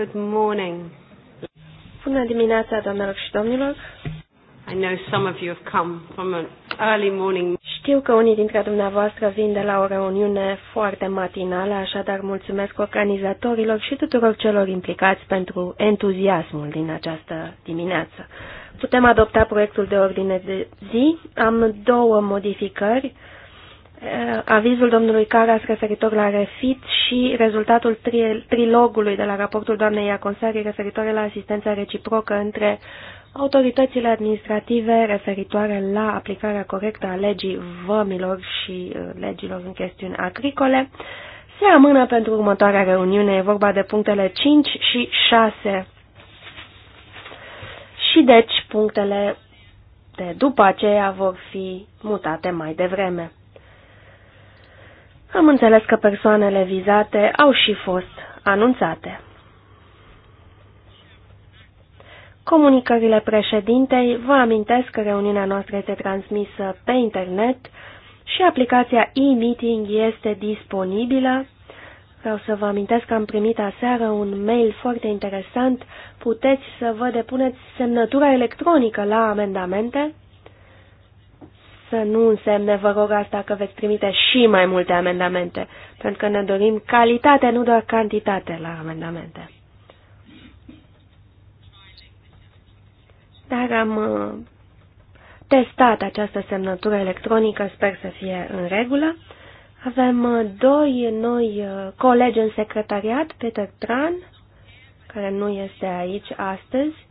Good morning. Bună dimineața, doamnelor și domnilor. I know some of you have come from an early morning. Știu că unii dintre dumneavoastră vin de la o reuniune foarte matinală, așadar mulțumesc organizatorilor și tuturor celor implicați pentru entuziasmul din această dimineață. Putem adopta proiectul de ordine de zi. Am două modificări avizul domnului Caras referitor la refit și rezultatul tri trilogului de la raportul doamnei Iaconsari referitoare la asistența reciprocă între autoritățile administrative referitoare la aplicarea corectă a legii vămilor și uh, legilor în chestiuni agricole se amână pentru următoarea reuniune. E vorba de punctele 5 și 6 și deci punctele de după aceea vor fi mutate mai devreme. Am înțeles că persoanele vizate au și fost anunțate. Comunicările președintei, vă amintesc că reuniunea noastră este transmisă pe internet și aplicația e-meeting este disponibilă. Vreau să vă amintesc că am primit aseară un mail foarte interesant. Puteți să vă depuneți semnătura electronică la amendamente să nu însemne, vă rog, asta că veți trimite și mai multe amendamente, pentru că ne dorim calitate, nu doar cantitate la amendamente. Dar am uh, testat această semnătură electronică, sper să fie în regulă. Avem uh, doi noi uh, colegi în secretariat, Peter Tran, care nu este aici astăzi,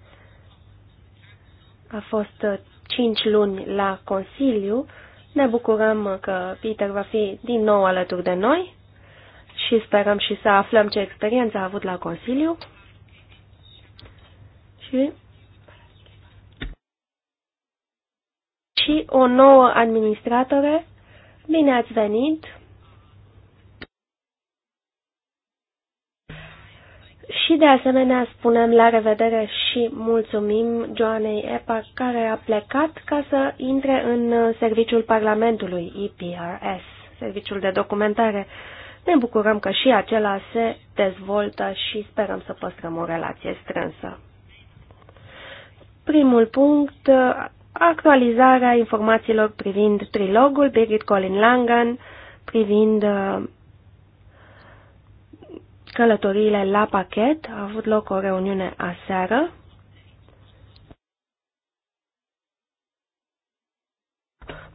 a fost Cinci luni la Consiliu. Ne bucurăm că Peter va fi din nou alături de noi și sperăm și să aflăm ce experiență a avut la Consiliu. Și, și o nouă administratoră, bine ați venit! Și de asemenea spunem la revedere și mulțumim Joanei Epa care a plecat ca să intre în uh, serviciul Parlamentului EPRS, serviciul de documentare. Ne bucurăm că și acela se dezvoltă și sperăm să păstrăm o relație strânsă. Primul punct, uh, actualizarea informațiilor privind trilogul Birgit Colin Langan, privind uh, călătoriile la pachet. A avut loc o reuniune aseară.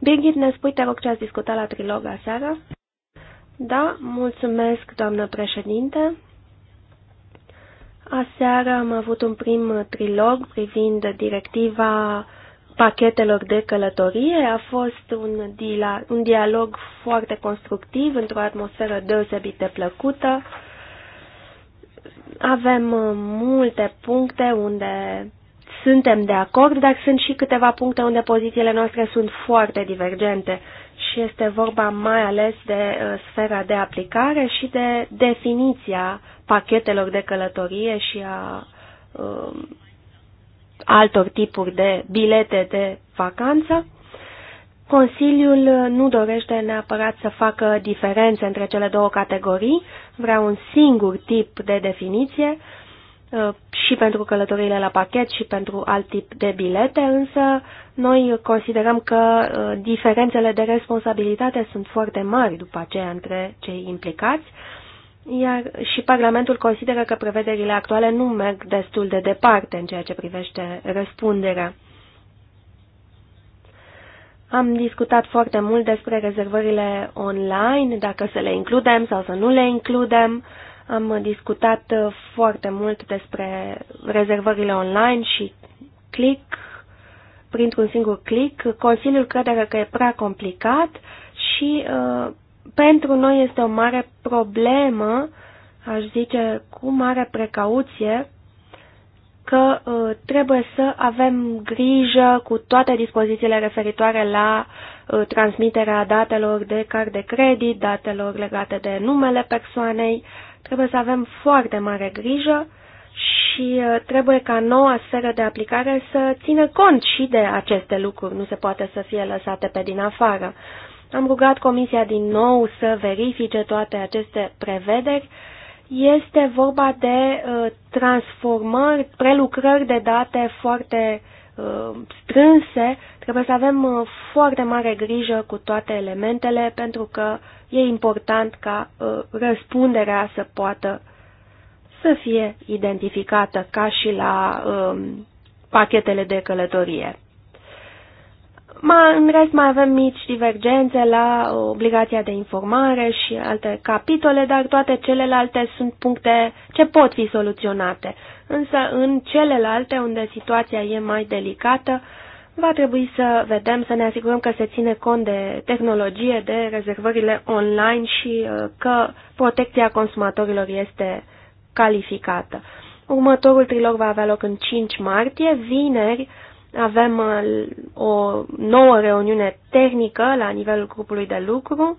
Birgit, ne spui, te rog, ce ați discutat la trilog aseară? Da, mulțumesc, doamnă președinte. Aseară am avut un prim trilog privind directiva pachetelor de călătorie. A fost un, un dialog foarte constructiv, într-o atmosferă deosebit de plăcută. Avem uh, multe puncte unde suntem de acord, dar sunt și câteva puncte unde pozițiile noastre sunt foarte divergente și este vorba mai ales de uh, sfera de aplicare și de definiția pachetelor de călătorie și a um, altor tipuri de bilete de vacanță. Consiliul nu dorește neapărat să facă diferențe între cele două categorii, vrea un singur tip de definiție uh, și pentru călătorile la pachet și pentru alt tip de bilete, însă noi considerăm că uh, diferențele de responsabilitate sunt foarte mari după aceea între cei implicați, iar și Parlamentul consideră că prevederile actuale nu merg destul de departe în ceea ce privește răspunderea. Am discutat foarte mult despre rezervările online, dacă să le includem sau să nu le includem. Am discutat uh, foarte mult despre rezervările online și click, printr-un singur click. Consiliul crede că e prea complicat și uh, pentru noi este o mare problemă, aș zice, cu mare precauție, că uh, trebuie să avem grijă cu toate dispozițiile referitoare la uh, transmiterea datelor de card de credit, datelor legate de numele persoanei. Trebuie să avem foarte mare grijă și uh, trebuie ca noua sferă de aplicare să țină cont și de aceste lucruri, nu se poate să fie lăsate pe din afară. Am rugat Comisia din nou să verifice toate aceste prevederi este vorba de uh, transformări, prelucrări de date foarte uh, strânse. Trebuie să avem uh, foarte mare grijă cu toate elementele pentru că e important ca răspunderea să poată să fie identificată ca și la um, pachetele de călătorie. Ma, în rest mai avem mici divergențe la obligația de informare și alte capitole, dar toate celelalte sunt puncte ce pot fi soluționate. Însă în celelalte, unde situația e mai delicată, va trebui să vedem, să ne asigurăm că se ține cont de tehnologie, de rezervările online și uh, că protecția consumatorilor este calificată. Următorul trilog va avea loc în 5 martie, vineri, avem uh, o nouă reuniune tehnică la nivelul grupului de lucru.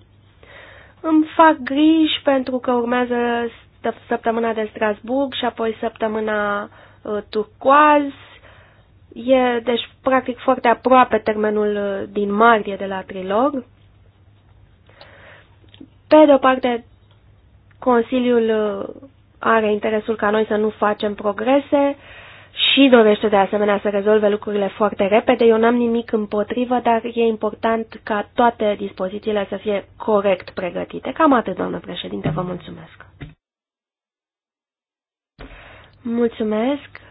Îmi fac griji pentru că urmează săptămâna de Strasburg și apoi săptămâna uh, turcoaz. E, deci, practic, foarte aproape termenul uh, din martie de la trilog. Pe de o parte, Consiliul are interesul ca noi să nu facem progrese, și dorește de asemenea să rezolve lucrurile foarte repede. Eu n-am nimic împotrivă, dar e important ca toate dispozițiile să fie corect pregătite. Cam atât, doamnă președinte, vă mulțumesc. Mulțumesc.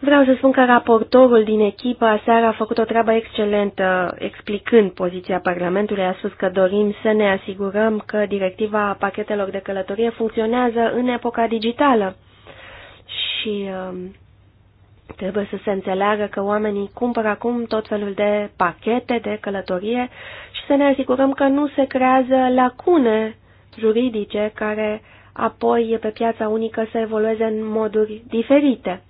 Vreau să spun că raportorul din echipă aseară a făcut o treabă excelentă explicând poziția Parlamentului. A spus că dorim să ne asigurăm că directiva pachetelor de călătorie funcționează în epoca digitală și um, trebuie să se înțeleagă că oamenii cumpără acum tot felul de pachete de călătorie și să ne asigurăm că nu se creează lacune juridice care apoi pe piața unică să evolueze în moduri diferite.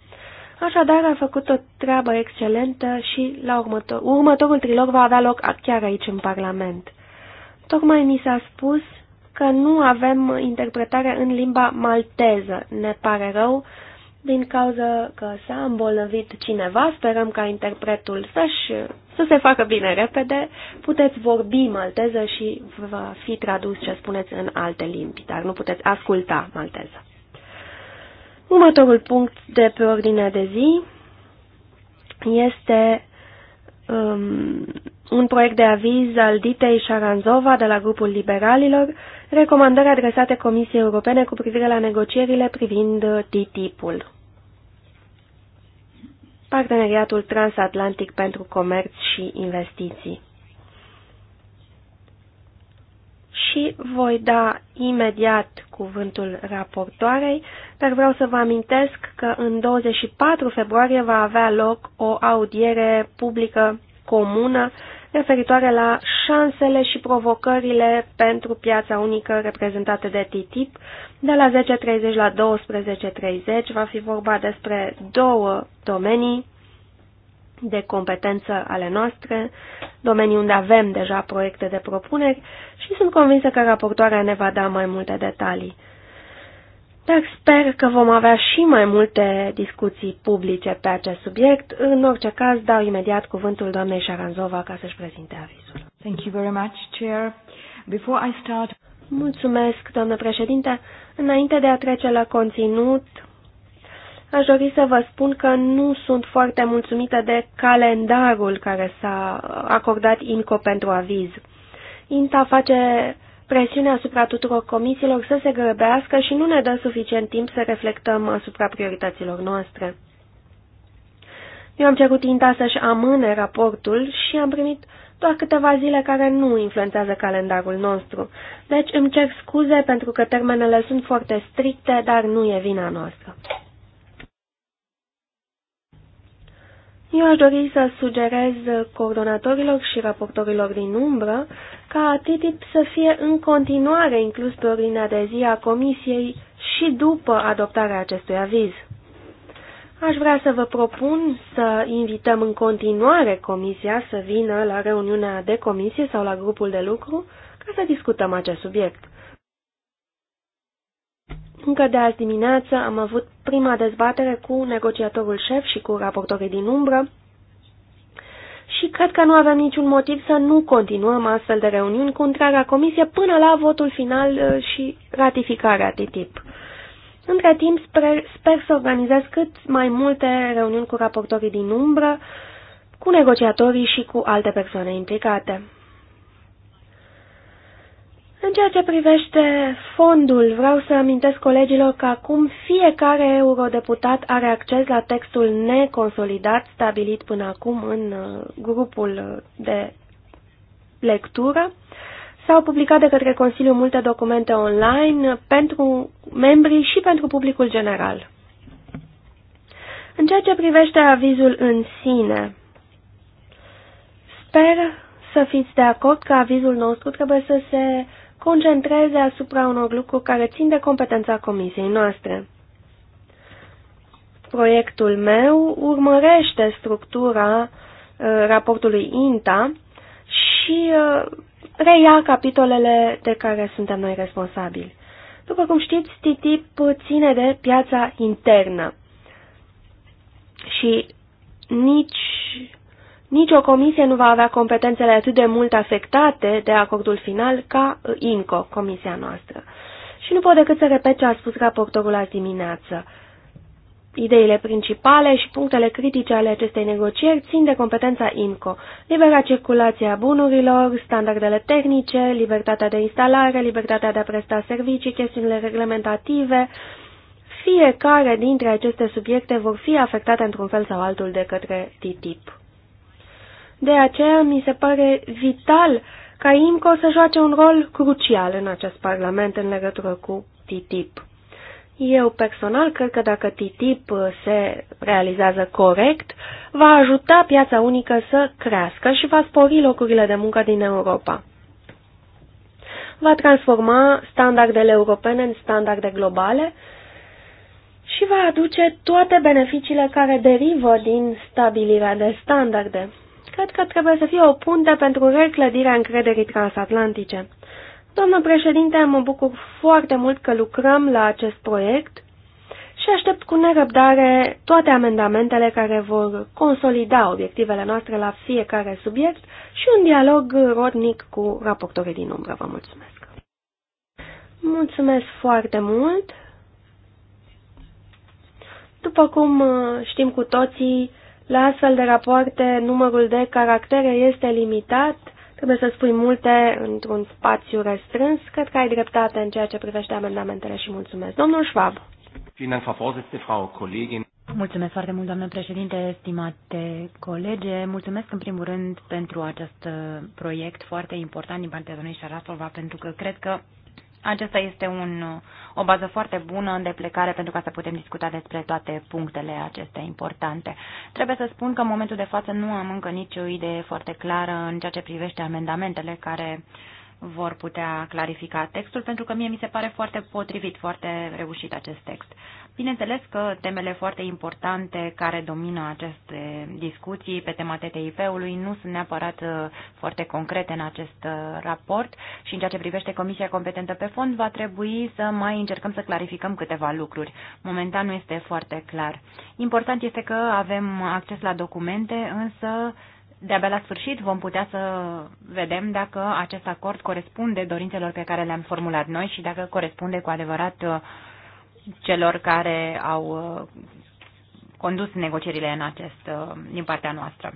Așadar, a făcut o treabă excelentă și la următor, următorul trilog va avea loc chiar aici în Parlament. Tocmai ni s-a spus că nu avem interpretare în limba malteză. Ne pare rău, din cauza că s-a îmbolnăvit cineva, sperăm ca interpretul să-și, să se facă bine repede, puteți vorbi malteză și va fi tradus ce spuneți în alte limbi, dar nu puteți asculta malteză. Următorul punct de pe ordinea de zi este um, un proiect de aviz al Ditei Șaranzova de la grupul liberalilor, recomandări adresate Comisiei Europene cu privire la negocierile privind TTIP-ul. Parteneriatul Transatlantic pentru Comerț și Investiții. Și voi da imediat cuvântul raportoarei, dar vreau să vă amintesc că în 24 februarie va avea loc o audiere publică comună referitoare la șansele și provocările pentru piața unică reprezentate de TTIP. De la 10.30 la 12.30 va fi vorba despre două domenii de competență ale noastre, domenii unde avem deja proiecte de propuneri și sunt convinsă că raportoarea ne va da mai multe detalii. Dar sper că vom avea și mai multe discuții publice pe acest subiect. În orice caz, dau imediat cuvântul doamnei Șaranzova ca să-și prezinte avizul. Thank you very much, Chair. Before I start... Mulțumesc, doamnă președinte. Înainte de a trece la conținut, aș dori să vă spun că nu sunt foarte mulțumită de calendarul care s-a acordat INCO pentru aviz. INTA face presiunea asupra tuturor comisiilor să se grăbească și nu ne dă suficient timp să reflectăm asupra priorităților noastre. Eu am cerut INTA să-și amâne raportul și am primit doar câteva zile care nu influențează calendarul nostru. Deci îmi cer scuze pentru că termenele sunt foarte stricte, dar nu e vina noastră. Eu aș dori să sugerez coordonatorilor și raportorilor din umbră ca TTIP să fie în continuare inclus pe ordinea de zi a Comisiei și după adoptarea acestui aviz. Aș vrea să vă propun să invităm în continuare Comisia să vină la reuniunea de comisie sau la grupul de lucru ca să discutăm acest subiect. Încă de azi dimineață am avut prima dezbatere cu negociatorul șef și cu raportorii din umbră și cred că nu avem niciun motiv să nu continuăm astfel de reuniuni cu întreaga comisie până la votul final uh, și ratificarea TTIP. Între timp, sper, sper să organizez cât mai multe reuniuni cu raportorii din umbră, cu negociatorii și cu alte persoane implicate. În ceea ce privește fondul, vreau să amintesc colegilor că acum fiecare eurodeputat are acces la textul neconsolidat stabilit până acum în uh, grupul de lectură. S-au publicat de către Consiliu multe documente online pentru membrii și pentru publicul general. În ceea ce privește avizul în sine, sper să fiți de acord că avizul nostru trebuie să se concentreze asupra unor lucruri care țin de competența comisiei noastre. Proiectul meu urmărește structura uh, raportului INTA și uh, reia capitolele de care suntem noi responsabili. După cum știți, TTIP ține de piața internă și nici nici o comisie nu va avea competențele atât de mult afectate de acordul final ca uh, INCO, comisia noastră. Și nu pot decât să repet ce a spus raportorul azi dimineață. Ideile principale și punctele critice ale acestei negocieri țin de competența INCO, libera circulație a bunurilor, standardele tehnice, libertatea de instalare, libertatea de a presta servicii, chestiunile reglementative. Fiecare dintre aceste subiecte vor fi afectate într-un fel sau altul de către TTIP. De aceea mi se pare vital ca IMCO să joace un rol crucial în acest Parlament în legătură cu TTIP. Eu personal cred că dacă TTIP uh, se realizează corect, va ajuta piața unică să crească și va spori locurile de muncă din Europa. Va transforma standardele europene în standarde globale și va aduce toate beneficiile care derivă din stabilirea de standarde. Cred că trebuie să fie o punte pentru reclădirea încrederii transatlantice. Doamnă președinte, mă bucur foarte mult că lucrăm la acest proiect și aștept cu nerăbdare toate amendamentele care vor consolida obiectivele noastre la fiecare subiect și un dialog rodnic cu raportorii din umbră. Vă mulțumesc! Mulțumesc foarte mult! După cum știm cu toții, la astfel de rapoarte, numărul de caractere este limitat, trebuie să spui multe într-un spațiu restrâns. Cred că ai dreptate în ceea ce privește amendamentele și mulțumesc. Domnul Schwab. Mulțumesc foarte mult, doamnă președinte, estimate colege. Mulțumesc în primul rând pentru acest uh, proiect foarte important din partea doamnei Șarasova, pentru că cred că acesta este un, o bază foarte bună de plecare pentru ca să putem discuta despre toate punctele acestea importante. Trebuie să spun că în momentul de față nu am încă nicio idee foarte clară în ceea ce privește amendamentele care vor putea clarifica textul, pentru că mie mi se pare foarte potrivit, foarte reușit acest text. Bineînțeles că temele foarte importante care domină aceste discuții pe tema TTIP-ului nu sunt neapărat uh, foarte concrete în acest uh, raport și în ceea ce privește Comisia competentă pe fond va trebui să mai încercăm să clarificăm câteva lucruri. Momentan nu este foarte clar. Important este că avem acces la documente, însă de-abia la sfârșit vom putea să vedem dacă acest acord corespunde dorințelor pe care le-am formulat noi și dacă corespunde cu adevărat uh, celor care au uh, condus negocierile în acest, uh, din partea noastră.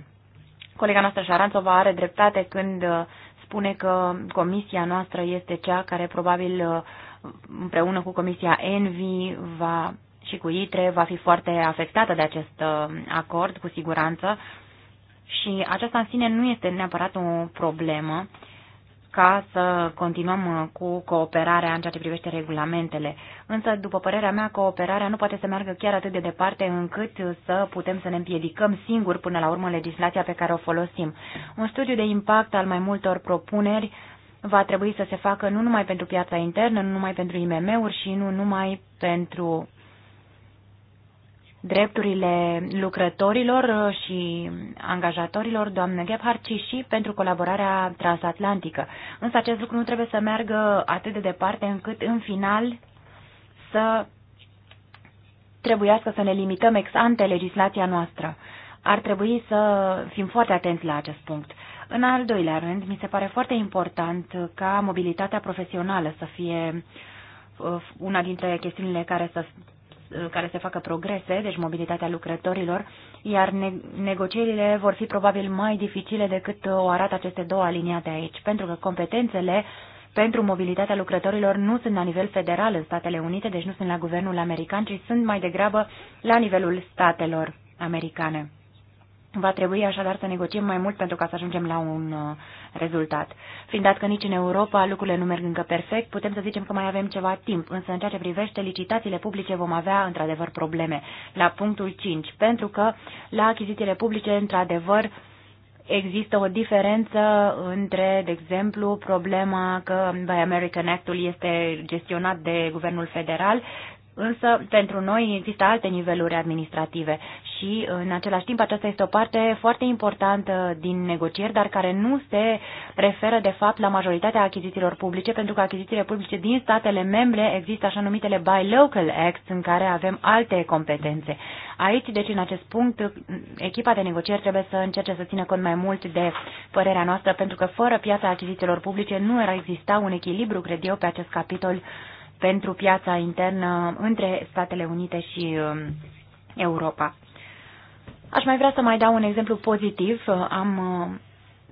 Colega noastră Șaranțova are dreptate când uh, spune că comisia noastră este cea care probabil împreună cu comisia Envi va, și cu ITRE va fi foarte afectată de acest acord, cu siguranță. Și aceasta în sine nu este neapărat o problemă, ca să continuăm uh, cu cooperarea în ceea ce privește regulamentele. Însă, după părerea mea, cooperarea nu poate să meargă chiar atât de departe încât să putem să ne împiedicăm singuri până la urmă legislația pe care o folosim. Un studiu de impact al mai multor propuneri va trebui să se facă nu numai pentru piața internă, nu numai pentru IMM-uri și nu numai pentru drepturile lucrătorilor uh, și angajatorilor, doamnă Gebhardt, ci și pentru colaborarea transatlantică. Însă acest lucru nu trebuie să meargă atât de departe încât în final să trebuiască să ne limităm ex ante legislația noastră. Ar trebui să fim foarte atenți la acest punct. În al doilea rând, mi se pare foarte important ca mobilitatea profesională să fie uh, una dintre chestiunile care să Uh, care se facă progrese, deci mobilitatea lucrătorilor, iar negocierile vor fi probabil mai dificile decât o arată aceste două aliniate aici, pentru că competențele pentru mobilitatea lucrătorilor nu sunt la nivel federal în Statele Unite, deci nu sunt la guvernul american, ci sunt mai degrabă la nivelul statelor americane. Va trebui așadar să negociem mai mult pentru ca să ajungem la un uh, rezultat. Fiind dat că nici în Europa lucrurile nu merg încă perfect, putem să zicem că mai avem ceva timp, însă în ceea ce privește licitațiile publice vom avea într-adevăr probleme la punctul 5, pentru că la achizițiile publice într-adevăr există o diferență între, de exemplu, problema că Buy American Act-ul este gestionat de guvernul federal Însă, pentru noi există alte niveluri administrative și, în același timp, aceasta este o parte foarte importantă din negocieri, dar care nu se referă, de fapt, la majoritatea achizițiilor publice, pentru că achizițiile publice din statele membre există așa numitele Buy Local Acts, în care avem alte competențe. Aici, deci, în acest punct, echipa de negocieri trebuie să încerce să țină cont mai mult de părerea noastră, pentru că fără piața achizițiilor publice nu ar exista un echilibru, cred eu, pe acest capitol uh, pentru piața internă între Statele Unite și um, Europa. Aș mai vrea să mai dau un exemplu pozitiv. Am uh,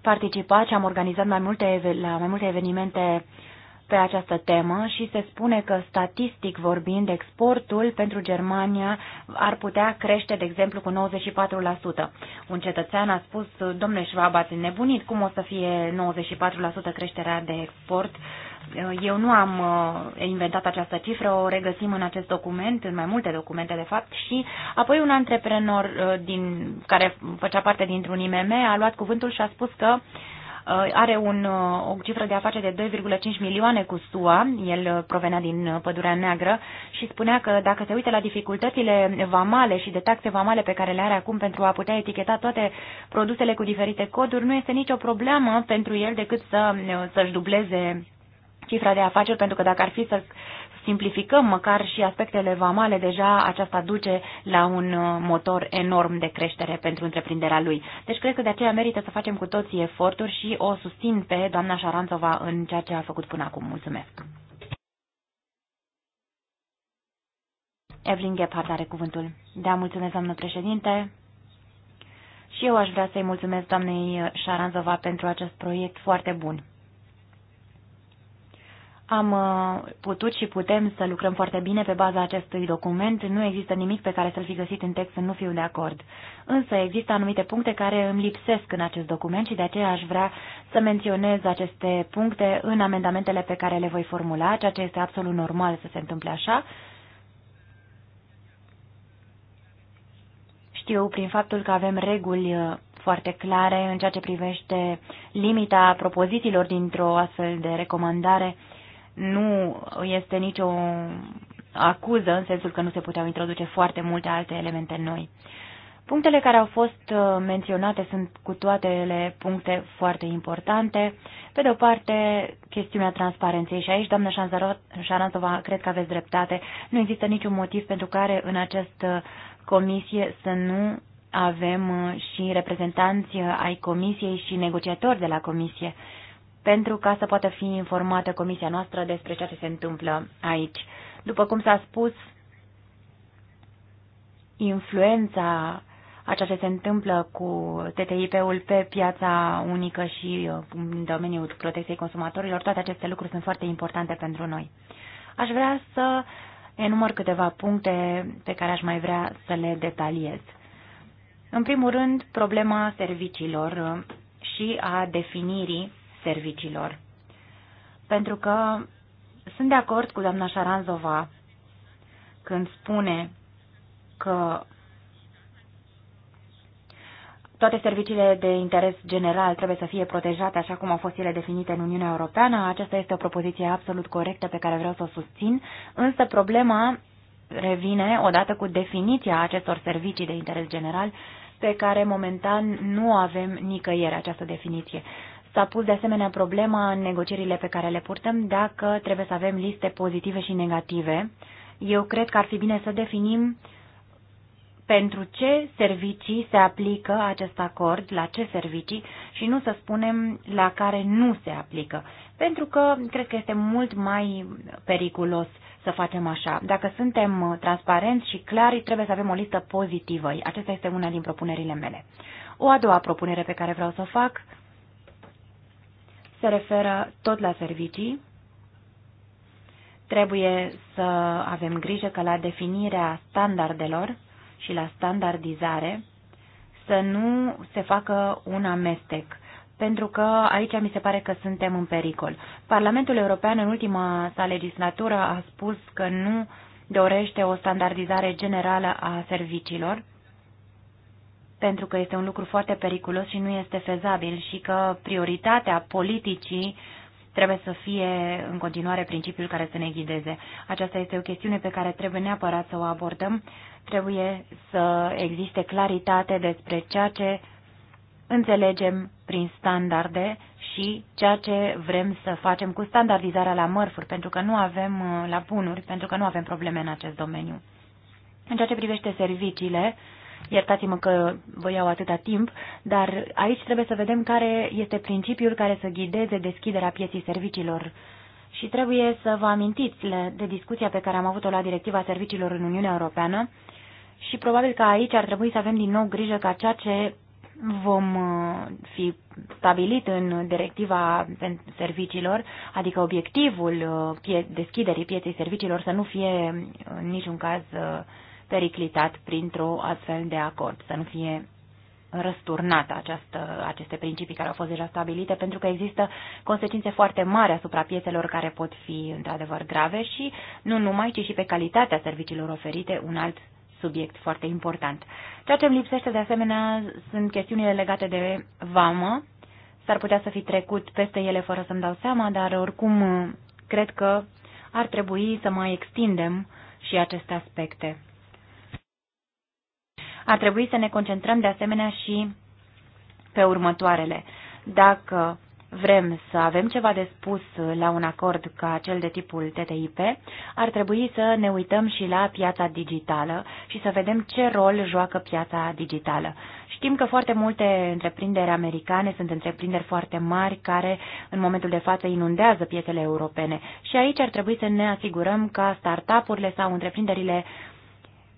participat și am organizat mai multe, la mai multe evenimente uh, pe această temă și se spune că, statistic vorbind, exportul pentru Germania ar putea crește, de exemplu, cu 94%. Un cetățean a spus, domnule Schwab, ați nebunit, cum o să fie 94% creșterea de export? Eu nu am uh, inventat această cifră, o regăsim în acest document, în mai multe documente de fapt și apoi un antreprenor uh, din, care făcea parte dintr-un IMM a luat cuvântul și a spus că uh, Uh, are un, uh, o cifră de afaceri de 2,5 milioane cu SUA, el uh, provenea din Pădurea Neagră și spunea că dacă se uită la dificultățile vamale și de taxe vamale pe care le are acum pentru a putea eticheta toate produsele cu diferite coduri, nu este nicio problemă pentru el decât să, să-și dubleze cifra de afaceri, pentru că dacă ar fi să simplificăm măcar și aspectele vamale, deja aceasta duce la un uh, motor enorm de creștere pentru întreprinderea lui. Deci cred că de aceea merită să facem cu toții eforturi și o susțin pe doamna Șaranțova în ceea ce a făcut până acum. Mulțumesc! Evelyn Gephardt are cuvântul. Da, mulțumesc, doamnă președinte. Și eu aș vrea să-i mulțumesc doamnei Șaranzova pentru acest proiect foarte bun. Am uh, putut și putem să lucrăm foarte bine pe baza acestui document. Nu există nimic pe care să-l fi găsit în text să nu fiu de acord. Însă există anumite puncte care îmi lipsesc în acest document și de aceea aș vrea să menționez aceste puncte în amendamentele pe care le voi formula, ceea ce este absolut normal să se întâmple așa. Știu prin faptul că avem reguli uh, foarte clare în ceea ce privește limita propozițiilor dintr-o astfel de recomandare nu este nicio acuză în sensul că nu se puteau introduce foarte multe alte elemente noi. Punctele care au fost uh, menționate sunt cu toatele puncte foarte importante. Pe de o parte, chestiunea transparenței și aici, doamnă Șaranzova, cred că aveți dreptate. Nu există niciun motiv pentru care în această comisie să nu avem uh, și reprezentanți uh, ai comisiei și negociatori de la comisie pentru ca să poată fi informată comisia noastră despre ceea ce se întâmplă aici. După cum s-a spus, influența a ceea ce se întâmplă cu TTIP-ul pe piața unică și uh, în domeniul protecției consumatorilor, toate aceste lucruri sunt foarte importante pentru noi. Aș vrea să enumăr câteva puncte pe care aș mai vrea să le detaliez. În primul rând, problema serviciilor uh, și a definirii serviciilor. Pentru că sunt de acord cu doamna Șaranzova când spune că toate serviciile de interes general trebuie să fie protejate așa cum au fost ele definite în Uniunea Europeană. Aceasta este o propoziție absolut corectă pe care vreau să o susțin, însă problema revine odată cu definiția acestor servicii de interes general pe care momentan nu avem nicăieri această definiție. S-a pus de asemenea problema în negocierile pe care le purtăm dacă trebuie să avem liste pozitive și negative. Eu cred că ar fi bine să definim pentru ce servicii se aplică acest acord, la ce servicii și nu să spunem la care nu se aplică. Pentru că cred că este mult mai periculos să facem așa. Dacă suntem transparenți și clari, trebuie să avem o listă pozitivă. Aceasta este una din propunerile mele. O a doua propunere pe care vreau să o fac se referă tot la servicii. Trebuie să avem grijă că la definirea standardelor și la standardizare să nu se facă un amestec, pentru că aici mi se pare că suntem în pericol. Parlamentul European în ultima sa legislatură a spus că nu dorește o standardizare generală a serviciilor, pentru că este un lucru foarte periculos și nu este fezabil și că prioritatea politicii trebuie să fie în continuare principiul care să ne ghideze. Aceasta este o chestiune pe care trebuie neapărat să o abordăm. Trebuie să existe claritate despre ceea ce înțelegem prin standarde și ceea ce vrem să facem cu standardizarea la mărfuri, pentru că nu avem uh, la bunuri, pentru că nu avem probleme în acest domeniu. În ceea ce privește serviciile, Iertați-mă că vă iau atâta timp, dar aici trebuie să vedem care este principiul care să ghideze deschiderea pieții serviciilor. Și trebuie să vă amintiți de discuția pe care am avut-o la Directiva Serviciilor în Uniunea Europeană și probabil că aici ar trebui să avem din nou grijă ca ceea ce vom uh, fi stabilit în directiva serviciilor, adică obiectivul uh, deschiderii pieței serviciilor să nu fie uh, în niciun caz periclitat printr-o astfel de acord, să nu fie răsturnată această, aceste principii care au fost deja stabilite, pentru că există consecințe foarte mari asupra piețelor care pot fi într-adevăr grave și nu numai, ci și pe calitatea serviciilor oferite, un alt subiect foarte important. Ceea ce îmi lipsește de asemenea sunt chestiunile legate de vamă. S-ar putea să fi trecut peste ele fără să-mi dau seama, dar oricum cred că ar trebui să mai extindem și aceste aspecte. Ar trebui să ne concentrăm de asemenea și pe următoarele. Dacă vrem să avem ceva de spus la un acord ca cel de tipul TTIP, ar trebui să ne uităm și la piața digitală și să vedem ce rol joacă piața digitală. Știm că foarte multe întreprinderi americane sunt întreprinderi foarte mari care în momentul de față inundează piețele europene și aici ar trebui să ne asigurăm ca startup-urile sau întreprinderile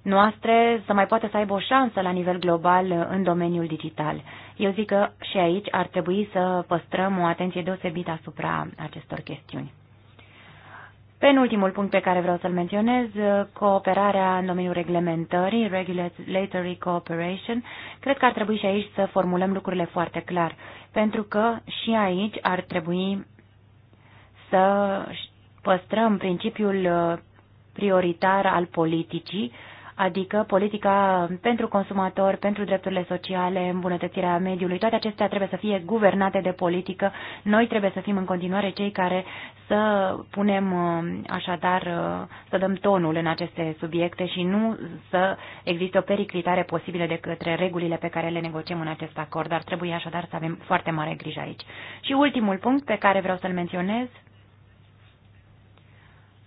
noastre să mai poată să aibă o șansă la nivel global uh, în domeniul digital. Eu zic că și aici ar trebui să păstrăm o atenție deosebită asupra acestor chestiuni. Penultimul punct pe care vreau să-l menționez, uh, cooperarea în domeniul reglementării, regulatory cooperation, cred că ar trebui și aici să formulăm lucrurile foarte clar, pentru că și aici ar trebui să păstrăm principiul uh, prioritar al politicii adică politica pentru consumator, pentru drepturile sociale, îmbunătățirea mediului, toate acestea trebuie să fie guvernate de politică. Noi trebuie să fim în continuare cei care să punem uh, așadar, uh, să dăm tonul în aceste subiecte și nu să existe o periclitare posibilă de către regulile pe care le negociem în acest acord, dar trebuie așadar să avem foarte mare grijă aici. Și ultimul punct pe care vreau să-l menționez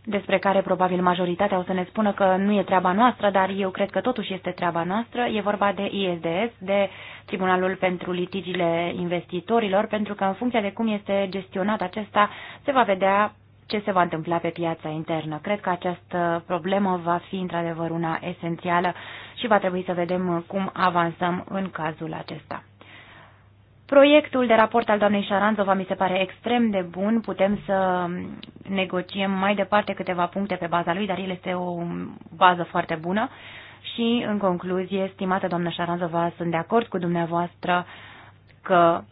despre care probabil majoritatea o să ne spună că nu e treaba noastră, dar eu cred că totuși este treaba noastră. E vorba de ISDS, de Tribunalul pentru Litigiile Investitorilor, pentru că în funcție de cum este gestionat acesta, se va vedea ce se va întâmpla pe piața internă. Cred că această problemă va fi într-adevăr una esențială și va trebui să vedem cum avansăm în cazul acesta. Proiectul de raport al doamnei Șaranzova mi se pare extrem de bun. Putem să negociem mai departe câteva puncte pe baza lui, dar el este o bază foarte bună. Și, în concluzie, stimată doamnă Șaranzova, sunt de acord cu dumneavoastră că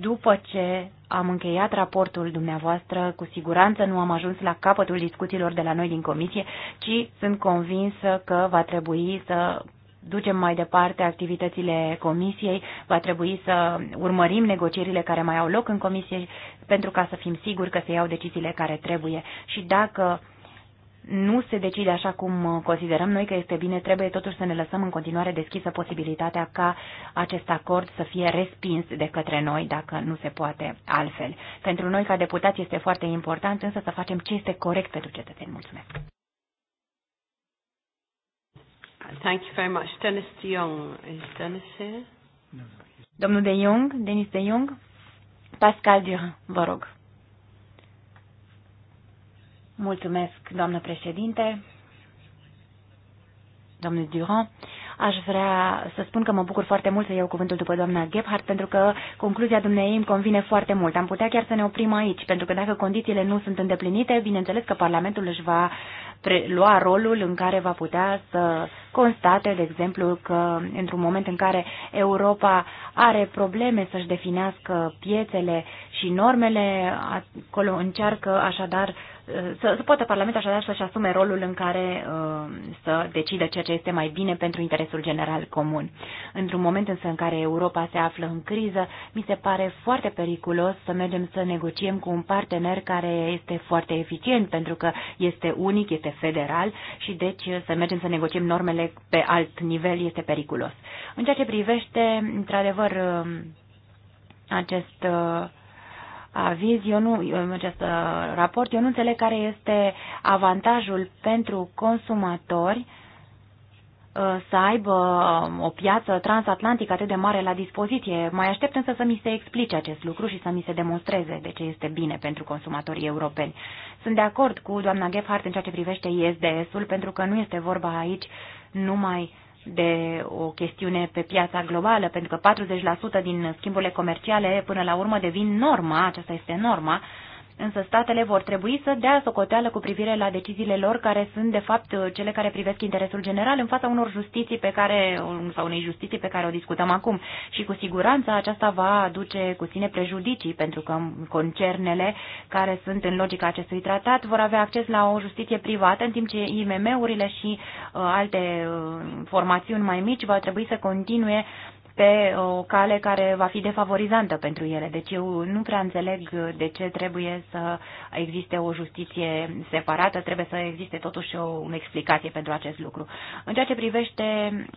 după ce am încheiat raportul dumneavoastră, cu siguranță nu am ajuns la capătul discuțiilor de la noi din comisie, ci sunt convinsă că va trebui să ducem mai departe activitățile comisiei, va trebui să urmărim negocierile care mai au loc în comisie pentru ca să fim siguri că se iau deciziile care trebuie. Și dacă nu se decide așa cum considerăm noi că este bine, trebuie totuși să ne lăsăm în continuare deschisă posibilitatea ca acest acord să fie respins de către noi, dacă nu se poate altfel. Pentru noi, ca deputați, este foarte important însă să facem ce este corect pentru cetățeni. Mulțumesc! Thank you very much. Dennis de Jong. Is Dennis here? No, Domnul de Jong, Denis de Jong, Pascal Durand, vă rog. Mulțumesc, doamnă președinte. Domnul Durand, Aș vrea să spun că mă bucur foarte mult să iau cuvântul după doamna Gebhardt, pentru că concluzia dumneei îmi convine foarte mult. Am putea chiar să ne oprim aici, pentru că dacă condițiile nu sunt îndeplinite, bineînțeles că Parlamentul își va lua rolul în care va putea să constate, de exemplu, că într-un moment în care Europa are probleme să-și definească piețele și normele, acolo încearcă așadar să, să poată Parlamentul așadar să-și asume rolul în care uh, să decidă ceea ce este mai bine pentru interesul general comun. Într-un moment însă în care Europa se află în criză, mi se pare foarte periculos să mergem să negociem cu un partener care este foarte eficient pentru că este unic, este federal și deci să mergem să negociem normele pe alt nivel este periculos. În ceea ce privește, într-adevăr, uh, acest uh, aviz, eu nu, în acest uh, raport, eu nu înțeleg care este avantajul pentru consumatori uh, să aibă um, o piață transatlantică atât de mare la dispoziție. Mai aștept însă să mi se explice acest lucru și să mi se demonstreze de ce este bine pentru consumatorii europeni. Sunt de acord cu doamna Gephardt în ceea ce privește ISDS-ul, pentru că nu este vorba aici numai de o chestiune pe piața globală, pentru că 40% din schimburile comerciale până la urmă devin norma, aceasta este norma, însă statele vor trebui să dea socoteală cu privire la deciziile lor, care sunt, de fapt, cele care privesc interesul general în fața unor justiții pe care, sau unei justiții pe care o discutăm acum. Și cu siguranță aceasta va aduce cu sine prejudicii, pentru că concernele care sunt în logica acestui tratat vor avea acces la o justiție privată, în timp ce IMM-urile și uh, alte uh, formațiuni mai mici va trebui să continue pe o cale care va fi defavorizantă pentru ele. Deci eu nu prea înțeleg de ce trebuie să existe o justiție separată, trebuie să existe totuși o, o explicație pentru acest lucru. În ceea ce privește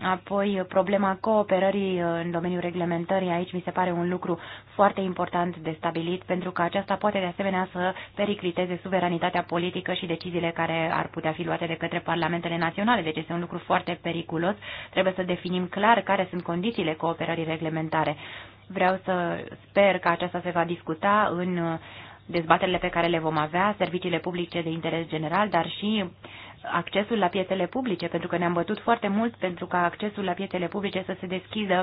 apoi problema cooperării în domeniul reglementării, aici mi se pare un lucru foarte important de stabilit, pentru că aceasta poate de asemenea să pericliteze suveranitatea politică și deciziile care ar putea fi luate de către parlamentele naționale. Deci este un lucru foarte periculos. Trebuie să definim clar care sunt condițiile cooperării reglementare. Vreau să sper că aceasta se va discuta în uh, dezbaterile pe care le vom avea, serviciile publice de interes general, dar și uh, accesul la piețele publice, pentru că ne-am bătut foarte mult pentru ca accesul la piețele publice să se deschidă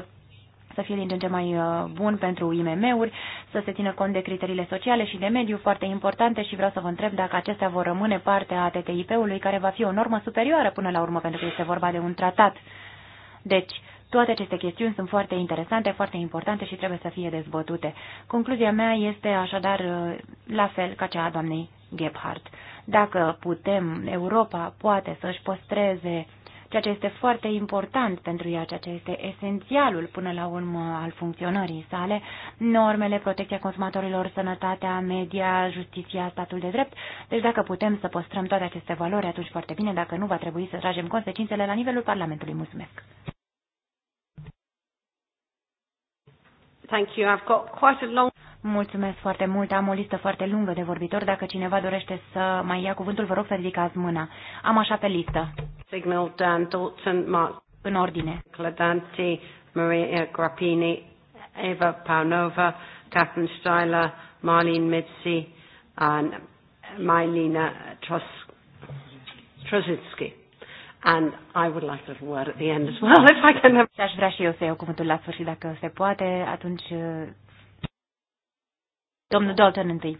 să fie din ce în ce mai uh, bun pentru IMM-uri, să se țină cont de criteriile sociale și de mediu foarte importante și vreau să vă întreb dacă acestea vor rămâne parte a TTIP-ului, care va fi o normă superioară până la urmă, pentru că este vorba de un tratat. Deci, toate aceste chestiuni sunt foarte interesante, foarte importante și trebuie să fie dezbătute. Concluzia mea este așadar uh, la fel ca cea a doamnei Gebhardt. Dacă putem, Europa poate să-și păstreze ceea ce este foarte important pentru ea, ceea ce este esențialul până la urmă al funcționării sale, normele, protecția consumatorilor, sănătatea, media, justiția, statul de drept. Deci dacă putem să păstrăm toate aceste valori, atunci foarte bine, dacă nu, va trebui să tragem consecințele la nivelul Parlamentului. Mulțumesc! Thank you. I've got quite a long... Mulțumesc foarte mult. Am o listă foarte lungă de vorbitori. Dacă cineva dorește să mai ia cuvântul, vă rog să ridicați mâna. Am așa pe listă. Signal, Dan Dalton, Mark. În ordine. Cladanti, Maria Grappini, Eva Paunova, Catherine Steiler, Marlene Mitzi, and Mylina Tros Trositsky. And I would like a word at the end as well, if I can have... Și aș vrea și eu să iau cuvântul la sfârșit, dacă se poate, atunci... Uh, domnul Dalton întâi.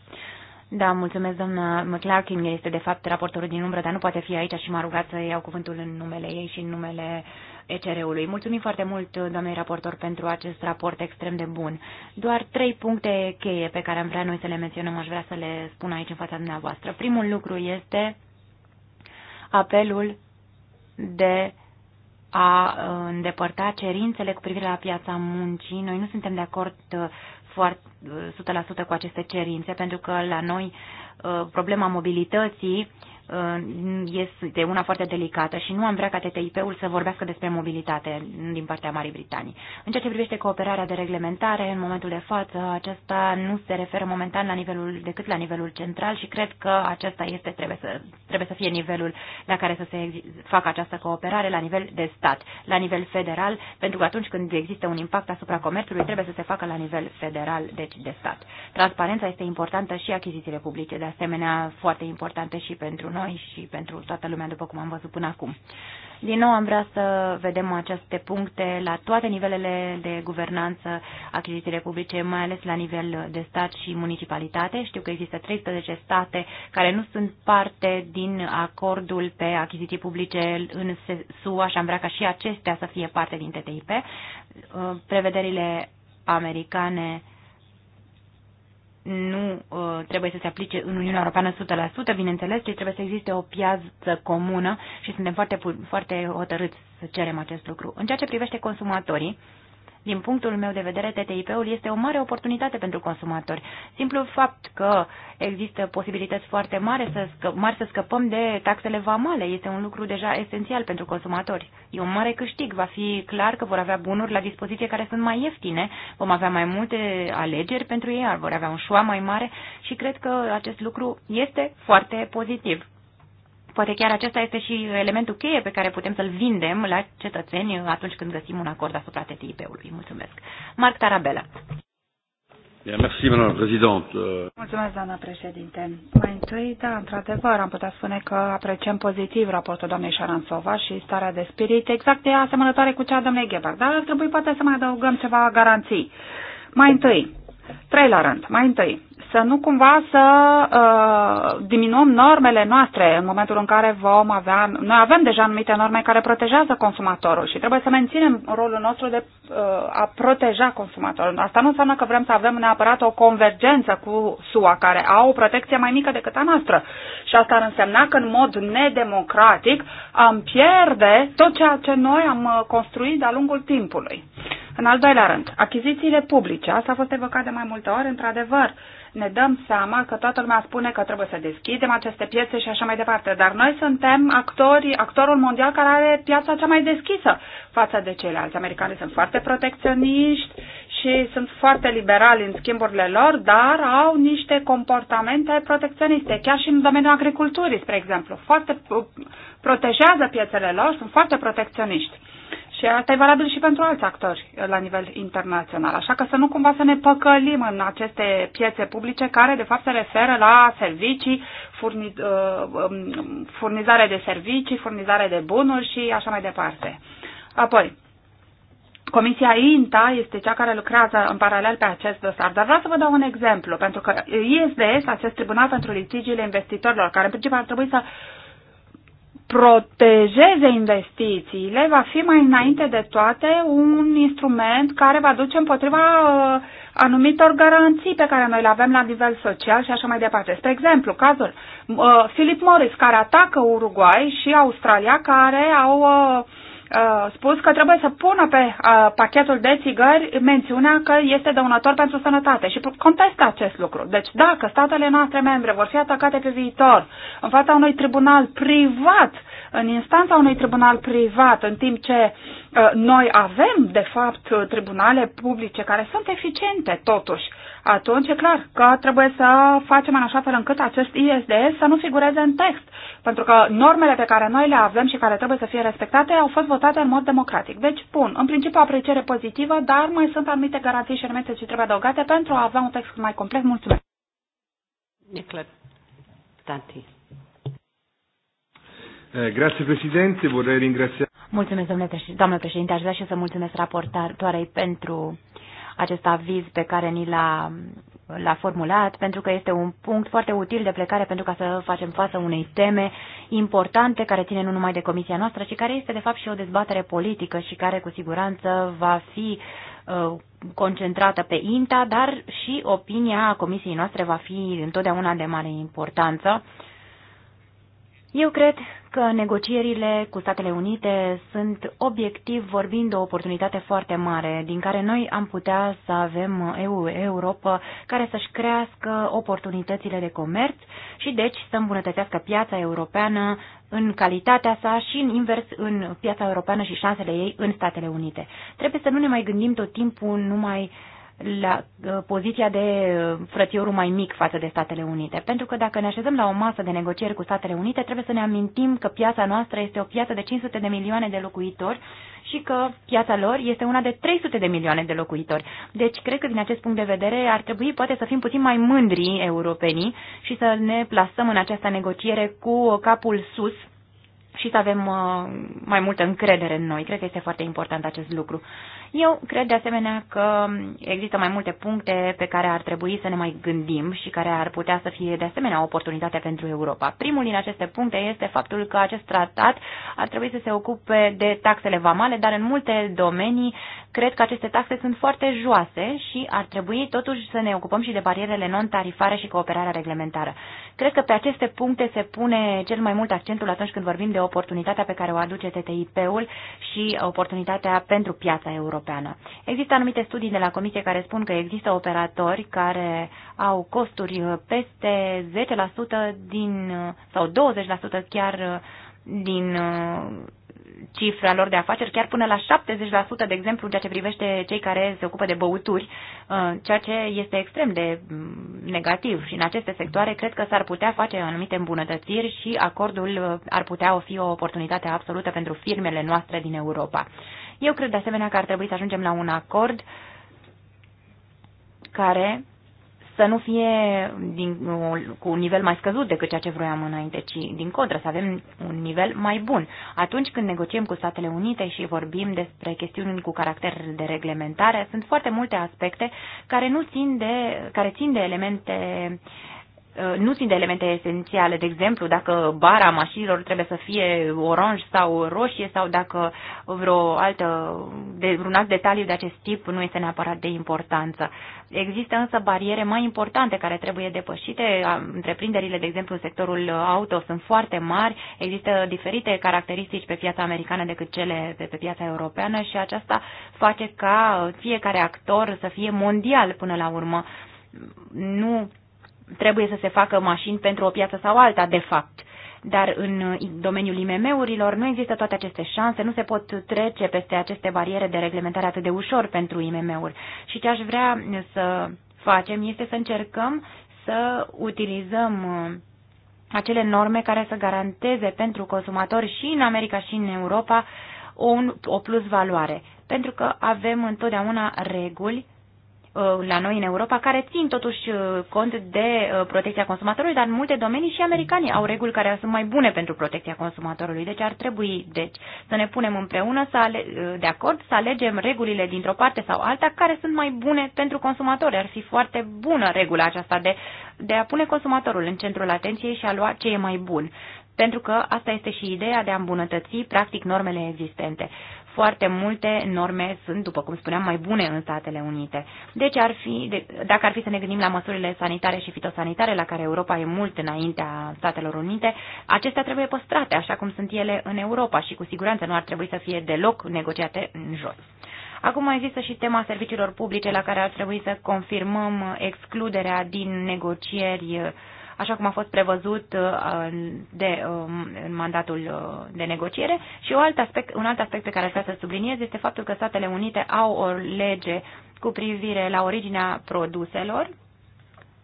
Da, mulțumesc, doamna McClarkin este de fapt raportorul din umbră, dar nu poate fi aici și m-a rugat să iau cuvântul în numele ei și în numele ECR-ului. Mulțumim foarte mult, doamnei raportor, pentru acest raport extrem de bun. Doar trei puncte cheie pe care am vrea noi să le menționăm, aș vrea să le spun aici în fața dumneavoastră. Primul lucru este apelul de a uh, îndepărta cerințele cu privire la piața muncii. Noi nu suntem de acord uh, foarte 100% uh, cu aceste cerințe, pentru că la noi problema mobilității Uh, este una foarte delicată și nu am vrea ca TTIP-ul să vorbească despre mobilitate din partea Marii Britanii. În ceea ce privește cooperarea de reglementare, în momentul de față, acesta nu se referă momentan la nivelul, decât la nivelul central și cred că acesta este, trebuie să, trebuie să fie nivelul la care să se facă această cooperare la nivel de stat, la nivel federal, pentru că atunci când există un impact asupra comerțului, trebuie să se facă la nivel federal, deci de stat. Transparența este importantă și achizițiile publice, de asemenea foarte importante și pentru noi și pentru toată lumea, după cum am văzut până acum. Din nou am vrea să vedem aceste puncte la toate nivelele de guvernanță, achizițiile publice, mai ales la nivel de stat și municipalitate. Știu că există 13 state care nu sunt parte din acordul pe achiziții publice în SUA și am vrea ca și acestea să fie parte din TTIP. Uh, prevederile americane nu uh, trebuie să se aplice în Uniunea Europeană 100%, bineînțeles, ci deci trebuie să existe o piață comună și suntem foarte, foarte hotărâți să cerem acest lucru. În ceea ce privește consumatorii, uh, din punctul meu de vedere, TTIP-ul este o mare oportunitate pentru consumatori. Simplul fapt că există posibilități foarte mari să, scă- mari să scăpăm de taxele vamale este un lucru deja esențial pentru consumatori. E un mare câștig. Va fi clar că vor avea bunuri la dispoziție care sunt mai ieftine, vom avea mai multe alegeri pentru ei, vor avea un șoa mai mare și cred că acest lucru este foarte pozitiv. Poate chiar acesta este și elementul cheie pe care putem să-l vindem la cetățeni atunci când găsim un acord asupra TTIP-ului. Mulțumesc. Marc Tarabella. Mulțumesc, doamna președinte. Mai întâi, da, într-adevăr, am putea spune că apreciem pozitiv raportul doamnei Șaransova și starea de spirit exact de asemănătoare cu cea a doamnei Ghebar, dar ar trebui poate să mai adăugăm ceva garanții. Mai întâi, trei la rând, mai întâi, să nu cumva să uh, diminuăm normele noastre în momentul în care vom avea, noi avem deja anumite norme care protejează consumatorul și trebuie să menținem rolul nostru de uh, a proteja consumatorul. Asta nu înseamnă că vrem să avem neapărat o convergență cu SUA, care au o protecție mai mică decât a noastră. Și asta ar însemna că în mod nedemocratic am pierde tot ceea ce noi am uh, construit de-a lungul timpului. În al doilea rând, achizițiile publice. Asta a fost evocat de mai multe ori, într-adevăr. Uh, ne dăm seama că toată lumea spune că trebuie să deschidem aceste piețe și așa mai departe, dar noi suntem actori, actorul mondial care are piața cea mai deschisă față de ceilalți. Americanii sunt foarte protecționiști și sunt foarte liberali în schimburile lor, dar au niște comportamente protecționiste, chiar și în domeniul agriculturii, spre exemplu. Foarte uh, protejează piețele lor, sunt foarte protecționiști. Și asta e valabil și pentru alți actori eh, la nivel internațional. Așa că să nu cumva să ne păcălim în aceste piețe publice care de fapt se referă la servicii, furni, eh, um, furnizare de servicii, furnizare de bunuri și așa mai departe. Apoi, Comisia INTA este cea care lucrează în paralel pe acest dosar, dar vreau să vă dau un exemplu, pentru că ISDS, acest tribunal pentru litigiile investitorilor, care în principiu ar trebui să protejeze investițiile va fi mai înainte de toate un instrument care va duce împotriva uh, anumitor garanții pe care noi le avem la nivel social și așa mai departe. Spre exemplu, cazul uh, Philip Morris care atacă Uruguay și Australia care au uh, Uh, spus că trebuie să pună pe uh, pachetul de țigări mențiunea că este dăunător pentru sănătate și contestă acest lucru. Deci dacă statele noastre membre vor fi atacate pe viitor în fața unui tribunal privat, în instanța unui tribunal privat, în timp ce uh, noi avem, de fapt, tribunale publice care sunt eficiente totuși, atunci e clar că trebuie să facem în așa fel încât acest ISDS să nu figureze în text pentru că normele pe care noi le avem și care trebuie să fie respectate au fost votate în mod democratic. Deci, pun, în principiu, apreciere pozitivă, dar mai sunt anumite garanții și elemente ce trebuie adăugate pentru a avea un text mai complet. Mulțumesc! Eh, grazie Presidente, vorrei ringrazia... Mulțumesc, domnule președinte, doamnă președinte. Aș vrea și să mulțumesc raportatoarei pentru acest aviz pe care ni l-a l-a formulat, pentru că este un punct foarte util de plecare pentru ca să facem față unei teme importante care ține nu numai de comisia noastră, ci care este de fapt și o dezbatere politică și care cu siguranță va fi uh, concentrată pe INTA, dar și opinia comisiei noastre va fi întotdeauna de mare importanță. Eu cred că negocierile cu Statele Unite sunt, obiectiv vorbind, o oportunitate foarte mare, din care noi am putea să avem Europa care să-și crească oportunitățile de comerț și, deci, să îmbunătățească piața europeană în calitatea sa și, în invers, în piața europeană și șansele ei în Statele Unite. Trebuie să nu ne mai gândim tot timpul numai uh, la uh, poziția de uh, frățiorul mai mic față de Statele Unite. Pentru că dacă ne așezăm la o masă de negocieri cu Statele Unite, trebuie să ne amintim că piața noastră este o piață de 500 de milioane de locuitori și că piața lor este una de 300 de milioane de locuitori. Deci, cred că din acest punct de vedere ar trebui poate să fim puțin mai mândri europenii și să ne plasăm în această negociere cu capul sus și să avem uh, mai multă încredere în noi. Cred că este foarte important acest lucru. Eu cred de asemenea că există mai multe puncte pe care ar trebui să ne mai gândim și care ar putea să fie de asemenea o oportunitate pentru Europa. Primul din aceste puncte este faptul că acest tratat ar trebui să se ocupe de taxele vamale, dar în multe domenii cred că aceste taxe sunt foarte joase și ar trebui totuși să ne ocupăm și de barierele non-tarifare și cooperarea reglementară. Cred că pe aceste puncte se pune cel mai mult accentul atunci când vorbim de oportunitatea pe care o aduce TTIP-ul și oportunitatea pentru piața europeană. Europeană. Există anumite studii de la Comisie care spun că există operatori care au costuri uh, peste 10% din, uh, sau 20% chiar uh, din cifra lor de afaceri, chiar până la 70%, de exemplu, în ceea ce privește cei care se ocupă de băuturi, uh, ceea ce este extrem de mm, negativ. Și în aceste sectoare cred că s-ar putea face anumite îmbunătățiri și acordul uh, ar putea fi o oportunitate absolută pentru firmele noastre din Europa. Eu cred de asemenea că ar trebui să ajungem la un acord care să nu fie din, cu un nivel mai scăzut decât ceea ce vroiam înainte, ci din contră, să avem un nivel mai bun. Atunci când negociem cu Statele Unite și vorbim despre chestiuni cu caracter de reglementare, sunt foarte multe aspecte care nu țin de, care țin de elemente uh, Uh, nu țin de elemente esențiale, de exemplu, dacă bara mașinilor trebuie să fie oranj sau roșie sau dacă vreo altă, de, vreun alt detaliu de acest tip nu este neapărat de importanță. Există însă bariere mai importante care trebuie depășite. Întreprinderile, de exemplu, în sectorul auto sunt foarte mari, există diferite caracteristici pe piața americană decât cele pe, pe piața europeană și aceasta face ca fiecare actor să fie mondial până la urmă. Nu trebuie să se facă mașini pentru o piață sau alta, de fapt. Dar în domeniul IMM-urilor nu există toate aceste șanse, nu se pot trece peste aceste bariere de reglementare atât de ușor pentru IMM-uri. Și ce aș vrea să facem este să încercăm să utilizăm uh, acele norme care să garanteze pentru consumatori și în America și în Europa o, o plus valoare. Pentru că avem întotdeauna reguli Uh, la noi în Europa care țin totuși uh, cont de uh, protecția consumatorului, dar în multe domenii și americanii au reguli care sunt mai bune pentru protecția consumatorului. Deci ar trebui deci, să ne punem împreună să ale- de acord să alegem regulile dintr-o parte sau alta care sunt mai bune pentru consumatori. Ar fi foarte bună regula aceasta de, de a pune consumatorul în centrul atenției și a lua ce e mai bun pentru că asta este și ideea de a îmbunătăți practic normele existente foarte multe norme sunt, după cum spuneam, mai bune în Statele Unite. Deci, ar fi, de, dacă ar fi să ne gândim la măsurile sanitare și fitosanitare, la care Europa e mult înaintea Statelor Unite, acestea trebuie păstrate așa cum sunt ele în Europa și cu siguranță nu ar trebui să fie deloc negociate în jos. Acum mai există și tema serviciilor publice la care ar trebui să confirmăm excluderea din negocieri uh, așa cum a fost prevăzut uh, de, um, în mandatul uh, de negociere. Și un alt, aspect, un alt aspect pe care aș vrea să subliniez este faptul că Statele Unite au o lege cu privire la originea produselor,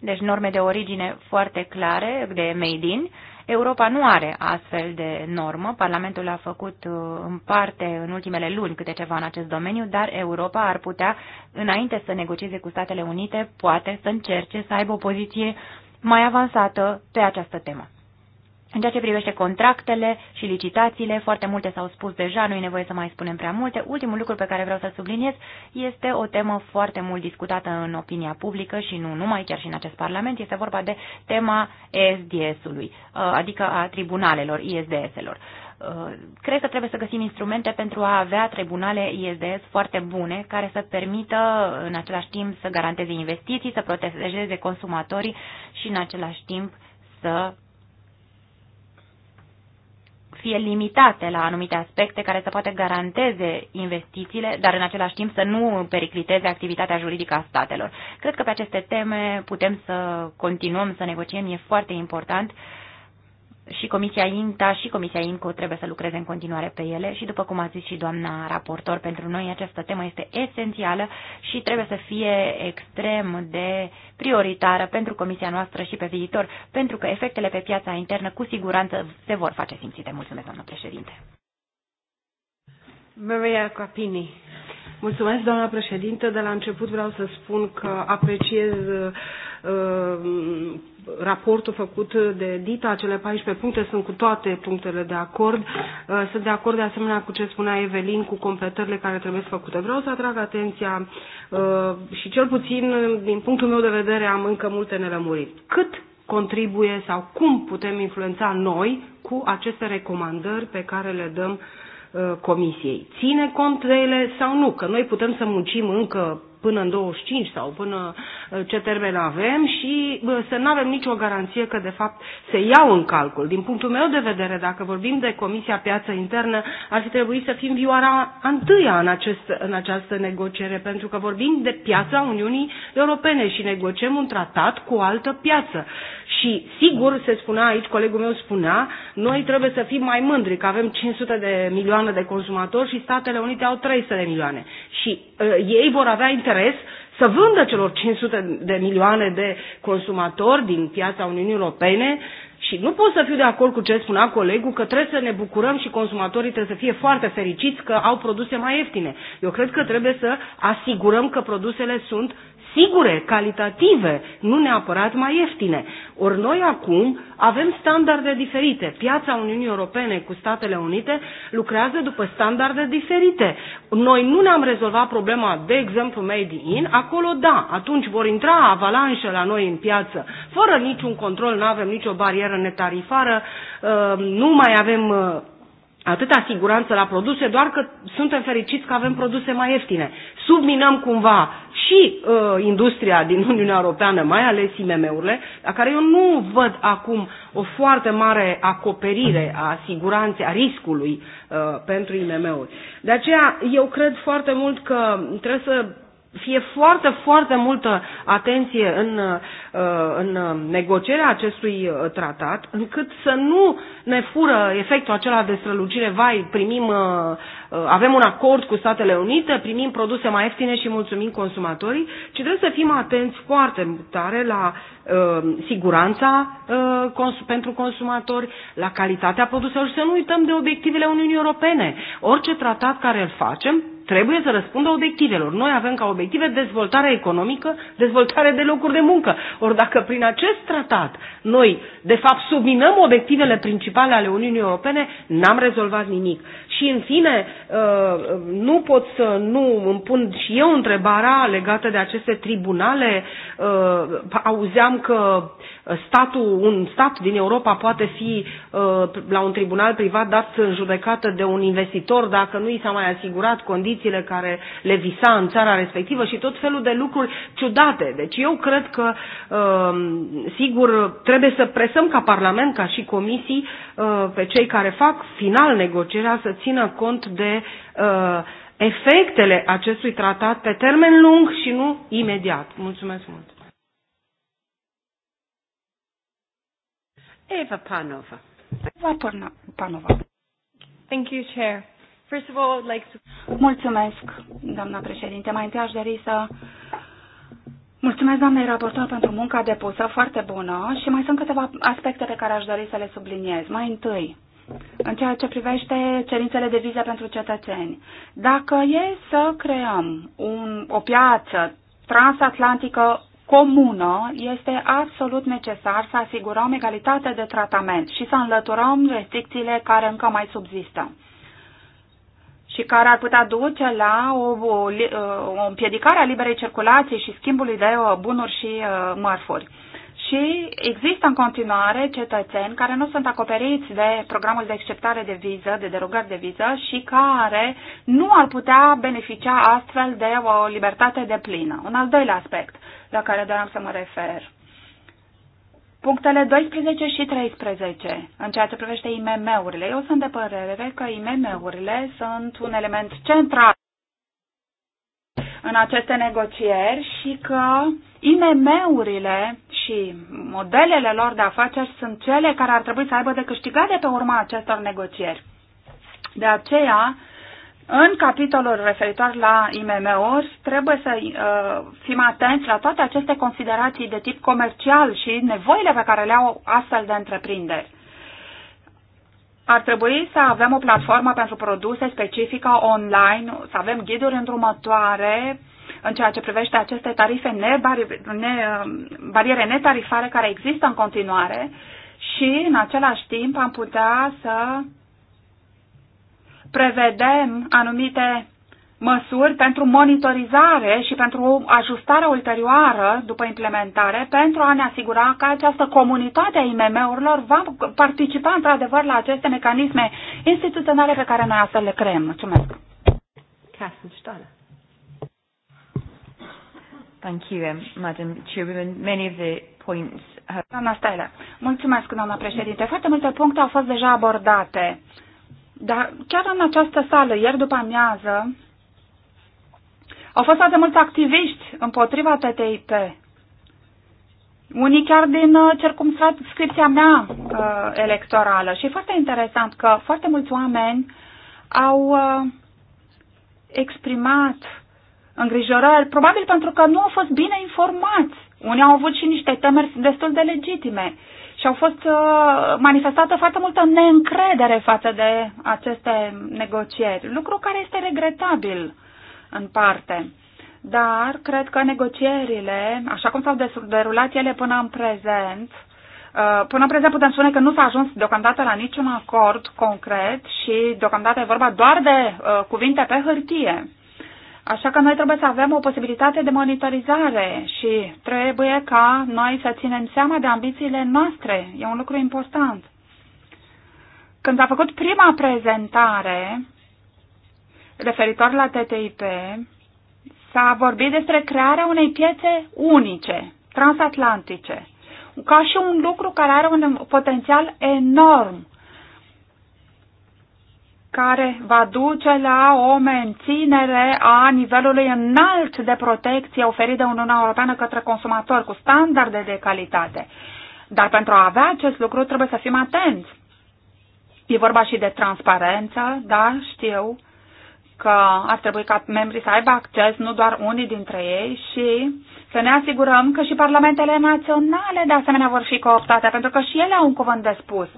deci norme de origine foarte clare, de made in. Europa nu are astfel de normă. Parlamentul a făcut uh, în parte în ultimele luni câte ceva în acest domeniu, dar Europa ar putea, înainte să negocieze cu Statele Unite, poate să încerce să aibă o poziție uh, mai avansată pe această temă. În ceea ce privește contractele și licitațiile, foarte multe s-au spus deja, nu e nevoie să mai spunem prea multe. Ultimul lucru pe care vreau să subliniez este o temă foarte mult discutată în opinia publică și nu numai, chiar și în acest Parlament. Este vorba de tema ESDS-ului, uh, adică a tribunalelor ISDS-elor. Uh, cred că trebuie să găsim instrumente pentru a avea tribunale ISDS foarte bune, care să permită în același timp să garanteze investiții, să protejeze consumatorii și în același timp să fie limitate la anumite aspecte care să poate garanteze investițiile, dar în același timp să nu pericliteze activitatea juridică a statelor. Cred că pe aceste teme putem să continuăm să negociem, e foarte important și Comisia INTA și Comisia INCO trebuie să lucreze în continuare pe ele și, după cum a zis și doamna raportor, pentru noi această temă este esențială și trebuie să fie extrem de prioritară pentru Comisia noastră și pe viitor, pentru că efectele pe piața internă cu siguranță se vor face simțite. Mulțumesc, doamnă președinte. Maria Capini. Mulțumesc, doamna președinte. De la început vreau să spun că apreciez uh, Uh, raportul făcut de Dita, cele 14 puncte sunt cu toate punctele de acord. Uh, sunt de acord de asemenea cu ce spunea Evelin, cu completările care trebuie să făcute. Vreau să atrag atenția uh, și cel puțin din punctul meu de vedere am încă multe nelămuriri. Cât contribuie sau cum putem influența noi cu aceste recomandări pe care le dăm comisiei. Ține cont de ele sau nu? Că noi putem să muncim încă până în 25 sau până uh, ce termen avem și să nu avem nicio garanție că de fapt se iau în calcul. Din punctul meu de vedere, dacă vorbim de Comisia Piață Internă, ar fi trebuit să fim vioara întâia în, acest, în această negociere, pentru că vorbim de piața Uniunii Europene și negociem un tratat cu o altă piață. Și sigur, se spunea aici, colegul meu spunea, noi trebuie să fim mai mândri că avem 500 de milioane de consumatori și Statele Unite au 300 de milioane. Și uh, ei vor avea interes să vândă celor 500 de milioane de consumatori din piața Uniunii Europene și nu pot să fiu de acord cu ce spunea colegul că trebuie să ne bucurăm și consumatorii trebuie să fie foarte fericiți că au produse mai ieftine. Eu cred că trebuie să asigurăm că produsele sunt sigure, calitative, nu neapărat mai ieftine. Ori noi acum avem standarde diferite. Piața Uniunii Europene cu Statele Unite lucrează după standarde diferite. Noi nu ne-am rezolvat problema, de exemplu, made in, acolo da, atunci vor intra avalanșe la noi în piață, fără niciun control, nu avem nicio barieră netarifară, uh, nu mai avem uh, atâta siguranță la produse, doar că suntem fericiți că avem produse mai ieftine. Subminăm cumva și uh, industria din Uniunea Europeană, mai ales IMM-urile, la care eu nu văd acum o foarte mare acoperire a siguranței, a riscului uh, pentru IMM-uri. De aceea, eu cred foarte mult că trebuie să fie foarte, foarte multă atenție în, uh, în negocierea acestui uh, tratat, încât să nu ne fură efectul acela de strălucire, vai, primim uh, Uh, avem un acord cu Statele Unite, primim produse mai ieftine și mulțumim consumatorii, ci trebuie să fim atenți foarte tare la uh, siguranța uh, cons- pentru consumatori, la calitatea produselor și să nu uităm de obiectivele Uniunii Europene. Orice tratat care îl facem trebuie să răspundă obiectivelor. Noi avem ca obiective dezvoltarea economică, dezvoltarea de locuri de muncă. Ori dacă prin acest tratat noi, de fapt, subminăm obiectivele principale ale Uniunii Europene, n-am rezolvat nimic. Și, în fine, uh, nu pot să nu îmi pun și eu întrebarea legată de aceste tribunale. Uh, auzeam că statul, un stat din Europa poate fi uh, la un tribunal privat dat în judecată de un investitor dacă nu i s-a mai asigurat condiții condițiile care le visa în țara respectivă și tot felul de lucruri ciudate. Deci eu cred că, um, sigur, trebuie să presăm ca Parlament, ca și comisii, uh, pe cei care fac final negocierea să țină cont de uh, efectele acestui tratat pe termen lung și nu imediat. Mulțumesc mult! Eva Panova. Eva Panova. Thank you, Chair. Mulțumesc, doamna președinte. Mai întâi aș dori să mulțumesc doamnei raportor pentru munca depusă, foarte bună, și mai sunt câteva aspecte pe care aș dori să le subliniez. Mai întâi, în ceea ce privește cerințele de viză pentru cetățeni. Dacă e să creăm un, o piață transatlantică comună, este absolut necesar să asigurăm egalitate de tratament și să înlăturăm restricțiile care încă mai subzistă și care ar putea duce la o, o, o împiedicare a liberei circulației și schimbului de uh, bunuri și uh, mărfuri. Și există în continuare cetățeni care nu sunt acoperiți de programul de acceptare de viză, de derogări de viză și care nu ar putea beneficia astfel de o libertate de plină. Un al doilea aspect la care doream să mă refer punctele 12 și 13. În ceea ce privește IMM-urile, eu sunt de părere că IMM-urile sunt un element central în aceste negocieri și că IMM-urile și modelele lor de afaceri sunt cele care ar trebui să aibă de câștigat de pe urma acestor negocieri. De aceea, în capitolul referitor la IMM-uri, trebuie să uh, fim atenți la toate aceste considerații de tip comercial și nevoile pe care le au astfel de întreprinderi. Ar trebui să avem o platformă pentru produse specifică online, să avem ghiduri îndrumătoare în ceea ce privește aceste tarife nebari, ne, uh, bariere netarifare care există în continuare și, în același timp, am putea să prevedem anumite măsuri pentru monitorizare și pentru ajustarea ulterioară după implementare pentru a ne asigura că această comunitate a IMM-urilor va participa într-adevăr la aceste mecanisme instituționale pe care noi astfel le creăm. Mulțumesc! Thank you, um, Madam Chairwoman. Many of the points have... Doamna Stele, mulțumesc, doamna președinte. Foarte multe puncte au fost deja abordate. Dar chiar în această sală, ieri după amiază, au fost atât mulți activiști împotriva TTIP. Unii chiar din uh, circumscripția mea uh, electorală. Și e foarte interesant că foarte mulți oameni au uh, exprimat îngrijorări, probabil pentru că nu au fost bine informați. Unii au avut și niște temeri destul de legitime și au fost uh, manifestată foarte multă neîncredere față de aceste negocieri, lucru care este regretabil în parte. Dar cred că negocierile, așa cum s-au derulat ele până în prezent, uh, Până în prezent putem spune că nu s-a ajuns deocamdată la niciun acord concret și deocamdată e vorba doar de uh, cuvinte pe hârtie. Așa că noi trebuie să avem o posibilitate de monitorizare și trebuie ca noi să ținem seama de ambițiile noastre. E un lucru important. Când a făcut prima prezentare referitor la TTIP, s-a vorbit despre crearea unei piețe unice, transatlantice, ca și un lucru care are un potențial enorm care va duce la o menținere a nivelului înalt de protecție oferit de Uniunea Europeană către consumatori cu standarde de calitate. Dar pentru a avea acest lucru trebuie să fim atenți. E vorba și de transparență, da, știu că ar trebui ca membrii să aibă acces, nu doar unii dintre ei, și să ne asigurăm că și parlamentele naționale de asemenea vor fi cooptate, pentru că și ele au un cuvânt de spus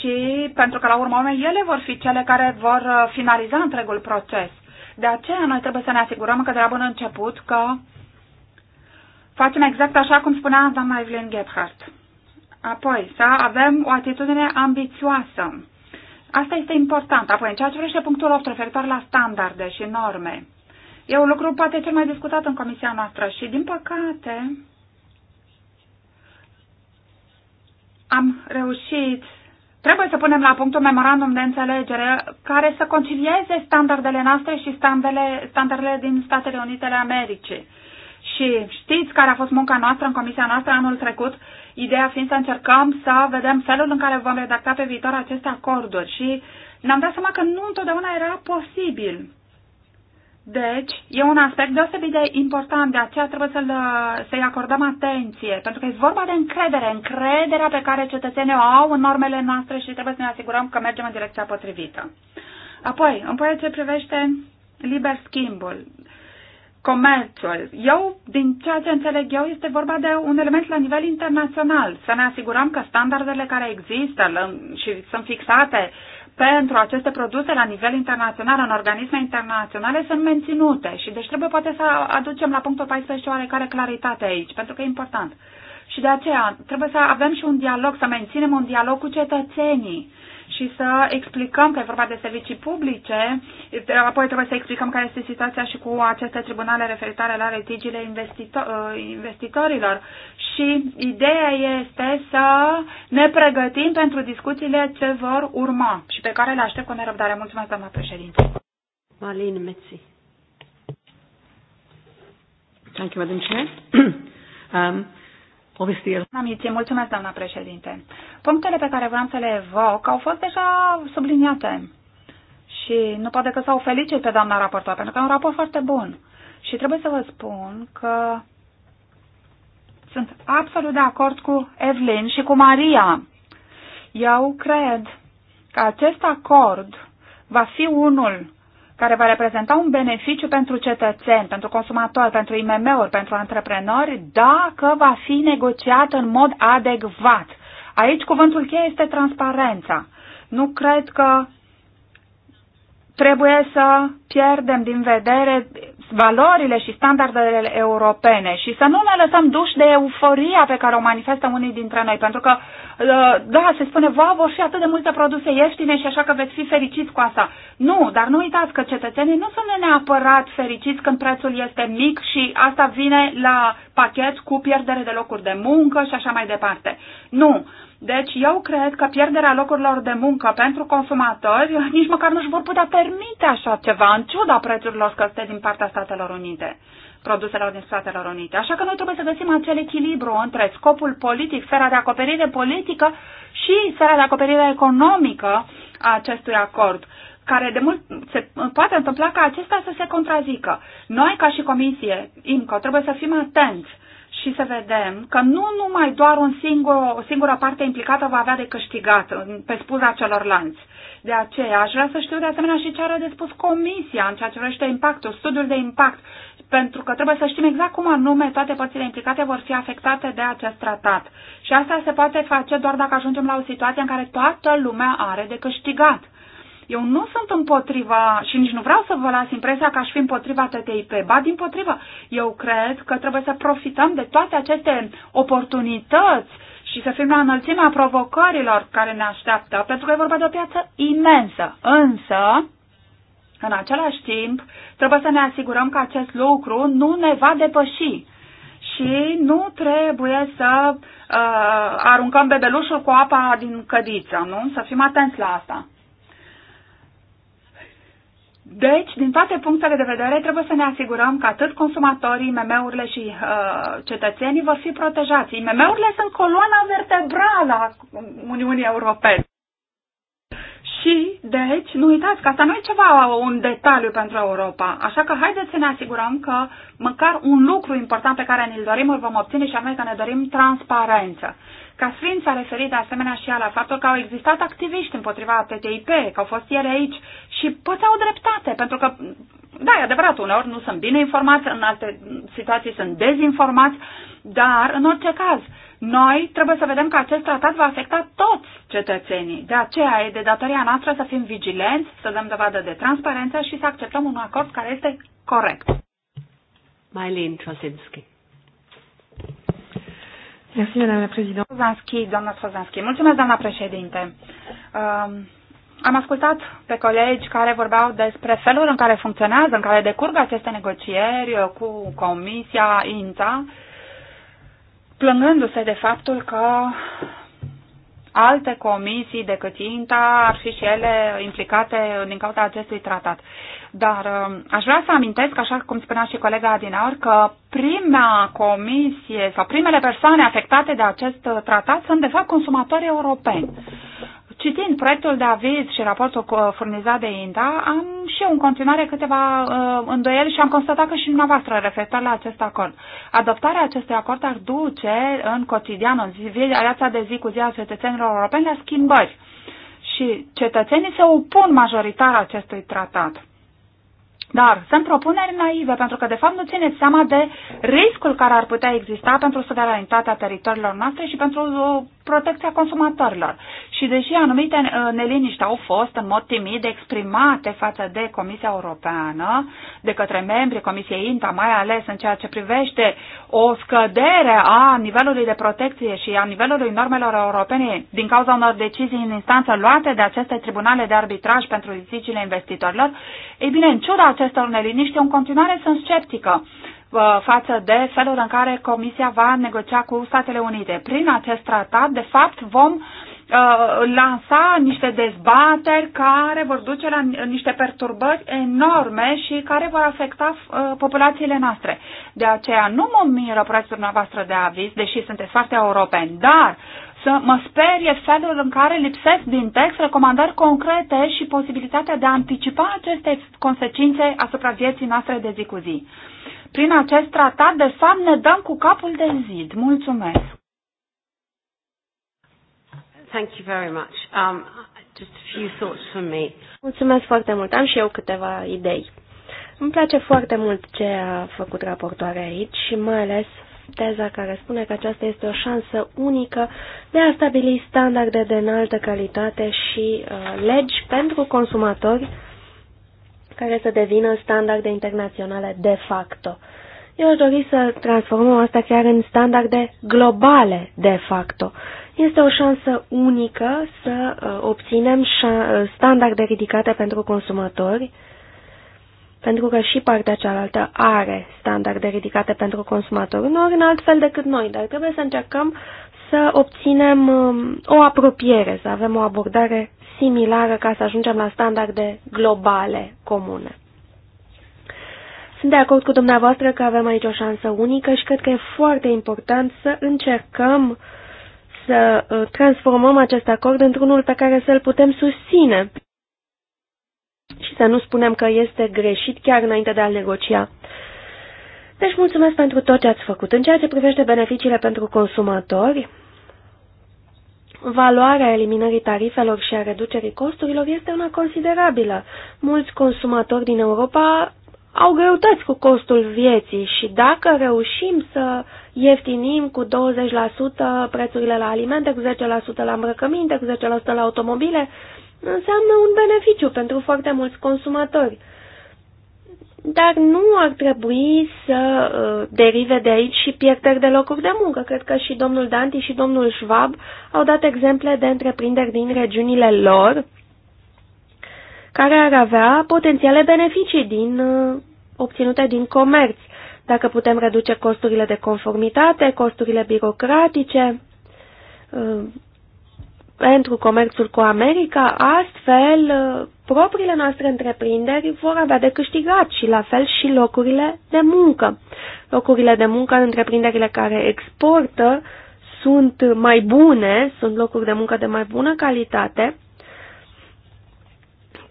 și pentru că la urma urmei ele vor fi cele care vor uh, finaliza întregul proces. De aceea noi trebuie să ne asigurăm că de la bun început că facem exact așa cum spunea doamna Evelyn Gebhardt. Apoi, să avem o atitudine ambițioasă. Asta este important. Apoi, în ceea ce vrește punctul 8 referitor la standarde și norme. E un lucru poate cel mai discutat în comisia noastră și, din păcate, am reușit Trebuie să punem la punct un memorandum de înțelegere care să concilieze standardele noastre și standardele, standardele din Statele Unite ale Americii. Și știți care a fost munca noastră în comisia noastră anul trecut, ideea fiind să încercăm să vedem felul în care vom redacta pe viitor aceste acorduri. Și ne-am dat seama că nu întotdeauna era posibil. Deci, e un aspect deosebit de important, de aceea trebuie să-l, să acordăm atenție, pentru că e vorba de încredere, încrederea pe care cetățenii o au în normele noastre și trebuie să ne asigurăm că mergem în direcția potrivită. Apoi, în ceea ce privește liber schimbul, comerțul, eu, din ceea ce înțeleg eu, este vorba de un element la nivel internațional, să ne asigurăm că standardele care există și sunt fixate pentru aceste produse la nivel internațional, în organisme internaționale, sunt menținute și deci trebuie poate să aducem la punctul 14 oarecare claritate aici, pentru că e important. Și de aceea trebuie să avem și un dialog, să menținem un dialog cu cetățenii, și să explicăm că e vorba de servicii publice, apoi trebuie să explicăm care este situația și cu aceste tribunale referitoare la retigile investitor, ă, investitorilor. Și ideea este să ne pregătim pentru discuțiile ce vor urma și pe care le aștept cu nerăbdare. Mulțumesc, doamna președinte. Malin Meții. Thank you, Madam Chair. um, Amiție, mulțumesc, doamna președinte. Punctele pe care vreau să le evoc au fost deja subliniate și nu poate că să o felicit pe doamna raportor, pentru că e un raport foarte bun. Și trebuie să vă spun că sunt absolut de acord cu Evelyn și cu Maria. Eu cred că acest acord va fi unul care va reprezenta un beneficiu pentru cetățeni, pentru consumatori, pentru IMM-uri, pentru antreprenori, dacă va fi negociat în mod adecvat. Aici cuvântul cheie este transparența. Nu cred că trebuie să pierdem din vedere valorile și standardele europene și să nu ne lăsăm duși de euforia pe care o manifestă unii dintre noi, pentru că, uh, da, se spune, va vor și atât de multe produse ieftine și așa că veți fi fericiți cu asta. Nu, dar nu uitați că cetățenii nu sunt neapărat fericiți când prețul este mic și asta vine la pachet cu pierdere de locuri de muncă și așa mai departe. Nu, deci eu cred că pierderea locurilor de muncă pentru consumatori nici măcar nu-și vor putea permite așa ceva, în ciuda prețurilor scăzute din partea Statelor Unite, produselor din Statelor Unite. Așa că noi trebuie să găsim acel echilibru între scopul politic, sfera de acoperire politică și sfera de acoperire economică a acestui acord care de mult se poate întâmpla ca acesta să se contrazică. Noi, ca și Comisie IMCO, trebuie să fim atenți uh, și să vedem că nu numai doar un singur, o singură parte implicată va avea de câștigat pe spuza celor lanți. De aceea aș vrea să știu de asemenea și ce are de spus comisia în ceea ce vrește impactul, studiul de impact, pentru că trebuie să știm exact cum anume toate părțile implicate vor fi afectate de acest tratat. Și asta se poate face doar dacă ajungem la o situație în care toată lumea are de câștigat. Eu nu sunt împotriva și nici nu vreau să vă las impresia că aș fi împotriva TTIP. Ba, din potrivă, eu cred că trebuie să profităm de toate aceste oportunități și să fim la înălțimea provocărilor care ne așteaptă, pentru că e vorba de o piață imensă. Însă, în același timp, trebuie să ne asigurăm că acest lucru nu ne va depăși și nu trebuie să uh, aruncăm bebelușul cu apa din cădiță, nu? Să fim atenți la asta. Deci, din toate punctele de vedere, trebuie să ne asigurăm că atât consumatorii, IMM-urile și uh, cetățenii vor fi protejați. IMM-urile sunt coloana vertebrală a Uniunii Europene. Și, deci, nu uitați că asta nu e ceva, un detaliu pentru Europa. Așa că haideți să ne asigurăm că măcar un lucru important pe care ne-l dorim îl vom obține și anume că ne dorim transparență. Casfin s-a referit de asemenea și ea la faptul că au existat activiști împotriva TTIP, că au fost ieri aici și poate au dreptate, pentru că, da, e adevărat, uneori nu sunt bine informați, în alte situații sunt dezinformați, dar, în orice caz, noi trebuie să vedem că acest tratat va afecta toți cetățenii. De aceea e de datoria noastră să fim vigilenți, să dăm dovadă de transparență și să acceptăm un acord care este corect. Mailin Trosinski. Merci, doamna Trozanski. Mulțumesc, doamna președinte. Um, am ascultat pe colegi care vorbeau despre felul în care funcționează, în care decurg aceste negocieri uh, cu Comisia INTA, plângându-se de faptul că alte comisii decât INTA ar fi și ele implicate din cauza acestui tratat. Dar uh, aș vrea să amintesc, așa cum spunea și colega Adinaur, că prima comisie sau primele persoane afectate de acest uh, tratat sunt, de fapt, consumatori europeni. Citind proiectul de aviz și raportul uh, furnizat de INDA, am și eu în continuare câteva uh, îndoieli și am constatat că și dumneavoastră referitor la acest acord. Adoptarea acestui acord ar duce în cotidianul, în viața de zi cu zi a cetățenilor europeni la schimbări. Și cetățenii se opun majoritar acestui tratat. Dar sunt propuneri naive, pentru că de fapt nu țineți seama de riscul care ar putea exista pentru suveranitatea teritoriilor noastre și pentru protecția consumatorilor. Și deși anumite uh, neliniști au fost în mod timid exprimate față de Comisia Europeană, de către membrii Comisiei INTA, mai ales în ceea ce privește o scădere a nivelului de protecție și a nivelului normelor europene din cauza unor decizii în instanță luate de aceste tribunale de arbitraj pentru litigiile investitorilor, ei bine, în ciuda acestor neliniști, în continuare sunt sceptică Uh, față de felul în care Comisia va negocia cu Statele Unite. Prin acest tratat, de fapt, vom uh, lansa niște dezbateri care vor duce la niște perturbări enorme și care vor afecta uh, populațiile noastre. De aceea nu mă miră proiectul dumneavoastră de aviz, deși sunteți foarte europeni, dar să mă sperie felul în care lipsesc din text recomandări concrete și posibilitatea de a anticipa aceste consecințe asupra vieții noastre de zi cu zi. Prin acest tratat, de fapt, ne dăm cu capul de zid. Mulțumesc! Thank you very much. Um, just a few thoughts from me. Mulțumesc foarte mult. Am și eu câteva idei. Îmi place foarte mult ce a făcut raportoarea aici și mai ales teza care spune că aceasta este o șansă unică de a stabili standarde de înaltă calitate și uh, legi pentru consumatori care să devină standarde internaționale de facto. Eu aș dori să transformăm asta chiar în standarde globale de facto. Este o șansă unică să uh, obținem standarde ridicate pentru consumatori pentru că și partea cealaltă are standarde ridicate pentru consumator, nu în alt fel decât noi, dar trebuie să încercăm să obținem um, o apropiere, să avem o abordare similară ca să ajungem la standarde globale comune. Sunt de acord cu dumneavoastră că avem aici o șansă unică și cred că e foarte important să încercăm să uh, transformăm acest acord într-unul pe care să-l putem susține și să nu spunem că este greșit chiar înainte de a negocia. Deci mulțumesc pentru tot ce ați făcut. În ceea ce privește beneficiile pentru consumatori, Valoarea eliminării tarifelor și a reducerii costurilor este una considerabilă. Mulți consumatori din Europa au greutăți cu costul vieții și dacă reușim să ieftinim cu 20% prețurile la alimente, cu 10% la îmbrăcăminte, cu 10% la automobile, înseamnă un beneficiu pentru foarte mulți consumatori. Dar nu ar trebui să uh, derive de aici și pierderi de locuri de muncă. Cred că și domnul Danti și domnul Schwab au dat exemple de întreprinderi din regiunile lor care ar avea potențiale beneficii din, uh, obținute din comerț, dacă putem reduce costurile de conformitate, costurile birocratice, uh, pentru comerțul cu America, astfel uh, propriile noastre întreprinderi vor avea de câștigat și la fel și locurile de muncă. Locurile de muncă în întreprinderile care exportă sunt mai bune, sunt locuri de muncă de mai bună calitate.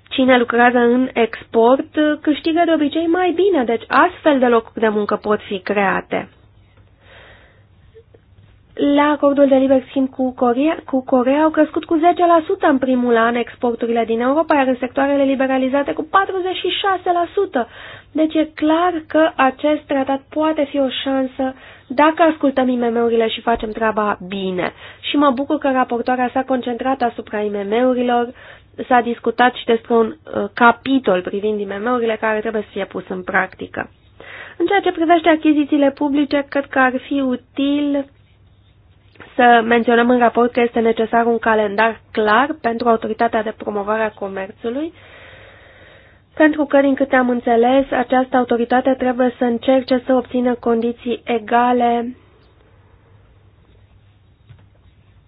Cine lucrează în export uh, câștigă de obicei mai bine, deci astfel de locuri de muncă pot fi create la acordul de liber schimb cu Corea, cu Corea au crescut cu 10% în primul an exporturile din Europa, iar în sectoarele liberalizate cu 46%. Deci e clar că acest tratat poate fi o șansă dacă ascultăm IMM-urile și facem treaba bine. Și mă bucur că raportoarea s-a concentrat asupra IMM-urilor, s-a discutat și despre un uh, capitol privind IMM-urile care trebuie să fie pus în practică. În ceea ce privește achizițiile publice, cred că ar fi util să menționăm în raport că este necesar un calendar clar pentru Autoritatea de Promovare a Comerțului, pentru că, din câte am înțeles, această autoritate trebuie să încerce să obțină condiții egale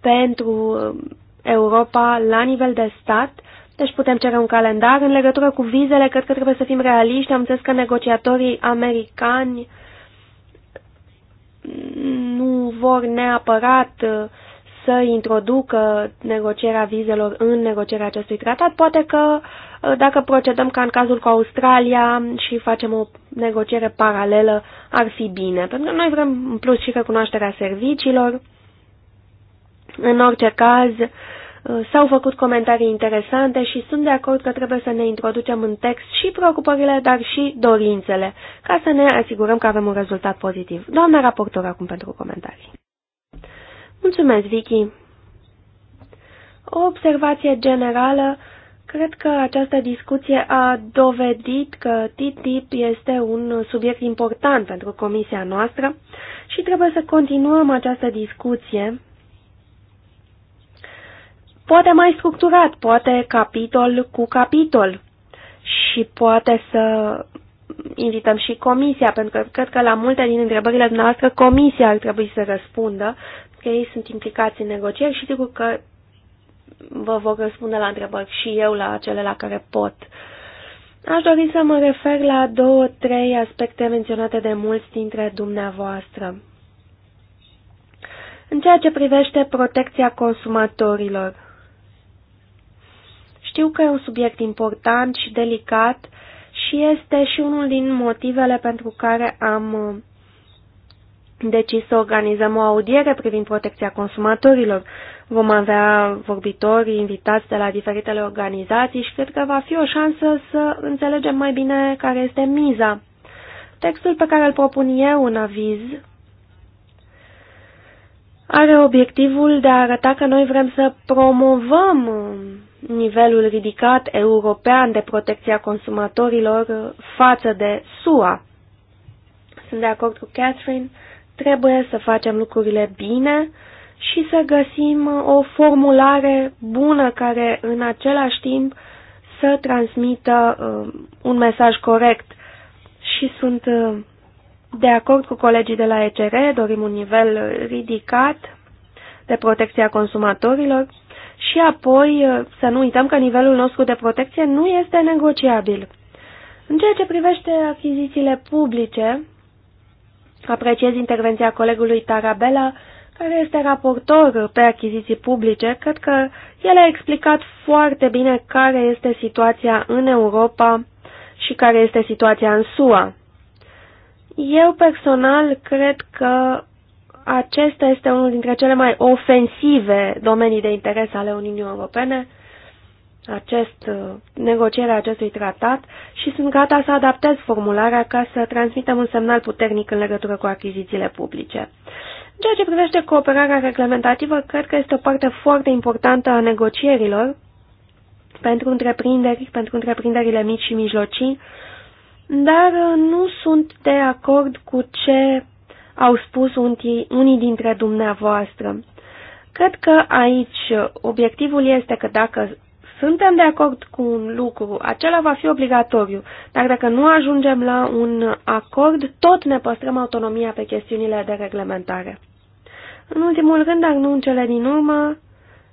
pentru Europa la nivel de stat, deci putem cere un calendar. În legătură cu vizele, cred că trebuie să fim realiști. Am înțeles că negociatorii americani nu vor neapărat uh, să introducă negocierea vizelor în negocierea acestui tratat. Poate că uh, dacă procedăm ca în cazul cu Australia și facem o negociere paralelă, ar fi bine. Pentru că noi vrem în plus și recunoașterea serviciilor. În orice caz, uh, Uh, s-au făcut comentarii interesante și sunt de acord că trebuie să ne introducem în text și preocupările, dar și dorințele, ca să ne asigurăm că avem un rezultat pozitiv. Doamna raportor, acum pentru comentarii. Mulțumesc, Vicky. O observație generală, cred că această discuție a dovedit că TTIP este un subiect important pentru comisia noastră și trebuie să continuăm această discuție poate mai structurat, poate capitol cu capitol și poate să invităm și comisia, pentru că cred că la multe din întrebările noastre comisia ar trebui să răspundă, că ei sunt implicați în negocieri și sigur că vă vor răspunde la întrebări și eu la cele la care pot. Aș dori să mă refer la două, trei aspecte menționate de mulți dintre dumneavoastră. În ceea ce privește protecția consumatorilor, știu că e un subiect important și delicat și este și unul din motivele pentru care am uh, decis să organizăm o audiere privind protecția consumatorilor. Vom avea vorbitori invitați de la diferitele organizații și cred că va fi o șansă să înțelegem mai bine care este miza. Textul pe care îl propun eu în aviz are obiectivul de a arăta că noi vrem să promovăm uh, nivelul ridicat european de protecția consumatorilor față de SUA. Sunt de acord cu Catherine, trebuie să facem lucrurile bine și să găsim o formulare bună care în același timp să transmită uh, un mesaj corect. Și sunt uh, de acord cu colegii de la ECR, dorim un nivel ridicat de protecția consumatorilor și apoi uh, să nu uităm că nivelul nostru de protecție nu este negociabil. În ceea ce privește achizițiile publice, apreciez intervenția colegului Tarabella, care este raportor pe achiziții publice. Cred că el a explicat foarte bine care este situația în Europa și care este situația în SUA. Eu personal cred că acesta este unul dintre cele mai ofensive domenii de interes ale Uniunii Europene, acest, uh, negocierea acestui tratat și sunt gata să adaptez formularea ca să transmitem un semnal puternic în legătură cu achizițiile publice. În ceea ce privește cooperarea reglementativă, cred că este o parte foarte importantă a negocierilor pentru întreprinderi, pentru întreprinderile mici și mijlocii, dar uh, nu sunt de acord cu ce au spus unii, unii dintre dumneavoastră. Cred că aici obiectivul este că dacă suntem de acord cu un lucru, acela va fi obligatoriu, dar dacă nu ajungem la un acord, tot ne păstrăm autonomia pe chestiunile de reglementare. În ultimul rând, dar nu în cele din urmă,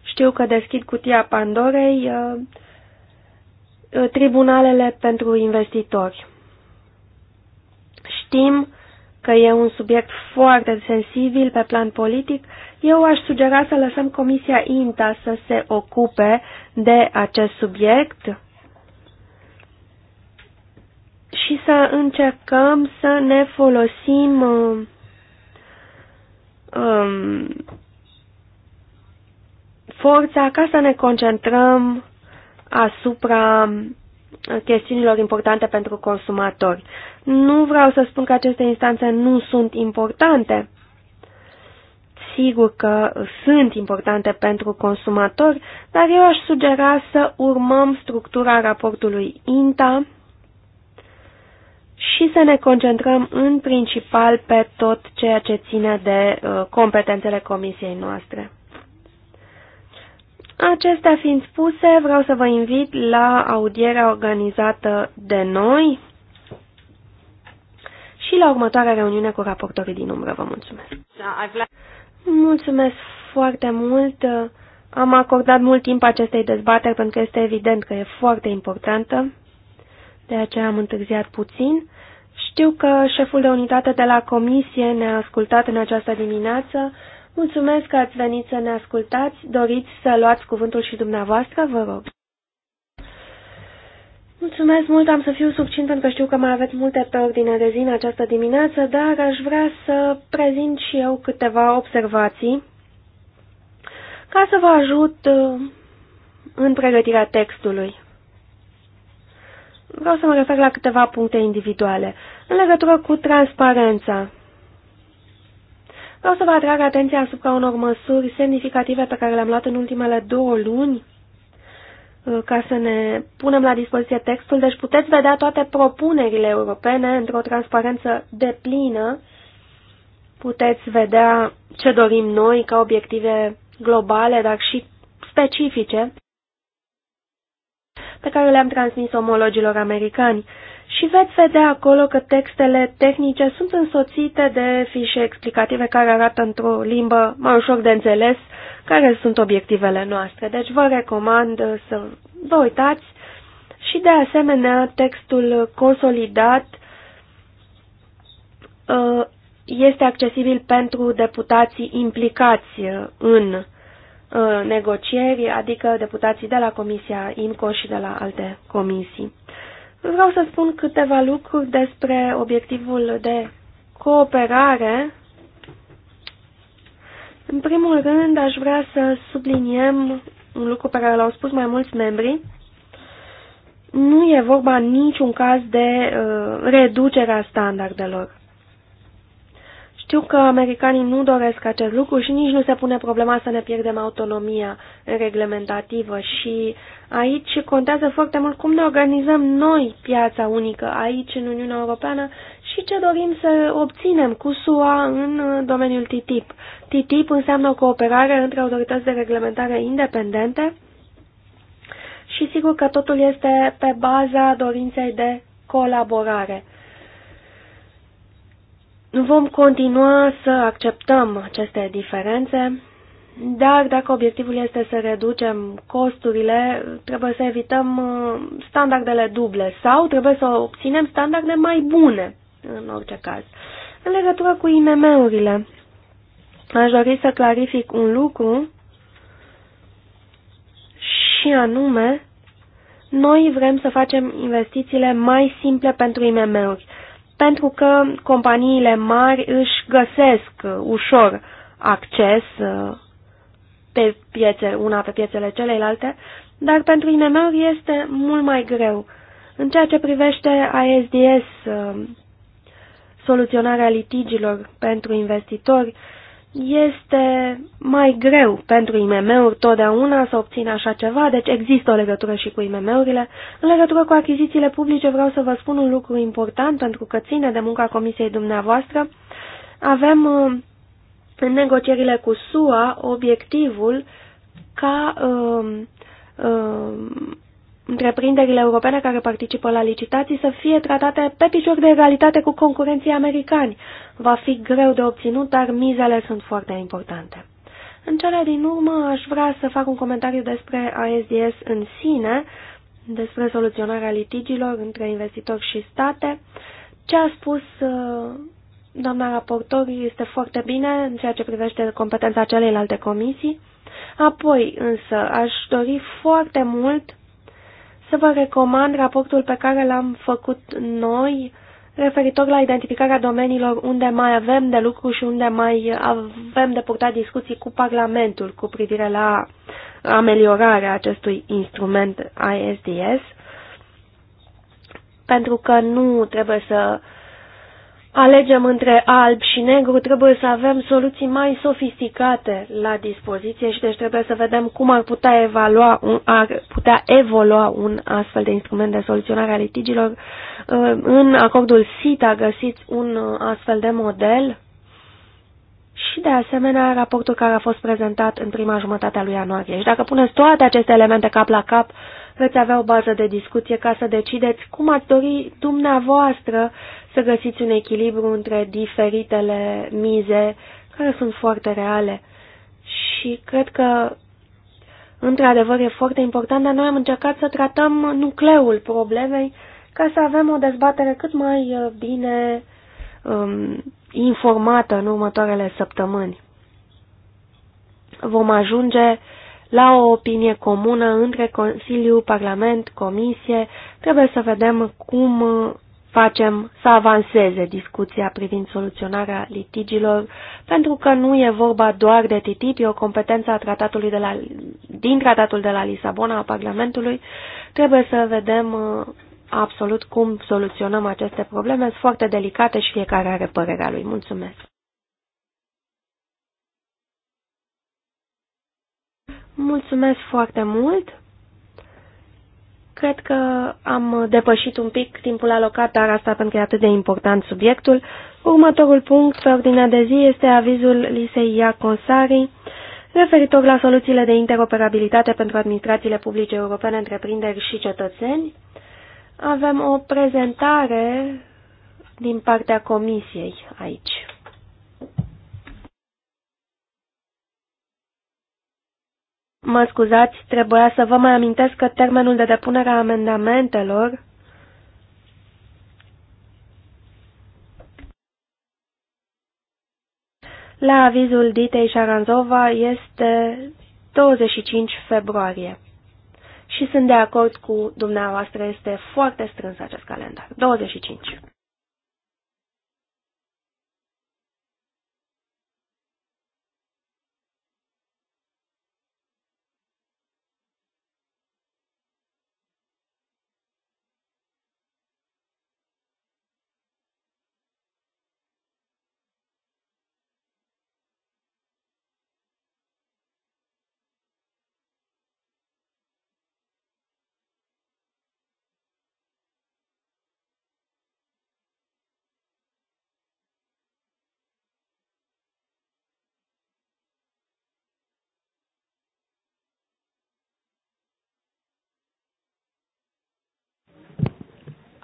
știu că deschid cutia Pandorei, uh, tribunalele pentru investitori. Știm că e un subiect foarte sensibil pe plan politic, eu aș sugera să lăsăm Comisia INTA să se ocupe de acest subiect și să încercăm să ne folosim um, forța ca să ne concentrăm asupra chestiunilor importante pentru consumatori. Nu vreau să spun că aceste instanțe nu sunt importante. Sigur că sunt importante pentru consumatori, dar eu aș sugera să urmăm structura raportului INTA și să ne concentrăm în principal pe tot ceea ce ține de uh, competențele comisiei noastre. Acestea fiind spuse, vreau să vă invit la audierea organizată de noi și la următoarea reuniune cu raportorii din umbră. Vă mulțumesc! Mulțumesc foarte mult! Am acordat mult timp acestei dezbateri pentru că este evident că e foarte importantă, de aceea am întârziat puțin. Știu că șeful de unitate de la comisie ne-a ascultat în această dimineață. Mulțumesc că ați venit să ne ascultați. Doriți să luați cuvântul și dumneavoastră, vă rog. Mulțumesc mult, am să fiu succint pentru că știu că mai aveți multe pe ordine de zi în această dimineață, dar aș vrea să prezint și eu câteva observații ca să vă ajut uh, în pregătirea textului. Vreau să mă refer la câteva puncte individuale. În legătură cu transparența, Vreau să vă atrag atenția asupra unor măsuri semnificative pe care le-am luat în ultimele două luni uh, ca să ne punem la dispoziție textul. Deci puteți vedea toate propunerile europene într-o transparență deplină. Puteți vedea ce dorim noi ca obiective globale, dar și specifice, pe care le-am transmis omologilor americani și veți vedea acolo că textele tehnice sunt însoțite de fișe explicative care arată într-o limbă mai ușor de înțeles care sunt obiectivele noastre. Deci vă recomand să vă uitați și de asemenea textul consolidat uh, este accesibil pentru deputații implicați în uh, negocieri, adică deputații de la Comisia IMCO și de la alte comisii. Vreau să spun câteva lucruri despre obiectivul de cooperare. În primul rând, aș vrea să subliniem un lucru pe care l-au spus mai mulți membri. Nu e vorba în niciun caz de uh, reducerea standardelor. Știu că americanii nu doresc acest lucru și nici nu se pune problema să ne pierdem autonomia reglementativă și aici contează foarte mult cum ne organizăm noi piața unică aici în Uniunea Europeană și ce dorim să obținem cu SUA în domeniul TTIP. TTIP înseamnă o cooperare între autorități de reglementare independente și sigur că totul este pe baza dorinței de colaborare. Vom continua să acceptăm aceste diferențe, dar dacă obiectivul este să reducem costurile, trebuie să evităm uh, standardele duble sau trebuie să obținem standarde mai bune, în orice caz. În legătură cu IMM-urile, aș dori să clarific un lucru și anume, noi vrem să facem investițiile mai simple pentru IMM-uri pentru că companiile mari își găsesc ușor acces uh, pe piețe, una pe piețele celelalte, dar pentru imm este mult mai greu. În ceea ce privește ASDS, uh, soluționarea litigilor pentru investitori, este mai greu pentru IMM-uri totdeauna să obțină așa ceva, deci există o legătură și cu IMM-urile. În legătură cu achizițiile publice vreau să vă spun un lucru important pentru că ține de munca comisiei dumneavoastră. Avem în negocierile cu SUA obiectivul ca uh, uh, întreprinderile europene care participă la licitații să fie tratate pe picior de egalitate cu concurenții americani. Va fi greu de obținut, dar mizele sunt foarte importante. În cele din urmă aș vrea să fac un comentariu despre ASDS în sine, despre soluționarea litigilor între investitori și state. Ce a spus uh, doamna raportor este foarte bine în ceea ce privește competența celeilalte comisii. Apoi, însă, aș dori foarte mult să vă recomand raportul pe care l-am făcut noi referitor la identificarea domeniilor unde mai avem de lucru și unde mai avem de purtat discuții cu Parlamentul cu privire la ameliorarea acestui instrument ISDS, pentru că nu trebuie să uh, alegem între alb și negru, trebuie să avem soluții mai sofisticate la dispoziție și deci trebuie să vedem cum ar putea, evalua un, ar putea evolua un astfel de instrument de soluționare a litigilor. Uh, în acordul SITA găsiți un uh, astfel de model și, de asemenea, raportul care a fost prezentat în prima jumătate a lui ianuarie. Și deci dacă puneți toate aceste elemente cap la cap, veți avea o bază de discuție ca să decideți cum ați dori dumneavoastră să găsiți un echilibru între diferitele mize care sunt foarte reale. Și cred că, într-adevăr, e foarte important, dar noi am încercat să tratăm nucleul problemei ca să avem o dezbatere cât mai uh, bine um, informată în următoarele săptămâni. Vom ajunge la o opinie comună între Consiliu, Parlament, Comisie. Trebuie să vedem cum uh, facem să avanseze discuția privind soluționarea litigilor, pentru că nu e vorba doar de TTIP, e o competență a tratatului de la, din tratatul de la Lisabona a Parlamentului. Trebuie să vedem uh, absolut cum soluționăm aceste probleme. Sunt foarte delicate și fiecare are părerea lui. Mulțumesc! Mulțumesc foarte mult! Cred că am depășit un pic timpul alocat, dar asta pentru că e atât de important subiectul. Următorul punct pe ordinea de zi este avizul Lisei Iaconsari referitor la soluțiile de interoperabilitate pentru administrațiile publice europene, întreprinderi și cetățeni. Avem o prezentare din partea comisiei aici. Mă scuzați, trebuia să vă mai amintesc că termenul de depunere a amendamentelor la avizul Ditei Șaranzova este 25 februarie. Și sunt de acord cu dumneavoastră, este foarte strâns acest calendar. 25.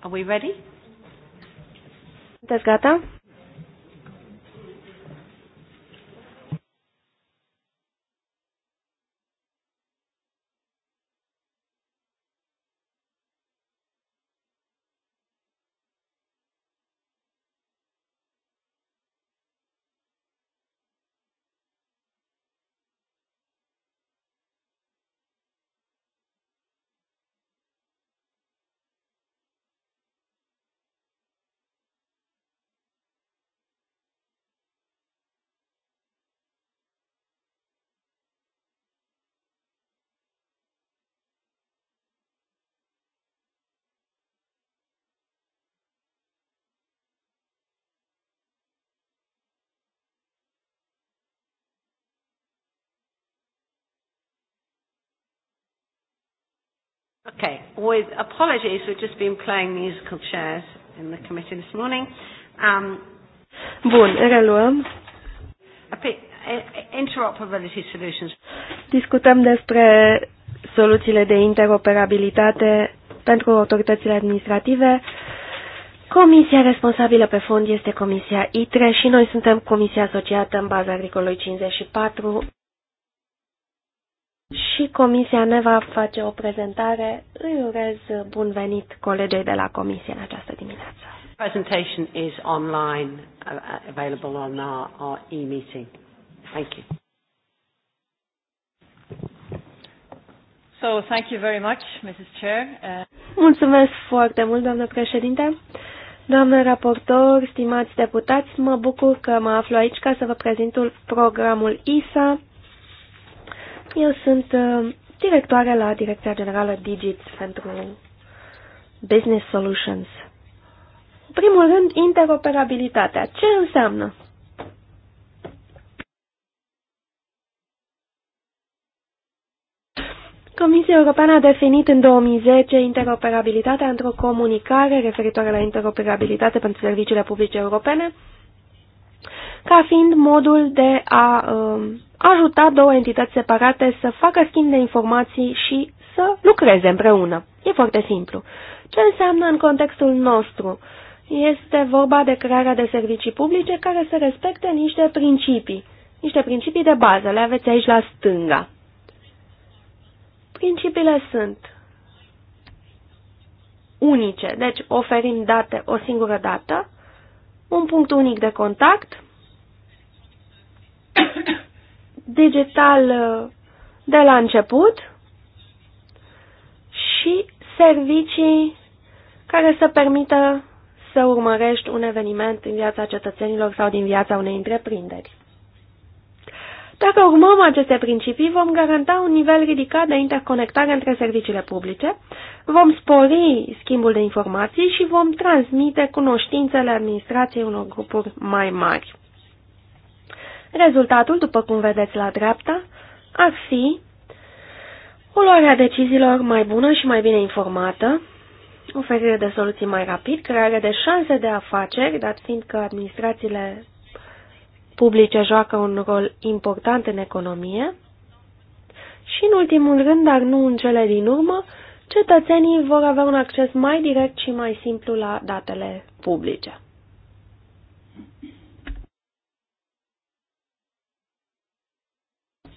Are we ready? Sunteți gata? Okay, with apologies, we've just been playing musical chairs in the committee this morning. Um, Bun, reluăm. Eh, interoperability solutions. Discutăm despre soluțiile de interoperabilitate pentru autoritățile administrative. Comisia responsabilă pe fond este Comisia ITRE și noi suntem Comisia Asociată în baza articolului 54 și comisia ne va face o prezentare. Îi urez bun venit colegei de la comisie în această dimineață. Presentation is online, uh, available on our, our e-meeting. Thank you. So, thank you very much, Mrs. Chair. Uh, Mulțumesc foarte mult, doamnă președinte. Doamnă raportor, stimați deputați, mă bucur că mă aflu aici ca să vă prezint programul ISA eu sunt uh, directoare la Direcția Generală Digit pentru Business Solutions. În primul rând, interoperabilitatea. Ce înseamnă? Comisia Europeană a definit în 2010 interoperabilitatea într-o comunicare referitoare la interoperabilitate pentru serviciile publice europene ca fiind modul de a uh, ajuta două entități separate să facă schimb de informații și să lucreze împreună. E foarte simplu. Ce înseamnă în contextul nostru? Este vorba de crearea de servicii publice care să respecte niște principii, niște principii de bază, le aveți aici la stânga. Principiile sunt unice, deci oferim date o singură dată, un punct unic de contact, digital uh, de la început și servicii care să permită să urmărești un eveniment din viața cetățenilor sau din viața unei întreprinderi. Dacă urmăm aceste principii, vom garanta un nivel ridicat de interconectare între serviciile publice, vom spori schimbul de informații și vom transmite cunoștințele administrației unor grupuri mai mari. Rezultatul, după cum vedeți la dreapta, ar fi o luare a deciziilor mai bună și mai bine informată, oferire de soluții mai rapid, creare de șanse de afaceri, dat fiind că administrațiile publice joacă un rol important în economie, și, în ultimul rând, dar nu în cele din urmă, cetățenii vor avea un acces mai direct și mai simplu la datele publice.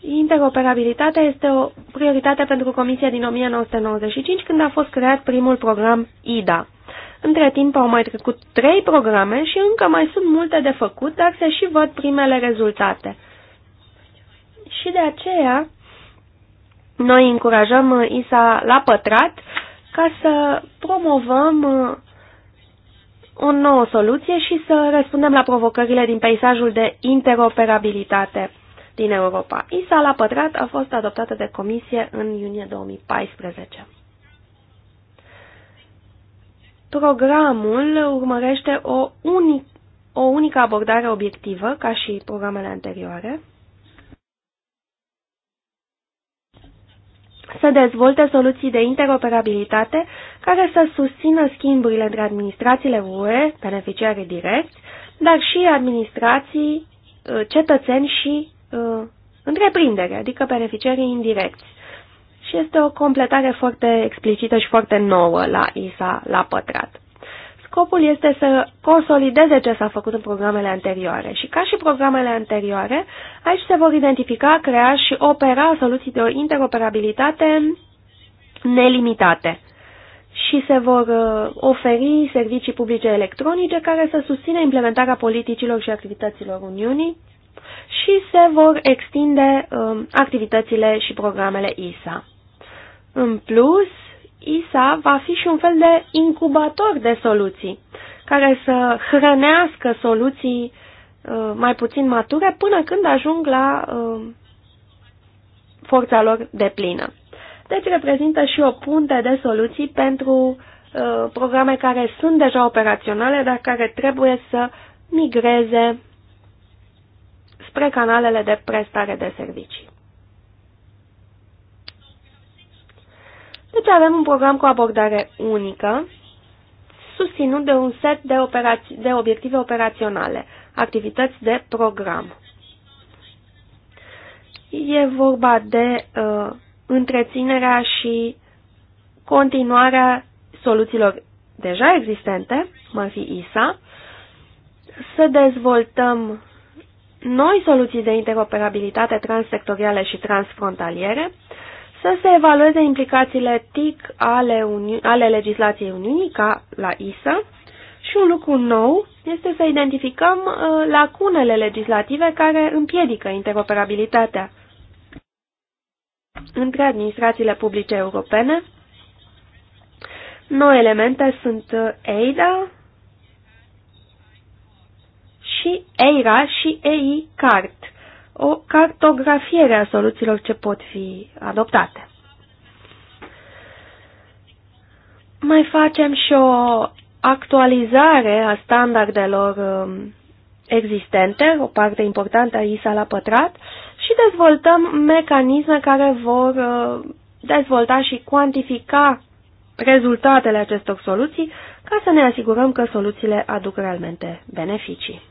Interoperabilitatea este o prioritate pentru Comisia din 1995, când a fost creat primul program IDA. Între timp au mai trecut trei programe și încă mai sunt multe de făcut, dar se și văd primele rezultate. Și de aceea noi încurajăm ISA la pătrat ca să promovăm uh, o nouă soluție și să răspundem la provocările din peisajul de interoperabilitate din Europa. ISA la pătrat a fost adoptată de comisie în iunie 2014. Programul urmărește o, unic, o unică abordare obiectivă, ca și programele anterioare, să dezvolte soluții de interoperabilitate care să susțină schimburile între administrațiile UE, beneficiare direct, dar și administrații, cetățeni și uh, întreprindere, adică beneficiarii indirecți. Și este o completare foarte explicită și foarte nouă la ISA la pătrat. Scopul este să consolideze ce s-a făcut în programele anterioare și ca și programele anterioare, aici se vor identifica, crea și opera soluții de o interoperabilitate nelimitate și se vor uh, oferi servicii publice electronice care să susțină implementarea politicilor și activităților Uniunii și se vor extinde um, activitățile și programele ISA. În plus, ISA va fi și un fel de incubator de soluții, care să hrănească soluții uh, mai puțin mature până când ajung la uh, forța lor de plină. Deci reprezintă și o punte de soluții pentru uh, programe care sunt deja operaționale, dar care trebuie să migreze spre canalele de prestare de servicii. Deci avem un program cu abordare unică, susținut de un set de, operați de obiective operaționale, activități de program. E vorba de uh, întreținerea și continuarea soluțiilor deja existente, cum ar fi ISA, să dezvoltăm noi soluții de interoperabilitate transsectoriale și transfrontaliere, să se evalueze implicațiile TIC ale, Uni ale legislației Uniunii ca la ISA și un lucru nou este să identificăm uh, lacunele legislative care împiedică interoperabilitatea între administrațiile publice europene. Noi elemente sunt uh, EIDA, și EIRA și EI-CART, o cartografiere a soluțiilor ce pot fi adoptate. Mai facem și o actualizare a standardelor um, existente, o parte importantă a ISA la pătrat, și dezvoltăm mecanisme care vor uh, dezvolta și cuantifica rezultatele acestor soluții ca să ne asigurăm că soluțiile aduc realmente beneficii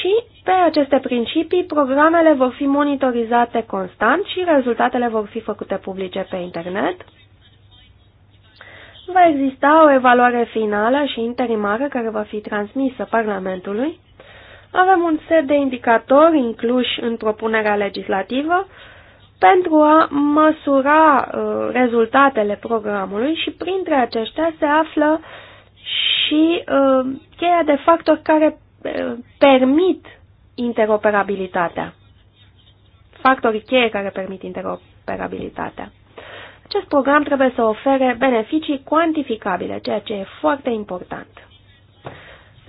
și pe aceste principii programele vor fi monitorizate constant și rezultatele vor fi făcute publice pe internet. Va exista o evaluare finală și interimară care va fi transmisă Parlamentului. Avem un set de indicatori incluși în propunerea legislativă pentru a măsura uh, rezultatele programului și printre aceștia se află și uh, cheia de factori care permit interoperabilitatea. Factorii cheie care permit interoperabilitatea. Acest program trebuie să ofere beneficii cuantificabile, ceea ce e foarte important.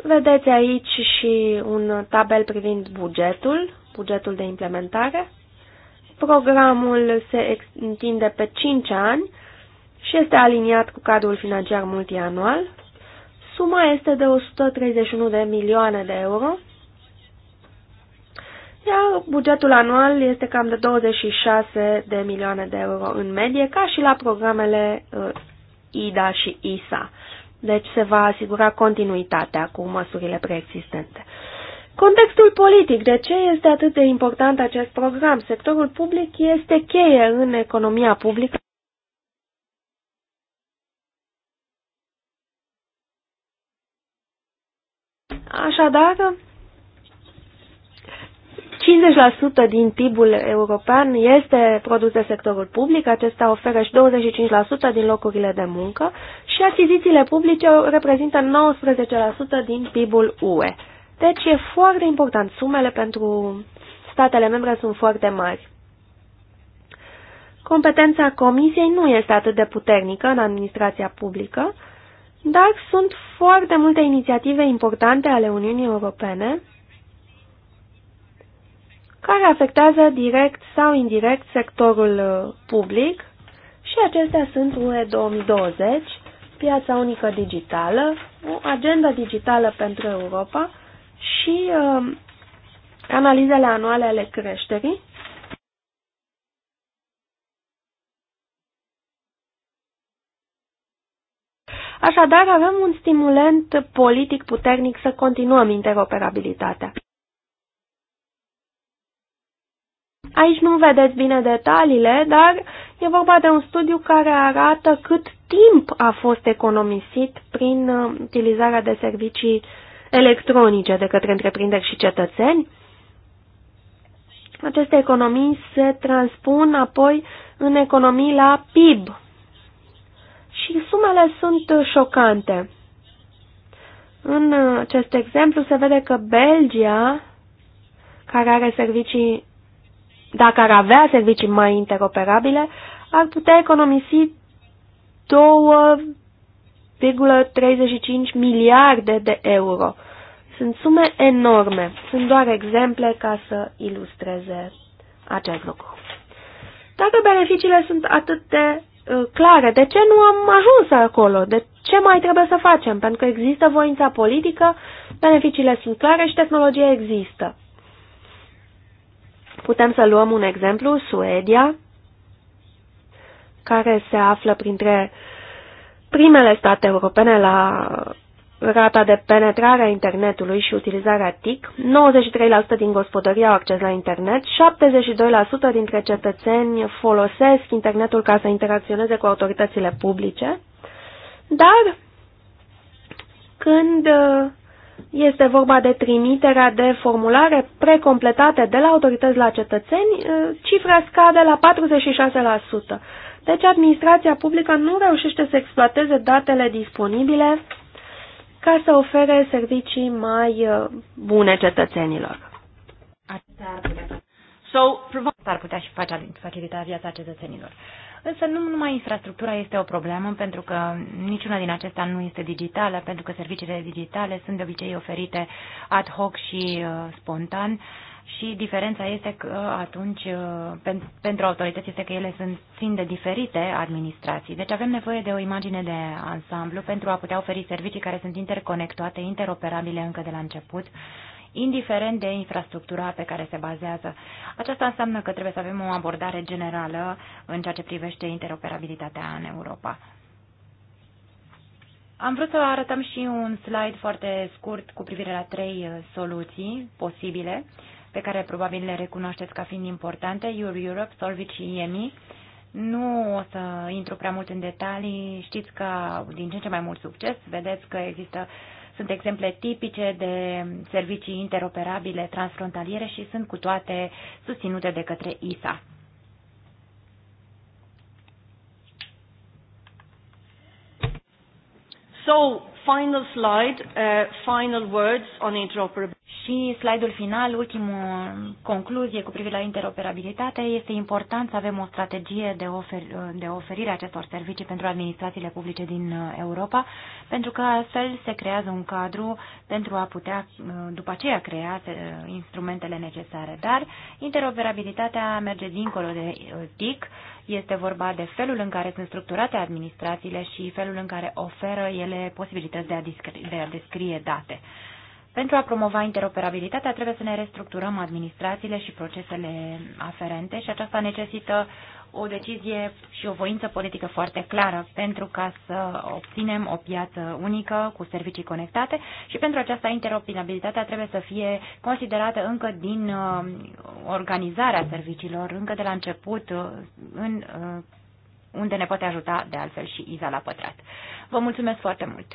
Vedeți aici și un tabel privind bugetul, bugetul de implementare. Programul se întinde pe 5 ani și este aliniat cu cadrul financiar multianual. Suma este de 131 de milioane de euro, iar bugetul anual este cam de 26 de milioane de euro în medie, ca și la programele uh, IDA și ISA. Deci se va asigura continuitatea cu măsurile preexistente. Contextul politic. De ce este atât de important acest program? Sectorul public este cheie în economia publică. Așadar, 50% din PIB-ul european este produs de sectorul public, acesta oferă și 25% din locurile de muncă și achizițiile publice reprezintă 19% din PIB-ul UE. Deci e foarte important, sumele pentru statele membre sunt foarte mari. Competența Comisiei nu este atât de puternică în administrația publică, dar sunt foarte multe inițiative importante ale Uniunii Europene care afectează direct sau indirect sectorul uh, public și acestea sunt UE 2020, piața unică digitală, o agenda digitală pentru Europa și uh, analizele anuale ale creșterii, Așadar, avem un stimulent politic puternic să continuăm interoperabilitatea. Aici nu vedeți bine detaliile, dar e vorba de un studiu care arată cât timp a fost economisit prin uh, utilizarea de servicii electronice de către întreprinderi și cetățeni. Aceste economii se transpun apoi în economii la PIB, și sumele sunt șocante. În acest exemplu se vede că Belgia, care are servicii, dacă ar avea servicii mai interoperabile, ar putea economisi 2,35 miliarde de euro. Sunt sume enorme. Sunt doar exemple ca să ilustreze acest lucru. Dacă beneficiile sunt atât de Uh, clare. De ce nu am ajuns acolo? De ce mai trebuie să facem? Pentru că există voința politică, beneficiile sunt clare și tehnologia există. Putem să luăm un exemplu, Suedia, care se află printre primele state europene la rata de penetrare a internetului și utilizarea TIC, 93% din gospodării au acces la internet, 72% dintre cetățeni folosesc internetul ca să interacționeze cu autoritățile publice, dar când uh, este vorba de trimiterea de formulare precompletate de la autorități la cetățeni, uh, cifra scade la 46%. Deci administrația publică nu reușește să exploateze datele disponibile ca să ofere servicii mai uh, bune cetățenilor. Asta ar putea, ar putea și facilita viața cetățenilor. Însă nu numai infrastructura este o problemă, pentru că niciuna din acestea nu este digitală, pentru că serviciile digitale sunt de obicei oferite ad hoc și uh, spontan. Uh, și diferența este că atunci uh, pentru autorități este că ele sunt, țin de diferite administrații. Deci avem nevoie de o imagine de ansamblu pentru a putea oferi servicii care sunt interconectate, interoperabile încă de la început, indiferent de infrastructura pe care se bazează. Aceasta înseamnă că trebuie să avem o abordare generală în ceea ce privește interoperabilitatea în Europa. Am vrut să arătăm și un slide foarte scurt cu privire la trei uh, soluții posibile. Uh, pe care probabil le recunoașteți ca fiind importante, Your Europe, Solvit și EMI. Nu o să intru prea mult în detalii, știți că din ce în ce mai mult succes, vedeți că există sunt exemple tipice de servicii interoperabile transfrontaliere și sunt cu toate susținute de către ISA. So, final slide, uh, final words on interoperability. Și slide-ul final, ultimul concluzie cu privire la interoperabilitate, este important să avem o strategie de, ofer, de oferire a acestor servicii pentru administrațiile publice din uh, Europa, pentru că astfel se creează un cadru pentru a putea uh, după aceea crea uh, instrumentele necesare. Dar interoperabilitatea merge dincolo de TIC, este vorba de felul în care sunt structurate administrațiile și felul în care oferă ele posibilități de a, de a descrie date. Pentru a promova interoperabilitatea trebuie să ne restructurăm administrațiile și procesele aferente și aceasta necesită o decizie și o voință politică foarte clară pentru ca să obținem o piață unică cu servicii conectate și pentru aceasta interoperabilitatea trebuie să fie considerată încă din uh, organizarea serviciilor, încă de la început, uh, în, uh, unde ne poate ajuta de altfel și Iza la pătrat. Vă mulțumesc foarte mult!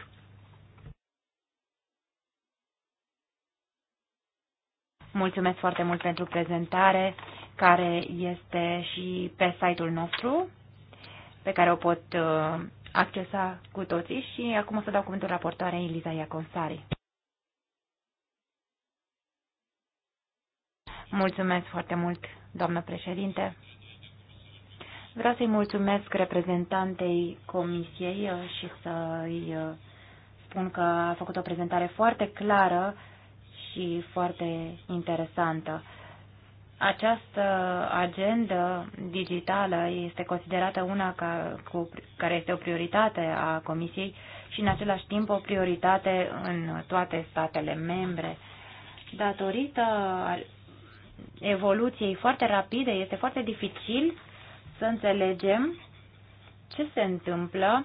Mulțumesc foarte mult pentru prezentare, care este și pe site-ul nostru, pe care o pot uh, accesa cu toții și acum o să dau cuvântul raportoarei Eliza Iaconsari. Mulțumesc foarte mult, doamnă președinte. Vreau să-i mulțumesc reprezentantei comisiei uh, și să-i uh, spun că a făcut o prezentare foarte clară și foarte interesantă. Această agendă digitală este considerată una ca, cu, care este o prioritate a Comisiei și în același timp o prioritate în toate statele membre. Datorită evoluției foarte rapide, este foarte dificil să înțelegem ce se întâmplă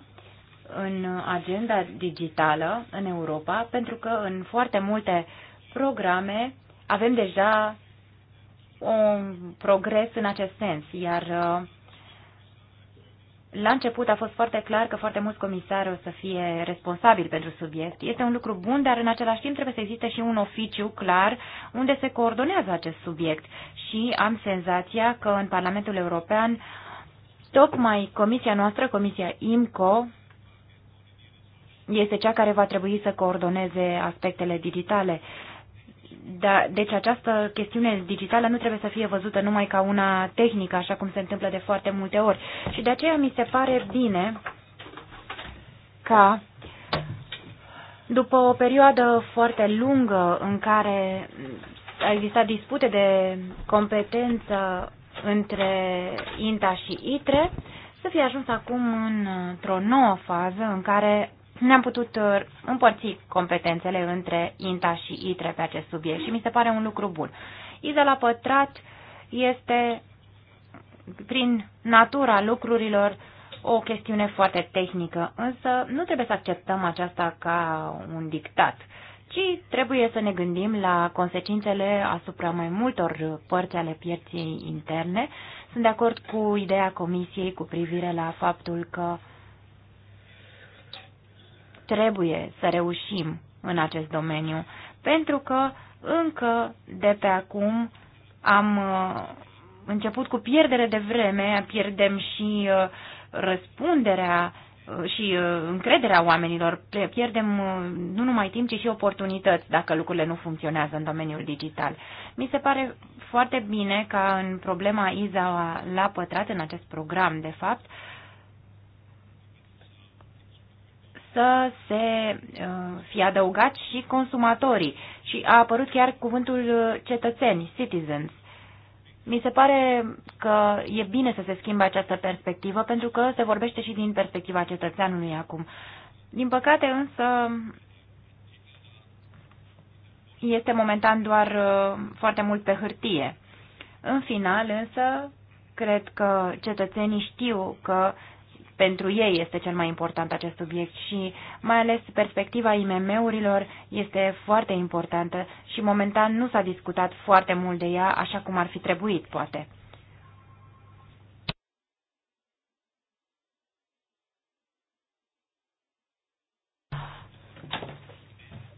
în agenda digitală în Europa, pentru că în foarte multe programe, avem deja un progres în acest sens, iar uh, la început a fost foarte clar că foarte mulți comisari o să fie responsabili pentru subiect. Este un lucru bun, dar în același timp trebuie să existe și un oficiu clar unde se coordonează acest subiect. Și am senzația că în Parlamentul European, tocmai comisia noastră, comisia IMCO, este cea care va trebui să coordoneze aspectele digitale. Da, deci această chestiune digitală nu trebuie să fie văzută numai ca una tehnică, așa cum se întâmplă de foarte multe ori. Și de aceea mi se pare bine ca după o perioadă foarte lungă în care a existat dispute de competență între INTA și ITRE, să fie ajuns acum într-o nouă fază în care ne-am putut uh, împărți competențele între INTA și ITRE pe acest subiect și mi se pare un lucru bun. Iza la pătrat este, prin natura lucrurilor, o chestiune foarte tehnică, însă nu trebuie să acceptăm aceasta ca un dictat, ci trebuie să ne gândim la consecințele asupra mai multor părți ale pieței interne. Sunt de acord cu ideea Comisiei cu privire la faptul că uh, Trebuie să reușim în acest domeniu, pentru că încă de pe acum am uh, început cu pierdere de vreme, pierdem și uh, răspunderea uh, și încrederea oamenilor, pierdem nu numai timp, ci și oportunități dacă lucrurile nu funcționează în domeniul digital. Mi se pare foarte bine ca în problema Iza la pătrat, în acest program, de fapt, să se uh, fie adăugat și consumatorii. Și a apărut chiar cuvântul uh, cetățeni, citizens. Mi se pare că e bine să se schimbe această perspectivă, pentru că se vorbește și din perspectiva cetățeanului acum. Din păcate însă este momentan doar uh, foarte mult pe hârtie. În final însă, cred că cetățenii știu că uh, pentru ei este cel mai important acest subiect și mai ales perspectiva IMM-urilor este foarte importantă și momentan nu s-a discutat foarte mult de ea așa cum ar fi trebuit, poate.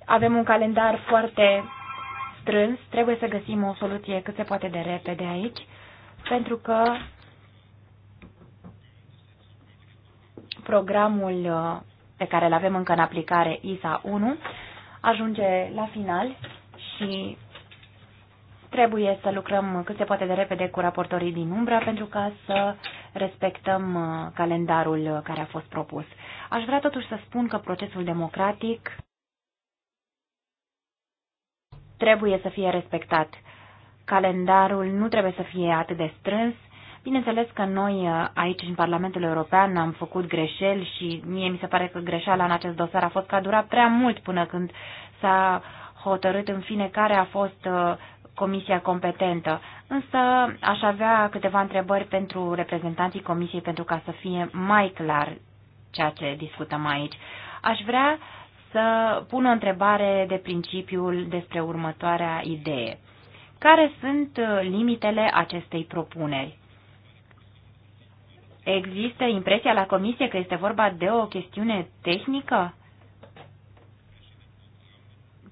Avem un calendar foarte strâns, trebuie să găsim o soluție cât se poate de repede aici, pentru că programul uh, pe care îl avem încă în aplicare ISA 1 ajunge la final și trebuie să lucrăm cât se poate de repede cu raportorii din umbra pentru ca să respectăm uh, calendarul uh, care a fost propus. Aș vrea totuși să spun că procesul democratic trebuie să fie respectat. Calendarul nu trebuie să fie atât de strâns, Bineînțeles că noi uh, aici în Parlamentul European am făcut greșeli și mie mi se pare că greșeala în acest dosar a fost că a durat prea mult până când s-a hotărât în fine care a fost uh, comisia competentă. Însă aș avea câteva întrebări pentru reprezentanții comisiei pentru ca să fie mai clar ceea ce discutăm aici. Aș vrea să pun o întrebare de principiul despre următoarea idee. Care sunt uh, limitele acestei propuneri? Există impresia la comisie că este vorba de o chestiune tehnică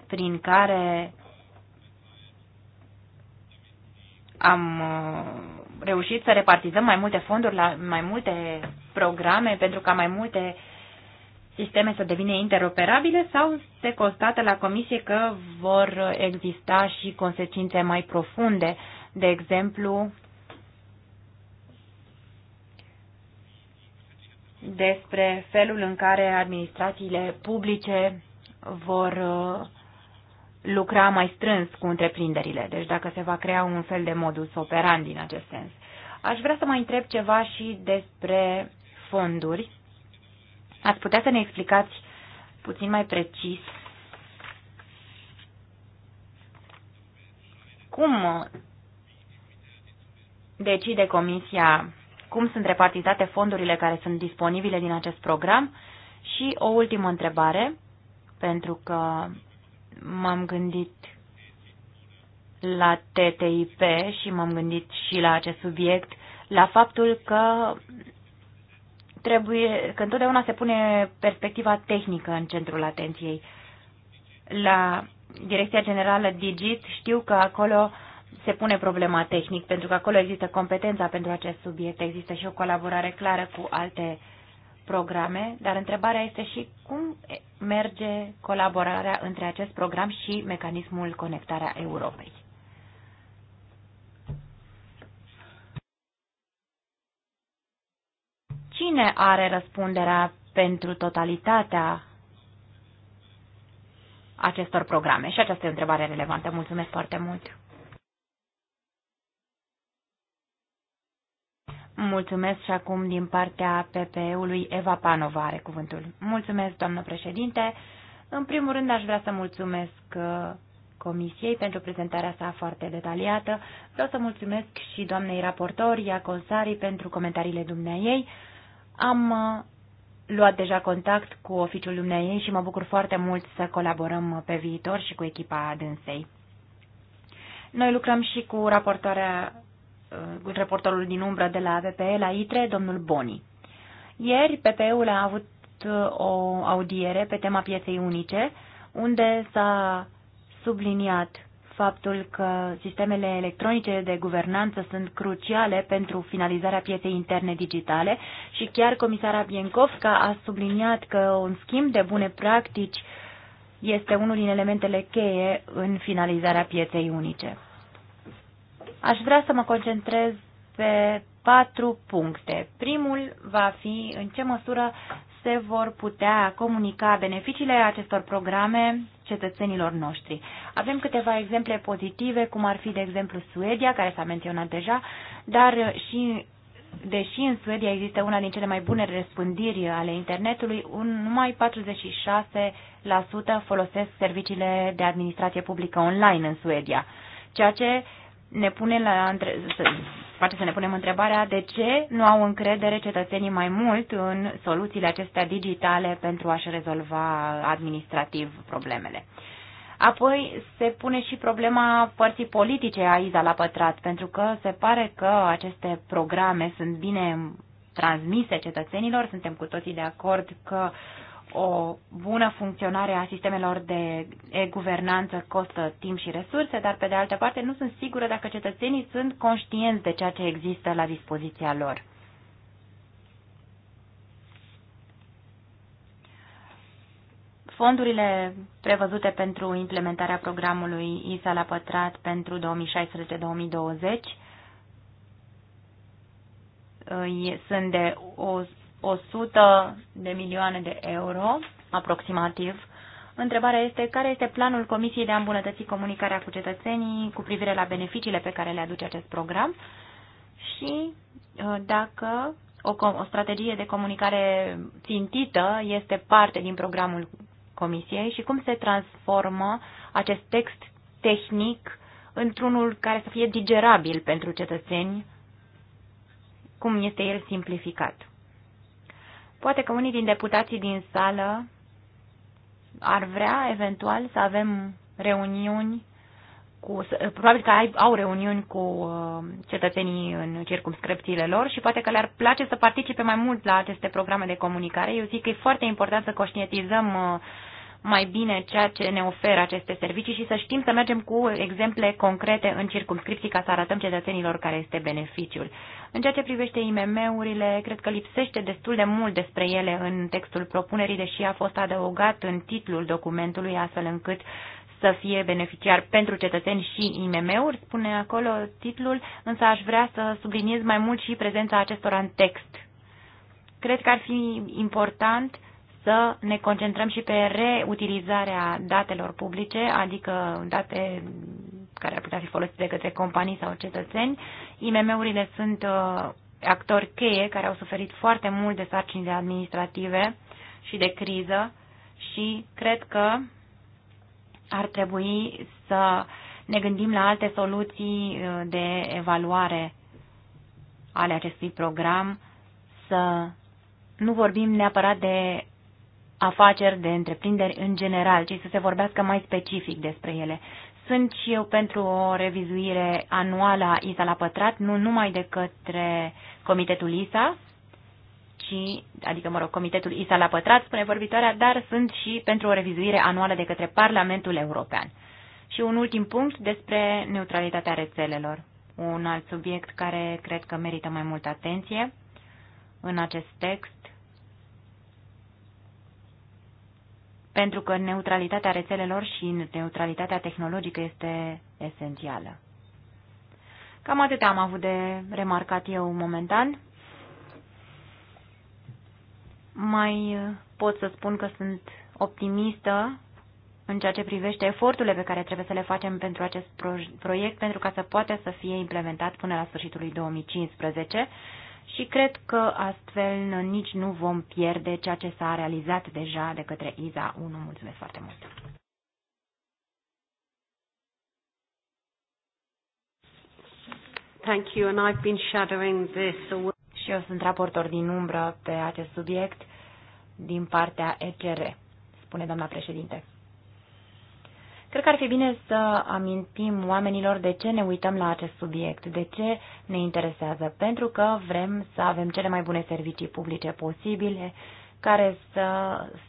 prin care am uh, reușit să repartizăm mai multe fonduri la mai multe programe pentru ca mai multe sisteme să devină interoperabile sau se constată la comisie că vor exista și consecințe mai profunde, de exemplu despre felul în care administrațiile publice vor uh, lucra mai strâns cu întreprinderile, deci dacă se va crea un fel de modus operandi în acest sens. Aș vrea să mai întreb ceva și despre fonduri. Ați putea să ne explicați puțin mai precis cum decide Comisia cum sunt repartizate fondurile care sunt disponibile din acest program. Și o ultimă întrebare, pentru că m-am gândit la TTIP și m-am gândit și la acest subiect, la faptul că trebuie, că întotdeauna se pune perspectiva tehnică în centrul atenției. La Direcția Generală Digit știu că acolo uh, se pune problema tehnic, pentru că acolo există competența pentru acest subiect, există și o colaborare clară cu alte programe, dar întrebarea este și cum merge colaborarea între acest program și mecanismul Conectarea Europei. Cine are răspunderea pentru totalitatea acestor programe? Și această e o întrebare relevantă. Mulțumesc foarte mult! Mulțumesc și acum din partea PPE-ului Eva Panova are cuvântul. Mulțumesc, doamnă președinte. În primul rând aș vrea să mulțumesc uh, Comisiei pentru prezentarea sa foarte detaliată. Vreau să mulțumesc și doamnei raportor, Consari pentru comentariile dumneaei. Am uh, luat deja contact cu oficiul dumneaei și mă bucur foarte mult să colaborăm pe viitor și cu echipa dânsei. Noi lucrăm și cu raportoarea Uh, reportorul din umbră de la PPE la ITRE, domnul Boni. Ieri PPE-ul a avut uh, o audiere pe tema pieței unice, unde s-a subliniat faptul că sistemele electronice de guvernanță sunt cruciale pentru finalizarea pieței interne digitale și chiar comisara Biencovska a subliniat că un schimb de bune practici este unul din elementele cheie în finalizarea pieței unice. Aș vrea să mă concentrez pe patru puncte. Primul va fi în ce măsură se vor putea comunica beneficiile acestor programe cetățenilor noștri. Avem câteva exemple pozitive, cum ar fi, de exemplu, Suedia, care s-a menționat deja, dar și deși în Suedia există una din cele mai bune răspândiri ale internetului, un, numai 46% folosesc serviciile de administrație publică online în Suedia, ceea ce ne pune la între... face să ne punem întrebarea de ce nu au încredere cetățenii mai mult în soluțiile acestea digitale pentru a-și rezolva administrativ problemele. Apoi se pune și problema părții politice a Iza la pătrat, pentru că se pare că aceste programe sunt bine transmise cetățenilor. Suntem cu toții de acord că o bună funcționare a sistemelor de e-guvernanță costă timp și resurse, dar pe de altă parte nu sunt sigură dacă cetățenii sunt conștienți de ceea ce există la dispoziția lor. Fondurile prevăzute pentru implementarea programului ISA la pătrat pentru 2016-2020 uh, sunt de 100 de milioane de euro, aproximativ. Întrebarea este care este planul Comisiei de a îmbunătăți comunicarea cu cetățenii cu privire la beneficiile pe care le aduce acest program și uh, dacă o, o strategie de comunicare țintită este parte din programul Comisiei și cum se transformă acest text tehnic într-unul care să fie digerabil pentru cetățeni, cum este el simplificat. Poate că unii din deputații din sală ar vrea eventual să avem reuniuni cu, probabil că au reuniuni cu uh, cetățenii în circumscripțiile lor și poate că le-ar place să participe mai mult la aceste programe de comunicare. Eu zic că e foarte important să conștientizăm uh, mai bine ceea ce ne oferă aceste servicii și să știm să mergem cu exemple concrete în circumscripții ca să arătăm cetățenilor care este beneficiul. În ceea ce privește IMM-urile, cred că lipsește destul de mult despre ele în textul propunerii, deși a fost adăugat în titlul documentului, astfel încât să fie beneficiar pentru cetățeni și IMM-uri, spune acolo titlul, însă aș vrea să subliniez mai mult și prezența acestora în text. Cred că ar fi important să ne concentrăm și pe reutilizarea datelor publice, adică date care ar putea fi folosite de către companii sau cetățeni. IMM-urile sunt uh, actori cheie care au suferit foarte mult de sarcini administrative și de criză și cred că ar trebui să ne gândim la alte soluții uh, de evaluare ale acestui program, să nu vorbim neapărat de afaceri, de întreprinderi în general, ci să se vorbească mai specific despre ele. Sunt și eu pentru o revizuire anuală a ISA la pătrat, nu numai de către Comitetul ISA, ci, adică, mă rog, Comitetul ISA la pătrat, spune vorbitoarea, dar sunt și pentru o revizuire anuală de către Parlamentul European. Și un ultim punct despre neutralitatea rețelelor. Un alt subiect care cred că merită mai multă atenție în acest text pentru că neutralitatea rețelelor și neutralitatea tehnologică este esențială. Cam atât am avut de remarcat eu momentan. Mai pot să spun că sunt optimistă în ceea ce privește eforturile pe care trebuie să le facem pentru acest proiect, pentru ca să poată să fie implementat până la sfârșitul lui 2015 și cred că astfel nici nu vom pierde ceea ce s-a realizat deja de către ISA 1. Mulțumesc foarte mult! Thank you, and I've been shadowing this. Și eu sunt raportor din umbră pe acest subiect din partea ECR, spune doamna președinte. Cred că ar fi bine să amintim oamenilor de ce ne uităm la acest subiect, de ce ne interesează, pentru că vrem să avem cele mai bune servicii publice posibile, care să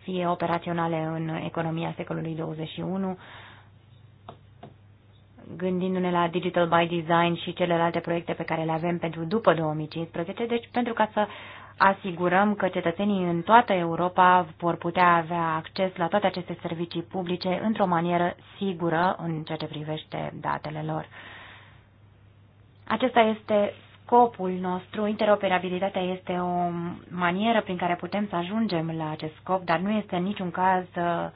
fie operaționale în economia secolului 21, gândindu-ne la Digital by Design și celelalte proiecte pe care le avem pentru după 2015, deci pentru ca să asigurăm că cetățenii în toată Europa vor putea avea acces la toate aceste servicii publice într-o manieră sigură în ceea ce privește datele lor. Acesta este scopul nostru. Interoperabilitatea este o manieră prin care putem să ajungem la acest scop, dar nu este în niciun caz uh,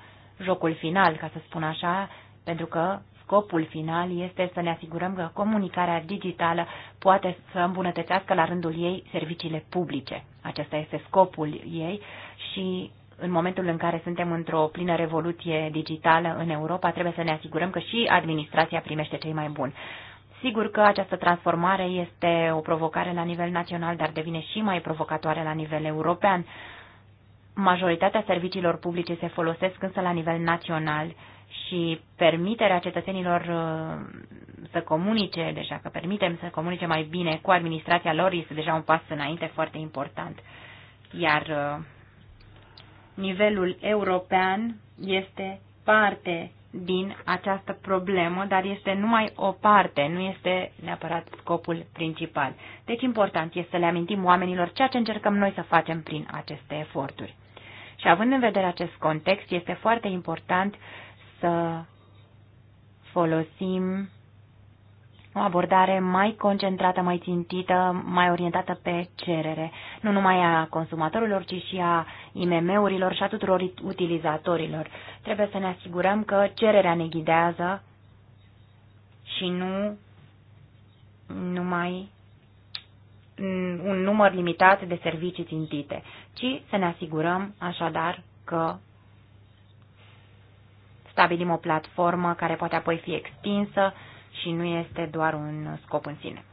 jocul final, ca să spun așa, pentru că Scopul final este să ne asigurăm că comunicarea digitală poate să îmbunătățească la rândul ei serviciile publice. Acesta este scopul ei și în momentul în care suntem într-o plină revoluție digitală în Europa, trebuie să ne asigurăm că și administrația primește cei mai buni. Sigur că această transformare este o provocare la nivel național, dar devine și mai provocatoare la nivel european. Majoritatea serviciilor publice se folosesc însă la nivel național și permiterea cetățenilor uh, să comunice, deci dacă permitem să comunice mai bine cu administrația lor, este deja un pas înainte foarte important. Iar uh, nivelul european este parte din această problemă, dar este numai o parte, nu este neapărat scopul principal. Deci important este să le amintim oamenilor ceea ce încercăm noi să facem prin aceste eforturi. Și având în vedere acest context, este foarte important să folosim o abordare mai concentrată, mai țintită, mai orientată pe cerere, nu numai a consumatorilor, ci și a IMM-urilor și a tuturor utilizatorilor. Trebuie să ne asigurăm că cererea ne ghidează și nu numai un număr limitat de servicii țintite, ci să ne asigurăm așadar că stabilim o platformă care poate apoi fi extinsă și nu este doar un scop în sine.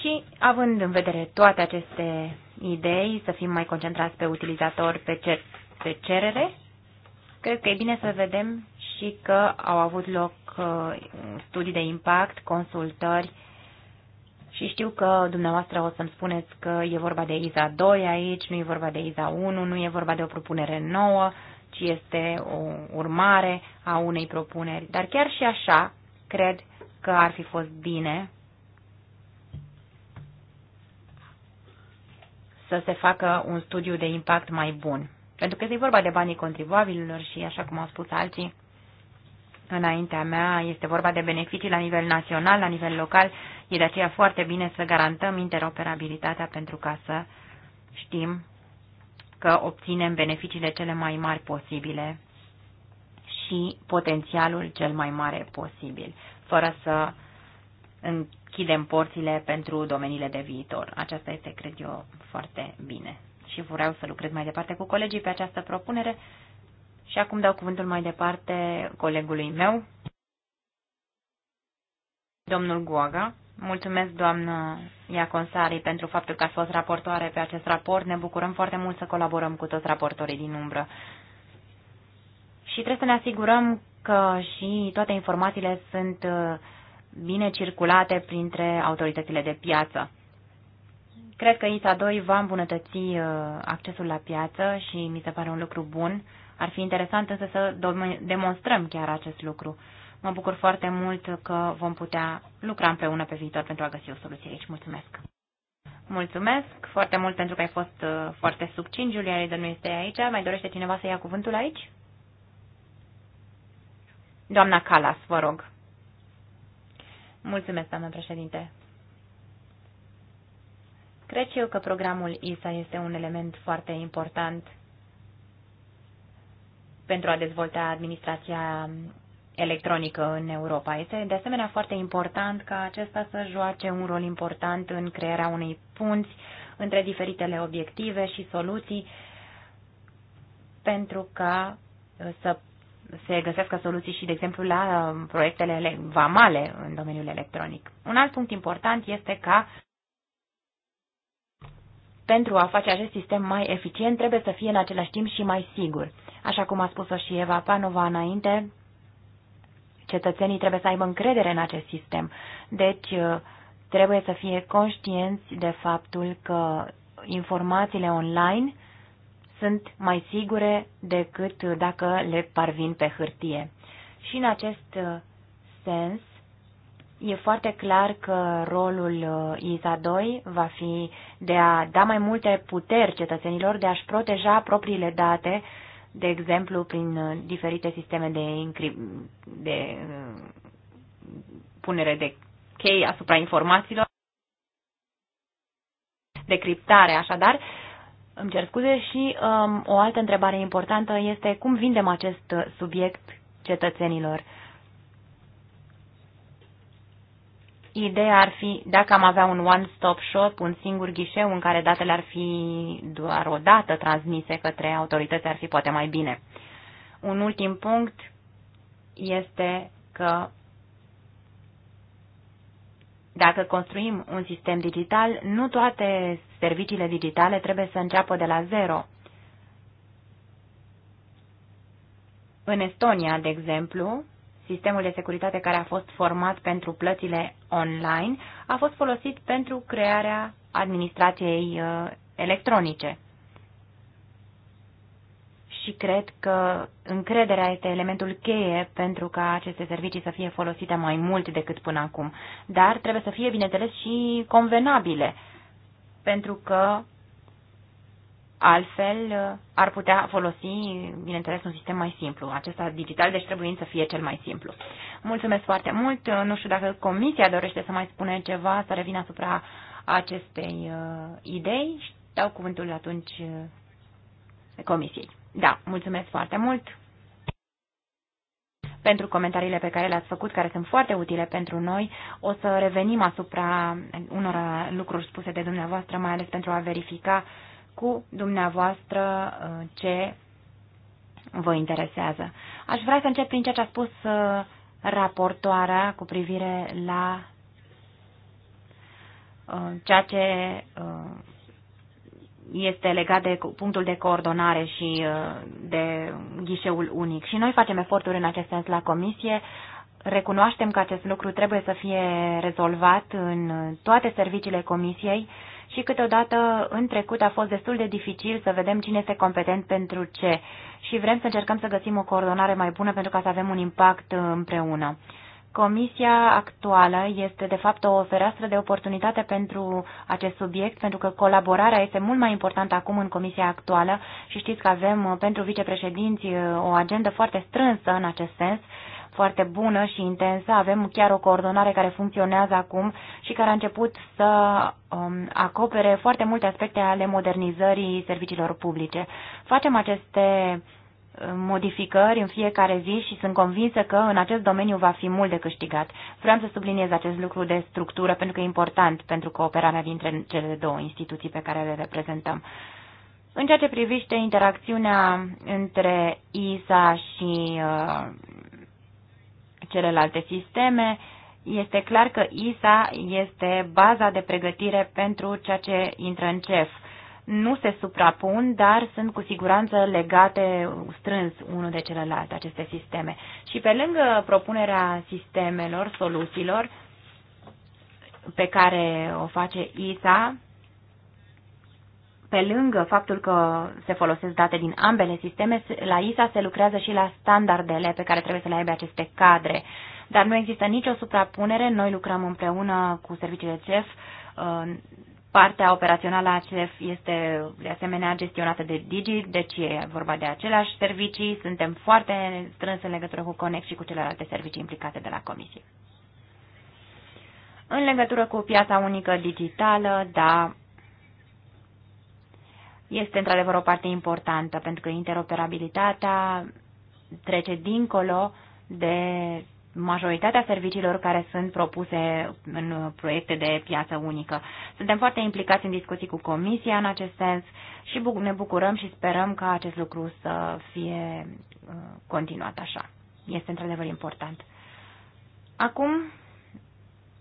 Și având în vedere toate aceste idei, să fim mai concentrați pe utilizator, pe, cer, pe cerere, cred că e bine să vedem și că au avut loc uh, studii de impact, consultări și știu că dumneavoastră o să-mi spuneți că e vorba de ISA 2 aici, nu e vorba de ISA 1, nu e vorba de o propunere nouă, ci este o urmare a unei propuneri. Dar chiar și așa, cred că ar fi fost bine să se facă un studiu de impact mai bun. Pentru că este vorba de banii contribuabililor și, așa cum au spus alții, înaintea mea, este vorba de beneficii la nivel național, la nivel local, e de aceea foarte bine să garantăm interoperabilitatea pentru ca să știm că obținem beneficiile cele mai mari posibile și potențialul cel mai mare posibil, fără să închidem porțile pentru domeniile de viitor. Aceasta este, cred eu, foarte bine. Și vreau să lucrez mai departe cu colegii pe această propunere și acum dau cuvântul mai departe colegului meu, domnul Guaga, Mulțumesc, doamnă Iaconsari, pentru faptul că ați fost raportoare pe acest raport. Ne bucurăm foarte mult să colaborăm cu toți raportorii din umbră. Și trebuie să ne asigurăm că și toate informațiile sunt uh, bine circulate printre autoritățile de piață. Cred că ISA 2 va îmbunătăți uh, accesul la piață și mi se pare un lucru bun. Ar fi interesant însă să demonstrăm chiar acest lucru. Mă bucur foarte mult că vom putea lucra împreună pe viitor pentru a găsi o soluție aici. Mulțumesc! Mulțumesc foarte mult pentru că ai fost uh, foarte succint, Julia Reader nu este aici. Mai dorește cineva să ia cuvântul aici? Doamna Calas, vă rog. Mulțumesc, doamnă președinte. Cred eu că programul ISA este un element foarte important pentru a dezvolta administrația electronică în Europa. Este de asemenea foarte important ca acesta să joace un rol important în crearea unei punți între diferitele obiective și soluții pentru ca uh, să se găsească soluții și, de exemplu, la uh, proiectele vamale în domeniul electronic. Un alt punct important este ca pentru a face acest sistem mai eficient trebuie să fie în același timp și mai sigur. Așa cum a spus-o și Eva Panova înainte, cetățenii trebuie să aibă încredere în acest sistem. Deci, uh, trebuie să fie conștienți de faptul că informațiile online sunt mai sigure decât dacă le parvin pe hârtie. Și în acest uh, sens, e foarte clar că rolul uh, ISA 2 va fi de a da mai multe puteri cetățenilor de a-și proteja propriile date de exemplu, prin uh, diferite sisteme de, de uh, punere de chei asupra informațiilor, decriptare, așadar. Îmi cer scuze și um, o altă întrebare importantă este cum vindem acest subiect cetățenilor. Uh, Ideea ar fi, dacă am avea un one-stop shop, un singur ghișeu în care datele ar fi doar o dată transmise către autorități, ar fi poate mai bine. Un ultim punct este că dacă construim un sistem digital, nu toate serviciile digitale trebuie să înceapă de la zero. În Estonia, de exemplu, sistemul de securitate care a fost format pentru plățile online a fost folosit pentru crearea administrației uh, electronice. Și cred că încrederea este elementul cheie pentru ca aceste servicii să fie folosite mai mult decât până acum. Dar trebuie să fie, bineînțeles, și convenabile, pentru că Altfel, uh, ar putea folosi, bineînțeles, un sistem mai simplu. Acesta digital, deci trebuie să fie cel mai simplu. Mulțumesc foarte mult. Uh, nu știu dacă comisia dorește să mai spune ceva, să revină asupra acestei uh, idei. Dau cuvântul atunci uh, comisiei. Da, mulțumesc foarte mult pentru comentariile pe care le-ați făcut, care sunt foarte utile pentru noi. O să revenim asupra unor lucruri spuse de dumneavoastră, mai ales pentru a verifica uh, cu dumneavoastră uh, ce vă interesează. Aș vrea să încep prin ceea ce a spus uh, raportoarea cu privire la uh, ceea ce este legat de punctul de coordonare și de ghișeul unic. Și noi facem eforturi în acest sens la comisie. Recunoaștem că acest lucru trebuie să fie rezolvat în toate serviciile comisiei și câteodată în trecut a fost destul de dificil să vedem cine este competent pentru ce și vrem să încercăm să găsim o coordonare mai bună pentru ca să avem un impact împreună. Comisia actuală este, de fapt, o fereastră de oportunitate pentru acest subiect, pentru că colaborarea este mult mai importantă acum în Comisia actuală și știți că avem uh, pentru vicepreședinți uh, o agendă foarte strânsă în acest sens foarte bună și intensă. Avem chiar o coordonare care funcționează acum și care a început să um, acopere foarte multe aspecte ale modernizării serviciilor publice. Facem aceste uh, modificări în fiecare zi și sunt convinsă că în acest domeniu va fi mult de câștigat. Vreau să subliniez acest lucru de structură pentru că e important pentru cooperarea dintre cele două instituții pe care le reprezentăm. În ceea ce privește interacțiunea între ISA și uh, celelalte sisteme, este clar că ISA este baza de pregătire pentru ceea ce intră în CEF. Nu se suprapun, dar sunt cu siguranță legate strâns unul de celălalt aceste sisteme. Și pe lângă propunerea sistemelor, soluțiilor pe care o face ISA, pe lângă faptul că se folosesc date din ambele sisteme, la ISA se lucrează și la standardele pe care trebuie să le aibă aceste cadre. Dar nu există nicio suprapunere, noi lucrăm împreună cu serviciile CEF, partea operațională a CEF este de asemenea gestionată de Digi, deci e vorba de aceleași servicii, suntem foarte strâns în legătură cu Conex și cu celelalte servicii implicate de la Comisie. În legătură cu piața unică digitală, da, este într-adevăr o parte importantă, pentru că interoperabilitatea trece dincolo de majoritatea serviciilor care sunt propuse în proiecte de piață unică. Suntem foarte implicați în discuții cu Comisia în acest sens și ne bucurăm și sperăm ca acest lucru să fie uh, continuat așa. Este într-adevăr important. Acum,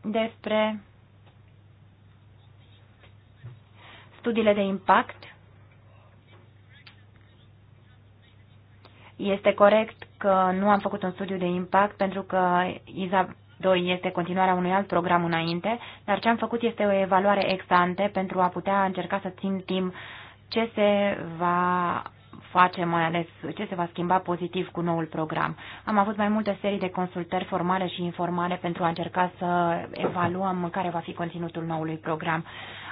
despre studiile de impact Este corect că nu am făcut un studiu de impact pentru că ISA 2 este continuarea unui alt program înainte, dar ce am făcut este o evaluare ex ante pentru a putea încerca să țin timp ce se va face, mai ales ce se va schimba pozitiv cu noul program. Am avut mai multe serii de consultări formale și informale pentru a încerca să evaluăm care va fi conținutul noului program.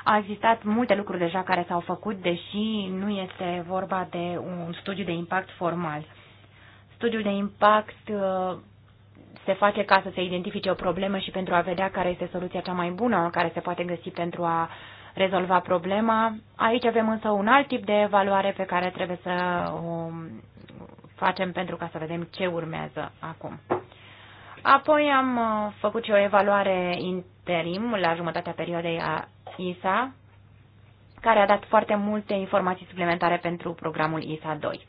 A existat multe lucruri deja care s-au făcut, deși nu este vorba de un studiu de impact formal. Studiul de impact uh, se face ca să se identifice o problemă și pentru a vedea care este soluția cea mai bună care se poate găsi pentru a uh, rezolva problema. Aici avem însă un alt tip de evaluare pe care trebuie să o facem pentru ca să vedem ce urmează acum. Apoi am uh, făcut și o evaluare interim la jumătatea perioadei a ISA, care a dat foarte multe informații suplimentare pentru programul ISA 2.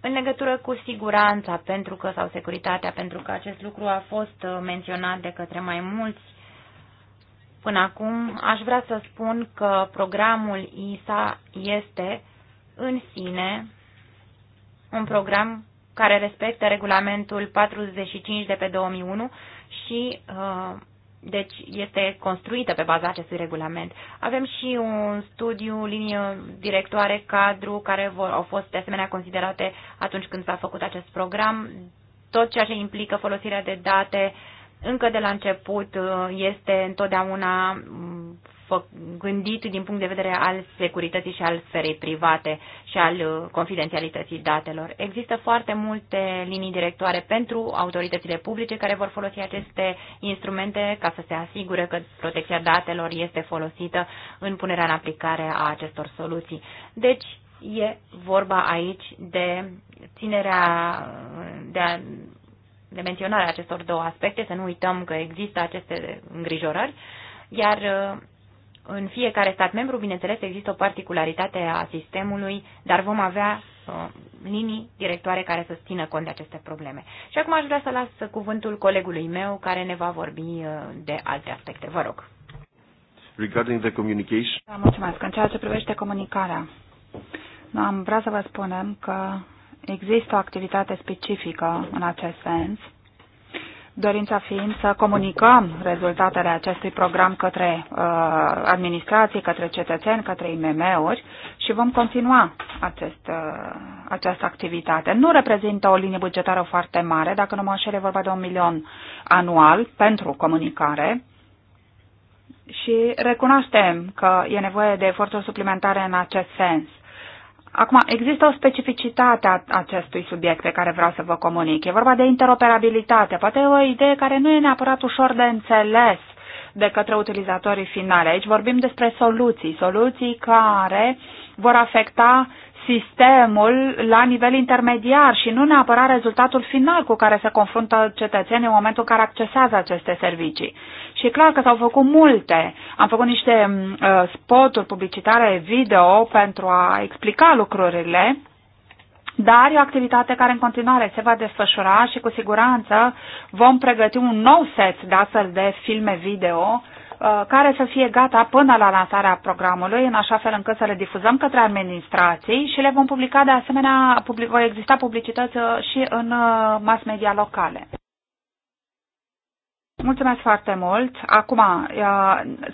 În legătură cu siguranța pentru că, sau securitatea, pentru că acest lucru a fost uh, menționat de către mai mulți Până acum aș vrea să spun că programul ISA este în sine un program care respectă regulamentul 45 de pe 2001 și uh, deci este construită pe baza acestui regulament. Avem și un studiu, linie directoare, cadru, care vor, au fost de asemenea considerate atunci când s-a făcut acest program, tot ceea ce implică folosirea de date uh, încă de la început uh, este întotdeauna mm, gândit din punct de vedere al securității și al sferei private și al uh, confidențialității datelor. Există foarte multe linii directoare pentru autoritățile publice care vor folosi aceste instrumente ca să se asigure că protecția datelor este folosită în punerea în aplicare a acestor soluții. Deci, e vorba aici de ținerea, de a de menționare a acestor două aspecte, să nu uităm că există aceste îngrijorări, iar uh, în fiecare stat membru, bineînțeles, există o particularitate a sistemului, dar vom avea uh, linii directoare care să țină cont de aceste probleme. Și acum aș vrea să las cuvântul colegului meu care ne va vorbi uh, de alte aspecte. Vă rog. Regarding the communication. Da, mulțumesc. În ceea ce privește comunicarea, am vrea să vă spunem că Există o activitate specifică în acest sens, dorința fiind să comunicăm rezultatele acestui program către uh, administrații, către cetățeni, către IMM-uri și vom continua acest, uh, această activitate. Nu reprezintă o linie bugetară foarte mare, dacă nu mă înșel e vorba de un milion anual pentru comunicare, și recunoaștem că e nevoie de eforturi suplimentare în acest sens. Acum, există o specificitate a acestui subiect pe care vreau să vă comunic. E vorba de interoperabilitate. Poate e o idee care nu e neapărat ușor de înțeles de către utilizatorii finale. Aici vorbim despre soluții, soluții care vor afecta sistemul la nivel intermediar și nu neapărat rezultatul final cu care se confruntă cetățenii în momentul în care accesează aceste servicii. Și e clar că s-au făcut multe. Am făcut niște mm, uh, spoturi publicitare video pentru a explica lucrurile, dar e o activitate care în continuare se va desfășura și cu siguranță vom pregăti un nou set de astfel de filme video uh, Uh, care să fie gata până la lansarea programului, în așa fel încât să le difuzăm către administrații și le vom publica de asemenea, public, vor exista publicități uh, și în uh, mass media locale. Mulțumesc foarte mult. Acum,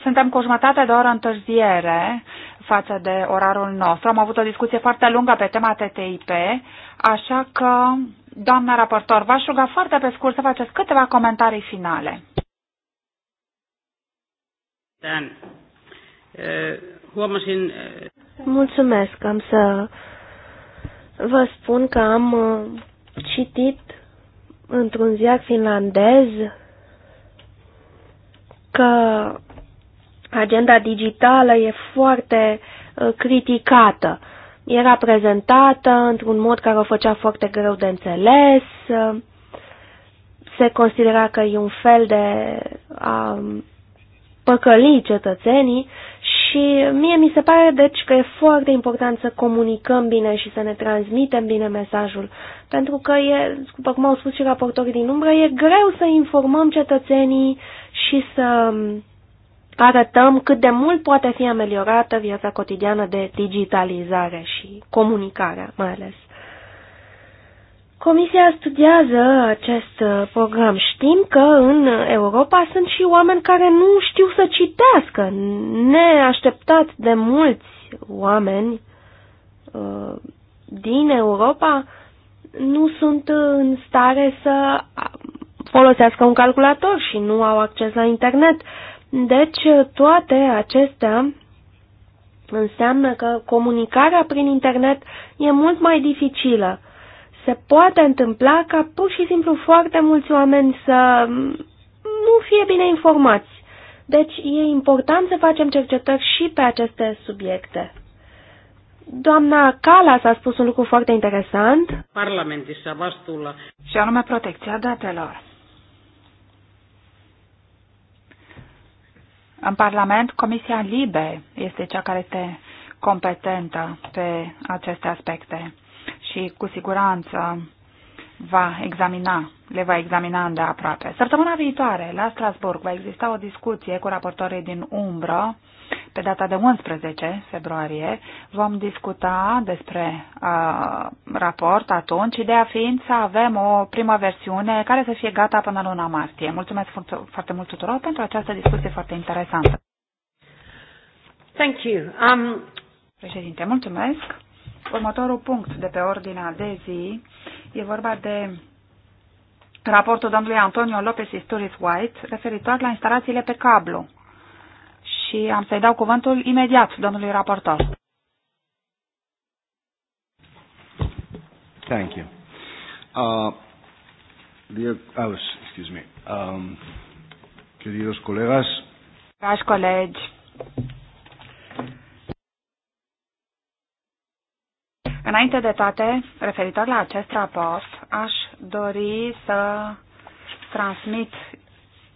suntem cu jumătate de oră întârziere față de orarul nostru. Am avut o discuție foarte lungă pe tema TTIP, așa că, doamna raportor, v-aș ruga foarte pe scurt să faceți câteva comentarii finale. Tän. Huomasin... Mulțumesc, am să vă spun că am uh, citit într-un ziar finlandez că agenda digitală e foarte uh, criticată. Era prezentată într-un mod care o făcea foarte greu de înțeles, uh, se considera că e un fel de um, păcăli cetățenii și mie mi se pare deci că e foarte important să comunicăm bine și să ne transmitem bine mesajul, pentru că e, după cum au spus și raportorii din umbră, e greu să informăm cetățenii și să arătăm cât de mult poate fi ameliorată viața cotidiană de digitalizare și comunicare mai ales. Comisia studiază acest uh, program. Știm că în Europa sunt și oameni care nu știu să citească. Neașteptat de mulți oameni uh, din Europa nu sunt în stare să folosească un calculator și nu au acces la internet. Deci toate acestea înseamnă că comunicarea prin internet e mult mai dificilă se poate întâmpla ca pur și simplu foarte mulți oameni să nu fie bine informați. Deci e important să facem cercetări și pe aceste subiecte. Doamna Calas a spus un lucru foarte interesant. Parlamentul vastuulla. Și anume protecția datelor. În Parlament, Comisia Libe este cea care este competentă pe aceste aspecte și cu siguranță va examina, le va examina îndeaproape. Săptămâna viitoare, la Strasburg, va exista o discuție cu raportorii din umbră. Pe data de 11 februarie vom discuta despre uh, raport atunci, ideea fiind să avem o primă versiune care să fie gata până luna martie. Mulțumesc foarte mult tuturor pentru această discuție foarte interesantă. Thank you. Um... Președinte, mulțumesc următorul punct de pe ordinea de zi. E vorba de raportul domnului Antonio Lopez Isturiz White referitor la instalațiile pe cablu. Și am să-i dau cuvântul imediat domnului raportor. Thank you. Uh, dear, oh, excuse me. Um, queridos colegas. Dragi colegi. Înainte de toate, referitor la acest raport, aș dori să transmit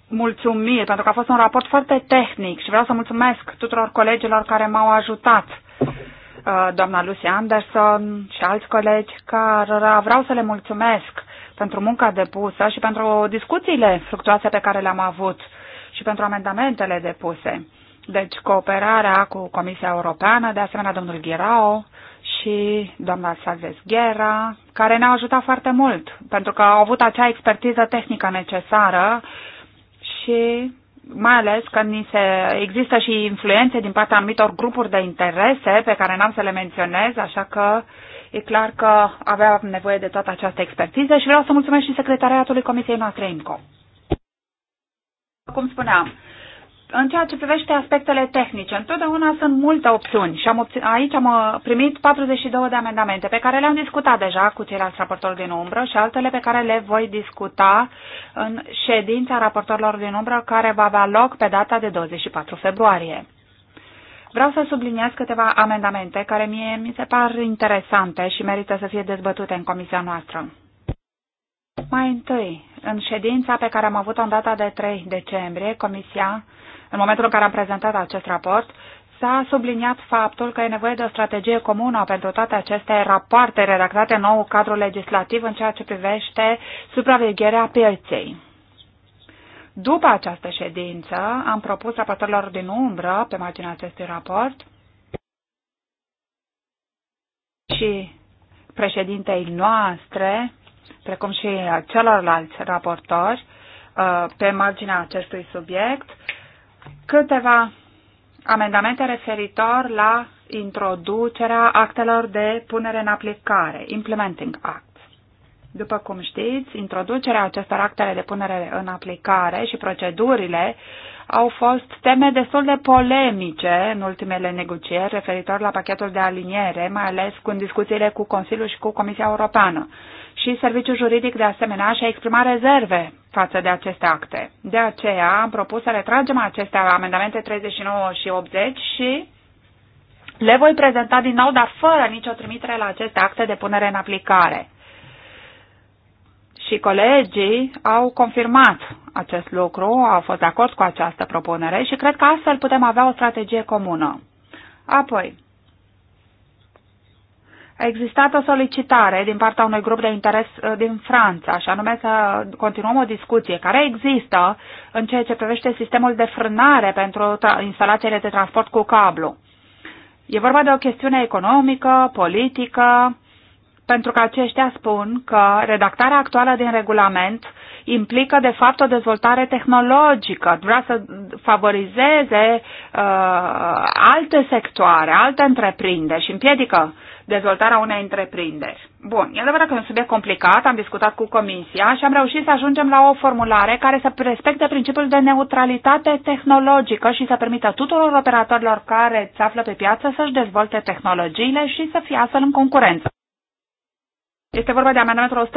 mulțumiri, pentru că a fost un raport foarte tehnic și vreau să mulțumesc tuturor colegilor care m-au ajutat, uh, doamna Lucy Anderson și alți colegi, care vreau să le mulțumesc pentru munca depusă și pentru discuțiile fructuoase pe care le-am avut și pentru amendamentele depuse. Deci cooperarea cu Comisia Europeană, de asemenea domnul Ghirao, și doamna Salves Ghera, care ne-au ajutat foarte mult, pentru că au avut acea expertiză tehnică necesară și mai ales că ni se, există și influențe din partea anumitor grupuri de interese pe care n-am să le menționez, așa că e clar că aveam nevoie de toată această expertiză și vreau să mulțumesc și secretariatului Comisiei noastre IMCO. Cum spuneam, în ceea ce privește aspectele tehnice, întotdeauna sunt multe opțiuni și am obțin, aici am uh, primit 42 de amendamente pe care le-am discutat deja cu ceilalți raportori din umbră și altele pe care le voi discuta în ședința raportorilor din umbră care va avea loc pe data de 24 februarie. Vreau să subliniez câteva amendamente care mie mi se par interesante și merită să fie dezbătute în comisia noastră. Mai întâi, în ședința pe care am avut-o în data de 3 decembrie, Comisia în momentul în care am prezentat acest raport, s-a subliniat faptul că e nevoie de o strategie comună pentru toate aceste rapoarte redactate în nou cadru legislativ în ceea ce privește supravegherea pieței. După această ședință, am propus raportorilor din umbră pe marginea acestui raport și președintei noastre, precum și celorlalți raportori, uh, pe marginea acestui subiect, câteva amendamente referitor la introducerea actelor de punere în aplicare, Implementing Act. După cum știți, introducerea acestor actele de punere în aplicare și procedurile au fost teme destul de polemice în ultimele negocieri referitor la pachetul de aliniere, mai ales cu discuțiile cu Consiliul și cu Comisia Europeană. Și Serviciul Juridic de asemenea și-a exprimat rezerve față de aceste acte. De aceea am propus să retragem aceste amendamente 39 și 80 și le voi prezenta din nou, dar fără nicio trimitere la aceste acte de punere în aplicare. Și colegii au confirmat acest lucru, au fost de acord cu această propunere și cred că astfel putem avea o strategie comună. Apoi, a existat o solicitare din partea unui grup de interes uh, din Franța, și anume să continuăm o discuție care există în ceea ce privește sistemul de frânare pentru instalațiile de transport cu cablu. E vorba de o chestiune economică, politică, pentru că aceștia spun că redactarea actuală din regulament implică de fapt o dezvoltare tehnologică, vrea să favorizeze uh, alte sectoare, alte întreprinderi și împiedică dezvoltarea unei întreprinderi. Bun, e adevărat că e un subiect complicat, am discutat cu Comisia și am reușit să ajungem la o formulare care să respecte principiul de neutralitate tehnologică și să permită tuturor operatorilor care se află pe piață să-și dezvolte tehnologiile și să fie astfel în concurență. Este vorba de amendamentul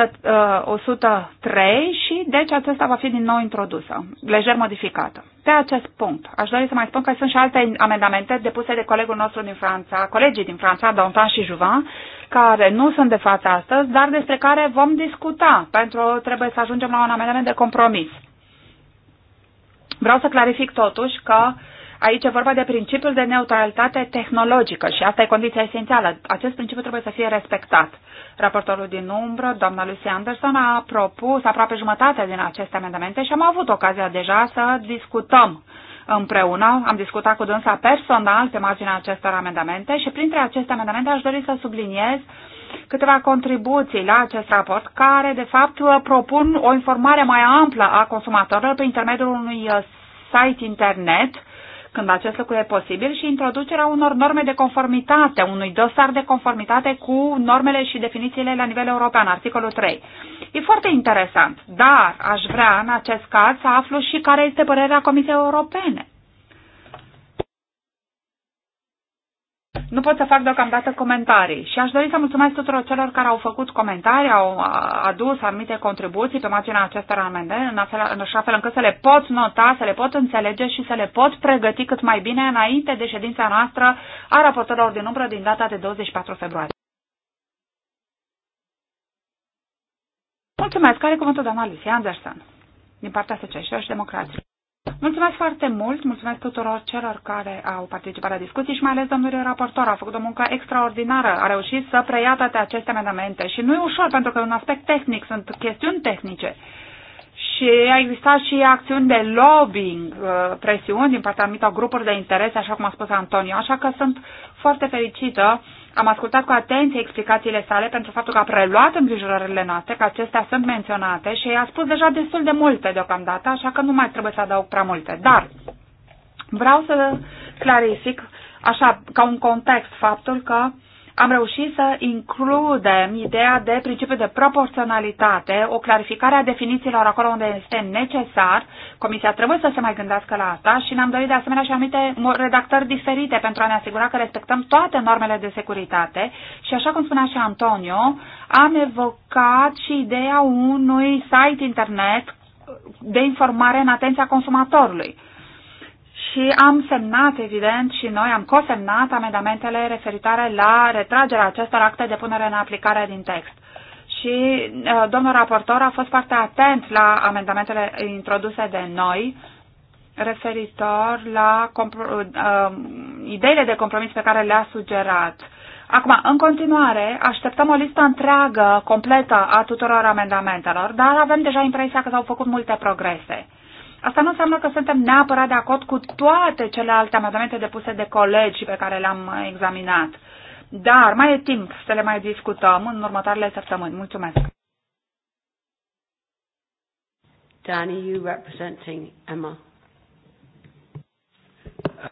103 uh, și deci acesta va fi din nou introdusă, lejer modificată. Pe acest punct, aș dori să mai spun că sunt și alte amendamente depuse de colegul nostru din Franța, colegii din Franța, Dantan și Juvan, care nu sunt de față astăzi, dar despre care vom discuta, pentru trebuie să ajungem la un amendament de compromis. Vreau să clarific totuși că uh, Aici e vorba de principiul de neutralitate tehnologică și asta e condiția esențială. Acest principiu trebuie să fie respectat. Raportorul din umbră, doamna Lucy Anderson, a propus aproape jumătate din aceste amendamente și am avut ocazia deja să discutăm împreună. Am discutat cu dânsa personal pe marginea acestor amendamente și printre aceste amendamente aș dori să subliniez câteva contribuții la acest raport care, de fapt, propun o informare mai amplă a consumatorilor prin intermediul unui site internet când acest lucru e posibil și introducerea unor norme de conformitate, unui dosar de conformitate cu normele și definițiile la nivel european, articolul 3. E foarte interesant, dar aș vrea în acest caz să aflu și care este părerea Comisiei Europene. Nu pot să fac deocamdată comentarii și aș dori să mulțumesc tuturor celor care au făcut comentarii, au adus anumite contribuții pe marginea acestor amende, în, afel, în așa fel încât să le pot nota, să le pot înțelege și să le pot pregăti cât mai bine înainte de ședința noastră a raportorilor din umbră din data de 24 februarie. Mulțumesc. Care cuvântul doamna Lucy Anderson din partea Socialiștilor și Democrației? Mulțumesc foarte mult, mulțumesc tuturor celor care au participat la discuții și mai ales domnului raportor. A făcut o muncă extraordinară, a reușit să preia toate aceste amendamente și nu e ușor pentru că e un aspect tehnic, sunt chestiuni tehnice. Și a existat și acțiuni de lobbying, uh, presiuni din partea anumitor grupuri de interes, așa cum a spus Antonio, așa că sunt foarte fericită am ascultat cu atenție explicațiile sale pentru faptul că a preluat îngrijorările noastre, că acestea sunt menționate și i-a spus deja destul de multe deocamdată, așa că nu mai trebuie să adaug prea multe. Dar vreau să clarific, așa, ca un context, faptul că uh, am reușit să includem ideea de principiu de proporționalitate, o clarificare a definițiilor acolo unde este necesar. Comisia trebuie să se mai gândească la asta și ne-am dorit de asemenea și anumite redactări diferite pentru a ne asigura că respectăm toate normele de securitate. Și așa cum spunea și Antonio, am evocat și ideea unui site internet de informare în atenția consumatorului și am semnat, evident, și noi am cosemnat amendamentele referitoare la retragerea acestor acte de punere în aplicare din text. Și uh, domnul raportor a fost foarte atent la amendamentele introduse de noi referitor la uh, uh, ideile de compromis pe care le-a sugerat. Acum, în continuare, așteptăm o listă întreagă, completă a tuturor amendamentelor, dar avem deja impresia că s-au făcut multe progrese. Asta nu înseamnă că suntem neapărat de acord cu toate celelalte amendamente depuse de colegi pe care le-am examinat. Dar mai e timp să le mai discutăm în următoarele săptămâni. Mulțumesc! Danny, you representing Emma.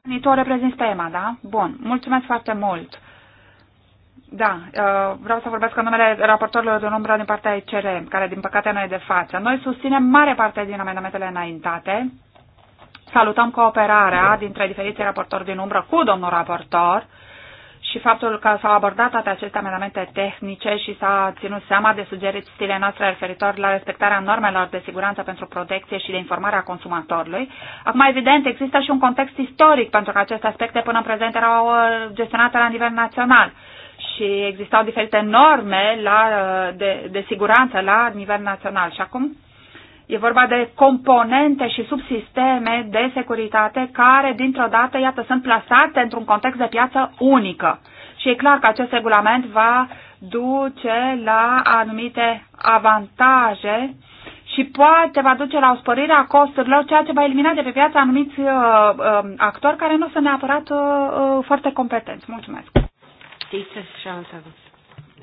Dani, tu o reprezinți pe Emma, da? Bun, mulțumesc foarte mult. Da, uh, vreau să vorbesc în numele raportorilor de umbră din partea ICR, care din păcate nu e de față. Noi susținem mare parte din amendamentele înaintate. Salutăm cooperarea dintre diferiții raportori din umbră cu domnul raportor și faptul că s-au abordat toate aceste amendamente tehnice și s-a ținut seama de sugestiile noastre referitor la respectarea normelor de siguranță pentru protecție și de informare a consumatorului. Acum, evident, există și un context istoric pentru că aceste aspecte până în prezent erau uh, gestionate la nivel național și existau diferite norme la, de, de siguranță la nivel național. Și acum e vorba de componente și subsisteme de securitate care, dintr-o dată, iată, sunt plasate într-un context de piață unică. Și e clar că acest regulament va duce la anumite avantaje și poate va duce la o spărire a costurilor, ceea ce va elimina de pe piață anumiți uh, uh, actori care nu sunt neapărat uh, uh, foarte competenți. Mulțumesc! Dita Șaranțova.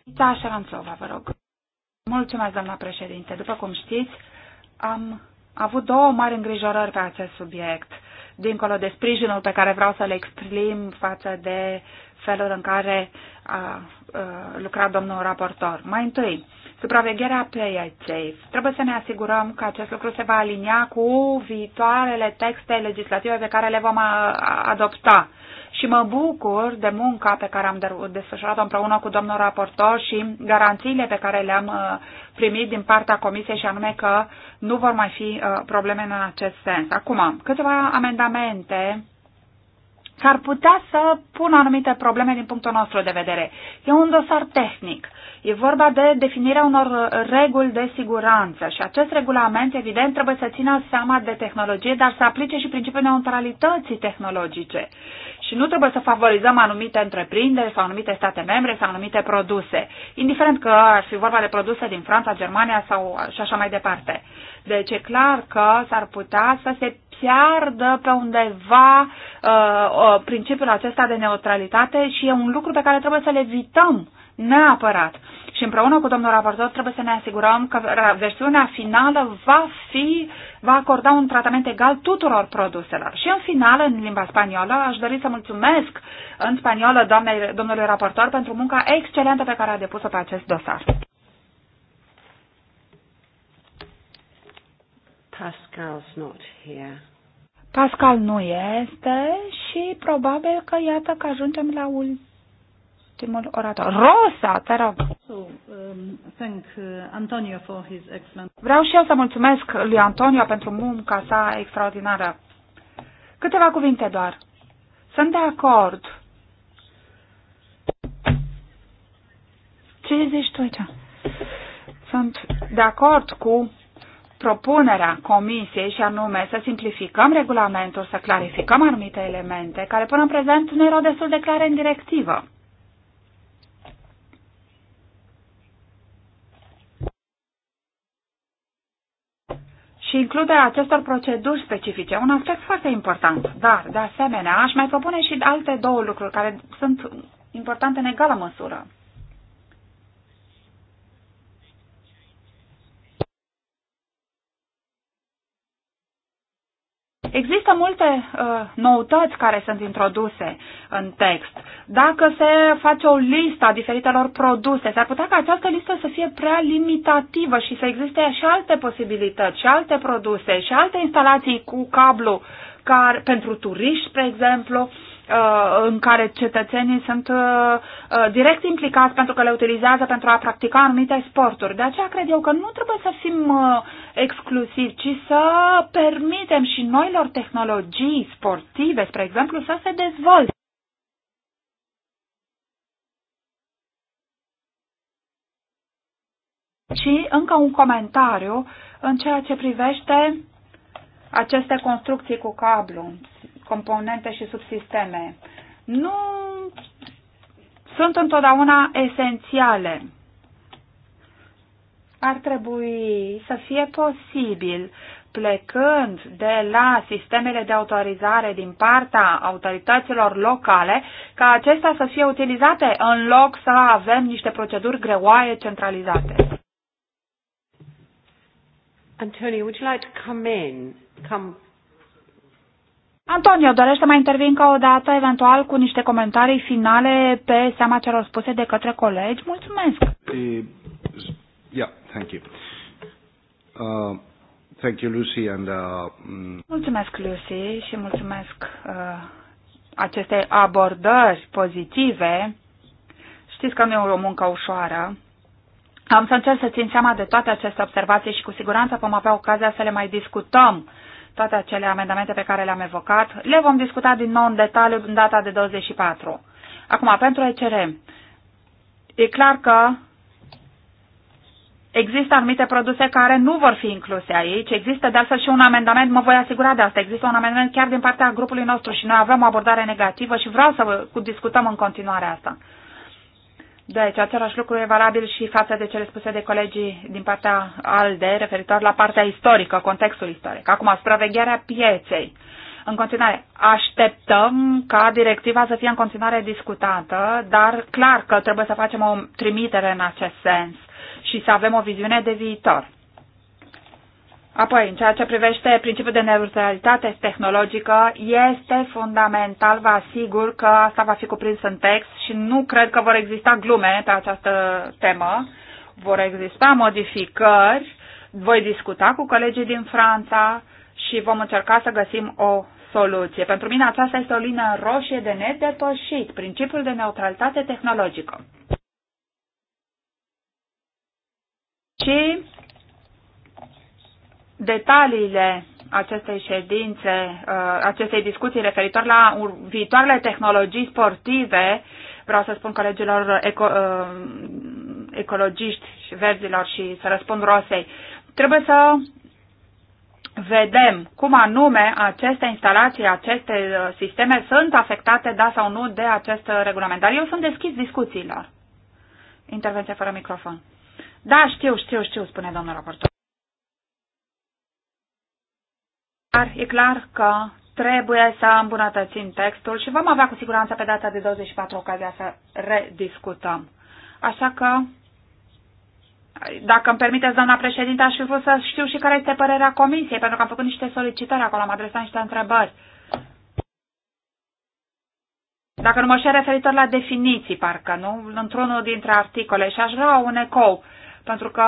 Dita Șaranțova, vă rog. Mulțumesc, doamna președinte. După cum știți, am avut două mari îngrijorări pe acest subiect, dincolo de sprijinul pe care vreau să-l exprim față de felul în care a, a lucrat domnul raportor. Mai întâi, supravegherea PIA-Safe. Trebuie să ne asigurăm că acest lucru se va alinia cu viitoarele texte legislative pe care le vom adopta și mă bucur de munca pe care am desfășurat-o împreună cu domnul raportor și garanțiile pe care le-am uh, primit din partea comisiei și anume că nu vor mai fi uh, probleme în acest sens. Acum, câteva amendamente care ar putea să pună anumite probleme din punctul nostru de vedere. E un dosar tehnic. E vorba de definirea unor uh, reguli de siguranță și acest regulament, evident, trebuie să țină seama de tehnologie, dar să aplice și principiul neutralității tehnologice. Și nu trebuie să favorizăm anumite întreprinderi sau anumite state membre sau anumite produse, indiferent că ar fi vorba de produse din Franța, Germania sau și așa mai departe. Deci e clar că s-ar putea să se ceardă pe undeva uh, uh, principiul acesta de neutralitate și e un lucru pe care trebuie să-l evităm neapărat. Și împreună cu domnul raportor trebuie să ne asigurăm că versiunea finală va fi, va acorda un tratament egal tuturor produselor. Și în final, în limba spaniolă, aș dori să mulțumesc în spaniolă doamnei, domnului raportor pentru munca excelentă pe care a depus-o pe acest dosar. Pascal's not here. Pascal nu este și probabil că iată că ajungem la ultimul orator. Rosa, te rog! Um, uh, Vreau și eu să mulțumesc lui Antonio pentru munca sa extraordinară. Câteva cuvinte doar. Sunt de acord. Ce zici tu aici? Sunt de acord cu propunerea comisiei și anume să simplificăm regulamentul, să clarificăm anumite elemente care până în prezent nu erau destul de clare în directivă. și includerea acestor proceduri specifice, un aspect foarte important. Dar, de asemenea, aș mai propune și alte două lucruri care sunt importante în egală măsură. Există multe uh, noutăți care sunt introduse în text. Dacă se face o listă a diferitelor produse, s-ar putea ca această listă să fie prea limitativă și să existe și alte posibilități, și alte produse, și alte instalații cu cablu care, pentru turiști, spre exemplu, Uh, în care cetățenii sunt uh, uh, direct implicați pentru că le utilizează pentru a practica anumite sporturi. De aceea cred eu că nu trebuie să fim exclusivi, ci să permitem și noilor tehnologii sportive, spre exemplu, să se dezvolte. Și încă un comentariu în ceea ce privește aceste construcții cu cablu componente și subsisteme nu sunt întotdeauna esențiale. Ar trebui să fie posibil plecând de la sistemele de autorizare din partea autorităților locale, ca acestea să fie utilizate în loc să avem niște proceduri greoaie centralizate. Antonio, would you like to come in? Come Antonio, dorește mai intervin ca o dată, eventual cu niște comentarii finale pe seama celor spuse de către colegi? Mulțumesc! yeah, thank you. Uh, thank you, Lucy, and, uh, mm. Mulțumesc, Lucy, și mulțumesc uh, aceste abordări pozitive. Știți că nu e o muncă ușoară. Am să încerc să țin seama de toate aceste observații și cu siguranță vom avea ocazia să le mai discutăm toate acele amendamente pe care le-am evocat. Le vom discuta din nou în detaliu în data de 24. Acum, pentru ECR, e clar că Există anumite produse care nu vor fi incluse aici. Există de altfel și un amendament, mă voi asigura de asta. Există un amendament chiar din partea grupului nostru și noi avem o abordare negativă și vreau să discutăm în continuare asta. Deci, același lucru e valabil și față de cele spuse de colegii din partea ALDE, referitor la partea istorică, contextul istoric. Acum, supravegherea pieței. În continuare, așteptăm ca directiva să fie în continuare discutată, dar clar că trebuie să facem o trimitere în acest sens și să avem o viziune de viitor. Apoi, în ceea ce privește principiul de neutralitate tehnologică, este fundamental, vă asigur că asta va fi cuprins în text și nu cred că vor exista glume pe această temă. Vor exista modificări, voi discuta cu colegii din Franța și vom încerca să găsim o soluție. Pentru mine aceasta este o linie roșie de nedepășit, principiul de neutralitate tehnologică. Și detaliile acestei ședințe, uh, acestei discuții referitor la viitoarele tehnologii sportive, vreau să spun colegilor eco, uh, ecologiști și verzilor și să răspund Rosei, trebuie să vedem cum anume aceste instalații, aceste uh, sisteme sunt afectate, da sau nu, de acest regulament. Dar eu sunt deschis discuțiilor. Intervenție fără microfon. Da, știu, știu, știu, spune domnul raportor. Dar e clar că trebuie să îmbunătățim textul și vom avea cu siguranță pe data de 24 ocazia să rediscutăm. Așa că, dacă îmi permiteți, doamna președinte, aș fi vrut să știu și care este părerea comisiei, pentru că am făcut niște solicitări acolo, am adresat niște întrebări. Dacă nu mă referitor la definiții, parcă, nu? Într-unul dintre articole și aș vrea un ecou pentru că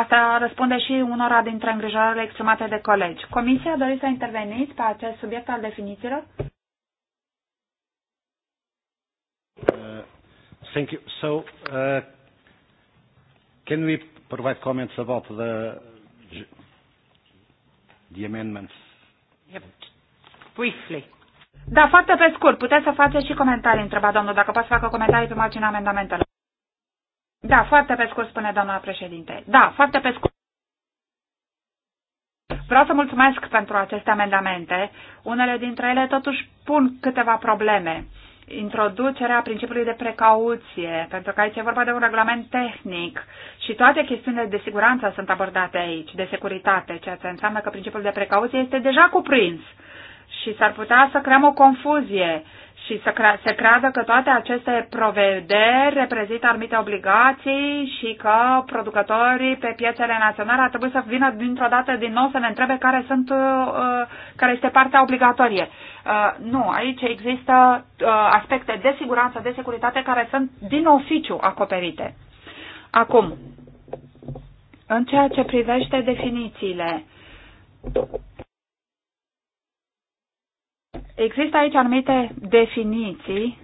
asta răspunde și unora dintre îngrijorările exprimate de colegi. Comisia, doriți să interveniți pe acest subiect al definițiilor? Uh, thank you. So, uh, can we provide comments about the, the amendments? Yep. Briefly. Da, foarte pe scurt. Puteți să faceți și comentarii, întreba domnul, dacă poți să facă comentarii pe marginea amendamentelor. Da, foarte pe scurt, spune doamna președinte. Da, foarte pe scurt. Vreau să mulțumesc pentru aceste amendamente. Unele dintre ele totuși pun câteva probleme. Introducerea principiului de precauție, pentru că aici e vorba de un regulament tehnic și toate chestiunile de siguranță sunt abordate aici, de securitate, ceea ce înseamnă că principiul de precauție este deja cuprins și s-ar putea să creăm o confuzie și să cre- se creadă că toate aceste provederi reprezintă anumite obligații și că producătorii pe piețele naționale ar trebui să vină dintr-o dată din nou să ne întrebe care, sunt, uh, care este partea obligatorie. Uh, nu, aici există uh, aspecte de siguranță, de securitate care sunt din oficiu acoperite. Acum, în ceea ce privește definițiile, Există aici anumite definiții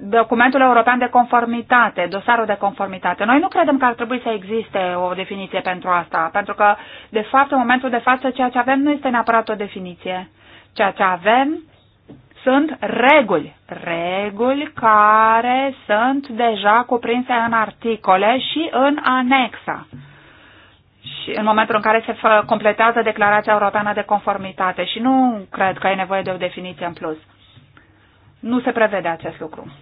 documentul european de conformitate, dosarul de conformitate. Noi nu credem că ar trebui să existe o definiție pentru asta, pentru că, de fapt, în momentul de față, ceea ce avem nu este neapărat o definiție. Ceea ce avem sunt reguli, reguli care sunt deja cuprinse în articole și în anexa în momentul în care se completează declarația europeană de conformitate și nu cred că e nevoie de o definiție în plus. Nu se prevede acest lucru.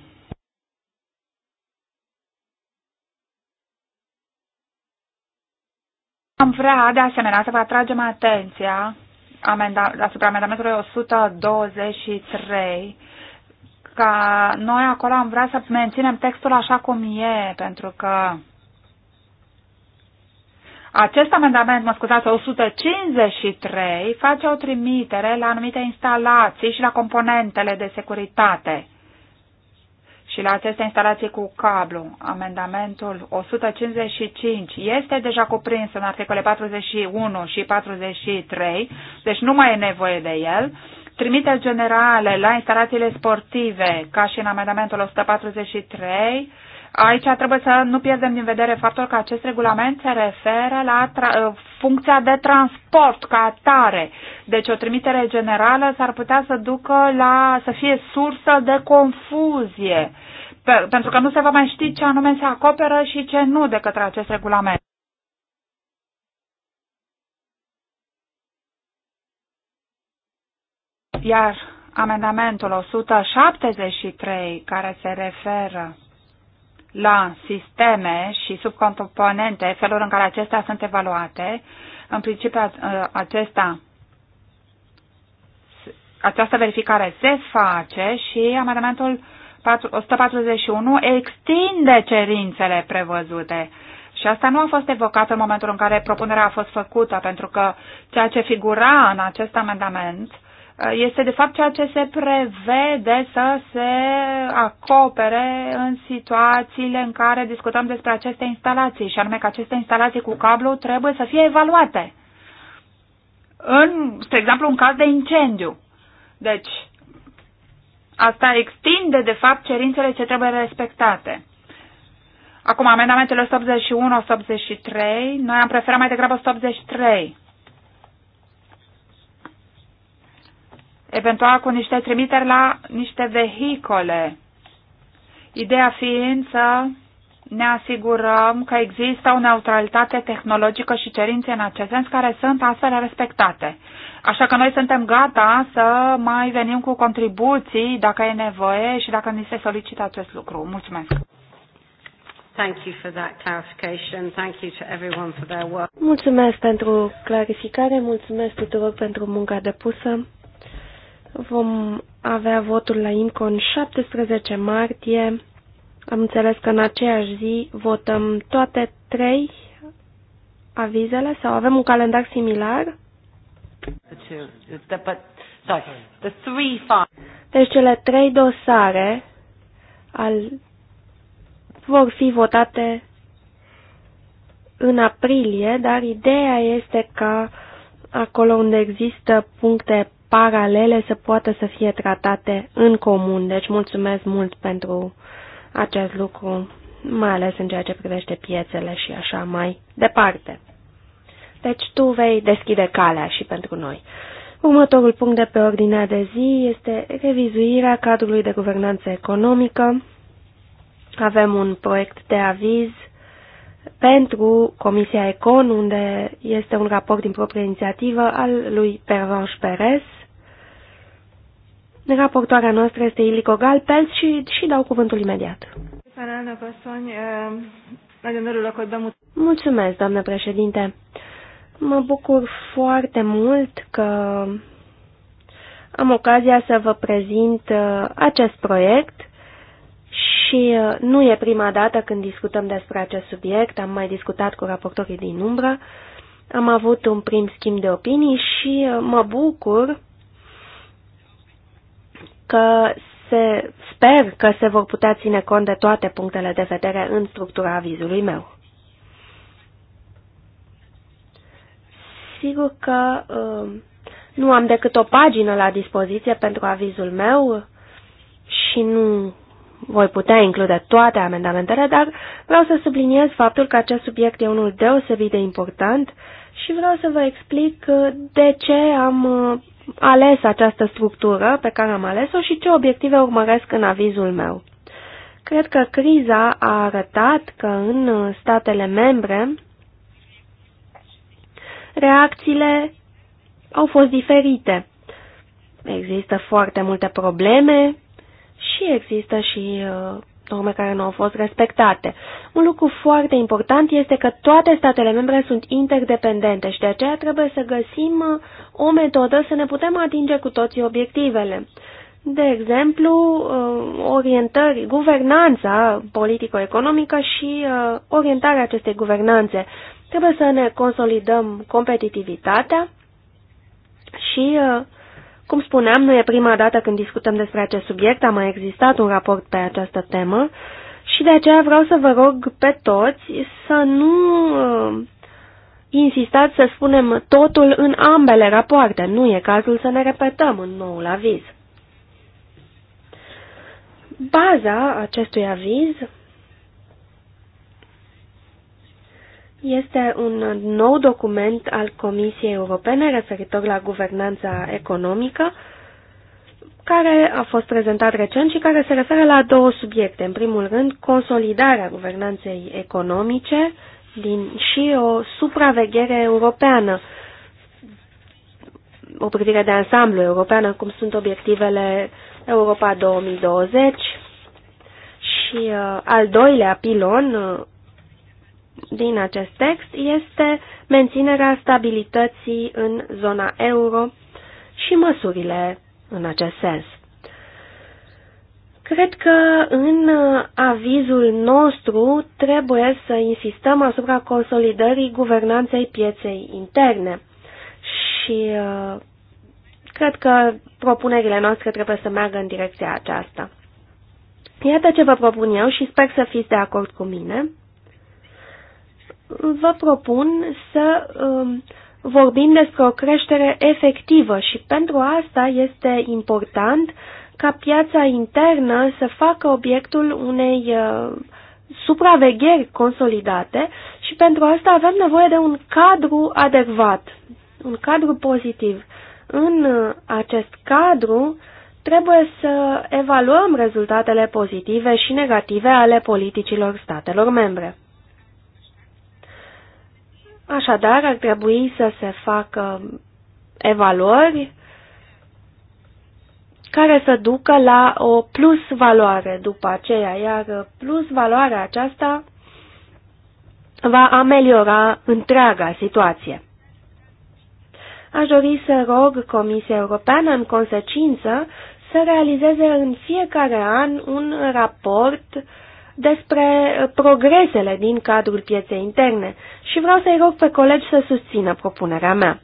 Am vrea, de asemenea, să vă atragem atenția asupra amendamentului 123, ca noi acolo am vrea să menținem textul așa cum e, pentru că acest amendament, mă scuzați, 153, face o trimitere la anumite instalații și la componentele de securitate și la aceste instalații cu cablu. Amendamentul 155 este deja cuprins în articole 41 și 43, deci nu mai e nevoie de el. Trimite generale la instalațiile sportive, ca și în amendamentul 143, Aici trebuie să nu pierdem din vedere faptul că acest regulament se referă la uh, funcția de transport ca atare. Deci o trimitere generală s-ar putea să ducă la să fie sursă de confuzie, pe, pentru că nu se va mai ști ce anume se acoperă și ce nu de către acest regulament. Iar amendamentul 173 care se referă la sisteme și subcomponente, felul în care acestea sunt evaluate. În principiu, acesta, această verificare se face și amendamentul 141 extinde cerințele prevăzute. Și asta nu a fost evocat în momentul în care propunerea a fost făcută, pentru că ceea ce figura în acest amendament uh, este de fapt ceea ce se prevede să se acopere în situațiile în care discutăm despre aceste instalații, și anume că aceste instalații cu cablu trebuie să fie evaluate. În, spre exemplu, un caz de incendiu. Deci, asta extinde, de fapt, cerințele ce trebuie respectate. Acum, amendamentele 181-183, noi am preferat mai degrabă 183 eventual cu niște trimiteri la niște vehicole. Ideea fiind să ne asigurăm că există o neutralitate tehnologică și cerințe în acest sens care sunt astfel respectate. Așa că noi suntem gata să mai venim cu contribuții dacă e nevoie și dacă ni se solicită acest lucru. Mulțumesc! Thank you for that clarification. Thank you to everyone for their work. Mulțumesc pentru clarificare, mulțumesc tuturor pentru munca depusă. Vom avea votul la INCO în 17 martie. Am înțeles că în aceeași zi votăm toate trei avizele sau avem un calendar similar? Deci cele trei dosare al, vor fi votate în aprilie, dar ideea este ca acolo unde există puncte paralele să poată să fie tratate în comun. Deci mulțumesc mult pentru acest lucru, mai ales în ceea ce privește piețele și așa mai departe. Deci tu vei deschide calea și pentru noi. Următorul punct de pe ordinea de zi este revizuirea cadrului de guvernanță economică. Avem un proiect de aviz pentru Comisia Econ, unde este un raport din proprie inițiativă al lui Pervanș Perez. Raportoarea noastră este Ilico Galpelt și, și dau cuvântul imediat. Mulțumesc, doamnă președinte. Mă bucur foarte mult că am ocazia să vă prezint uh, acest proiect și uh, nu e prima dată când discutăm despre acest subiect, am mai discutat cu raportorii din umbră, am avut un prim schimb de opinii și uh, mă bucur că se, sper că se vor putea ține cont de toate punctele de vedere în structura avizului meu. Sigur că uh, nu am decât o pagină la dispoziție pentru avizul meu și nu voi putea include toate amendamentele, dar vreau să subliniez faptul că acest subiect e unul deosebit de important și vreau să vă explic de ce am uh, ales această structură pe care am ales-o și ce obiective urmăresc în avizul meu. Cred că criza a arătat că în statele membre reacțiile au fost diferite. Există foarte multe probleme și există și uh, norme care nu au fost respectate. Un lucru foarte important este că toate statele membre sunt interdependente și de aceea trebuie să găsim uh, o metodă să ne putem atinge cu toții obiectivele. De exemplu, uh, orientări, guvernanța politico-economică și uh, orientarea acestei guvernanțe. Trebuie să ne consolidăm competitivitatea și uh, cum spuneam, nu e prima dată când discutăm despre acest subiect, a mai existat un raport pe această temă și de aceea vreau să vă rog pe toți să nu uh, insistați să spunem totul în ambele rapoarte. Nu e cazul să ne repetăm în noul aviz. Baza acestui aviz Este un nou document al Comisiei Europene referitor la guvernanța economică, care a fost prezentat recent și care se referă la două subiecte. În primul rând, consolidarea guvernanței economice din, și o supraveghere europeană, o privire de ansamblu europeană, cum sunt obiectivele Europa 2020 și uh, al doilea pilon, uh, din acest text este menținerea stabilității în zona euro și măsurile în acest sens. Cred că în avizul nostru trebuie să insistăm asupra consolidării guvernanței pieței interne și uh, cred că propunerile noastre trebuie să meargă în direcția aceasta. Iată ce vă propun eu și sper să fiți de acord cu mine vă propun să um, vorbim despre o creștere efectivă și pentru asta este important ca piața internă să facă obiectul unei uh, supravegheri consolidate și pentru asta avem nevoie de un cadru adecvat, un cadru pozitiv. În uh, acest cadru trebuie să evaluăm rezultatele pozitive și negative ale politicilor statelor membre. Așadar, ar trebui să se facă evaluări care să ducă la o plus valoare după aceea, iar plus valoarea aceasta va ameliora întreaga situație. Aș dori să rog Comisia Europeană, în consecință, să realizeze în fiecare an un raport despre uh, progresele din cadrul pieței interne și vreau să-i rog pe colegi să susțină propunerea mea.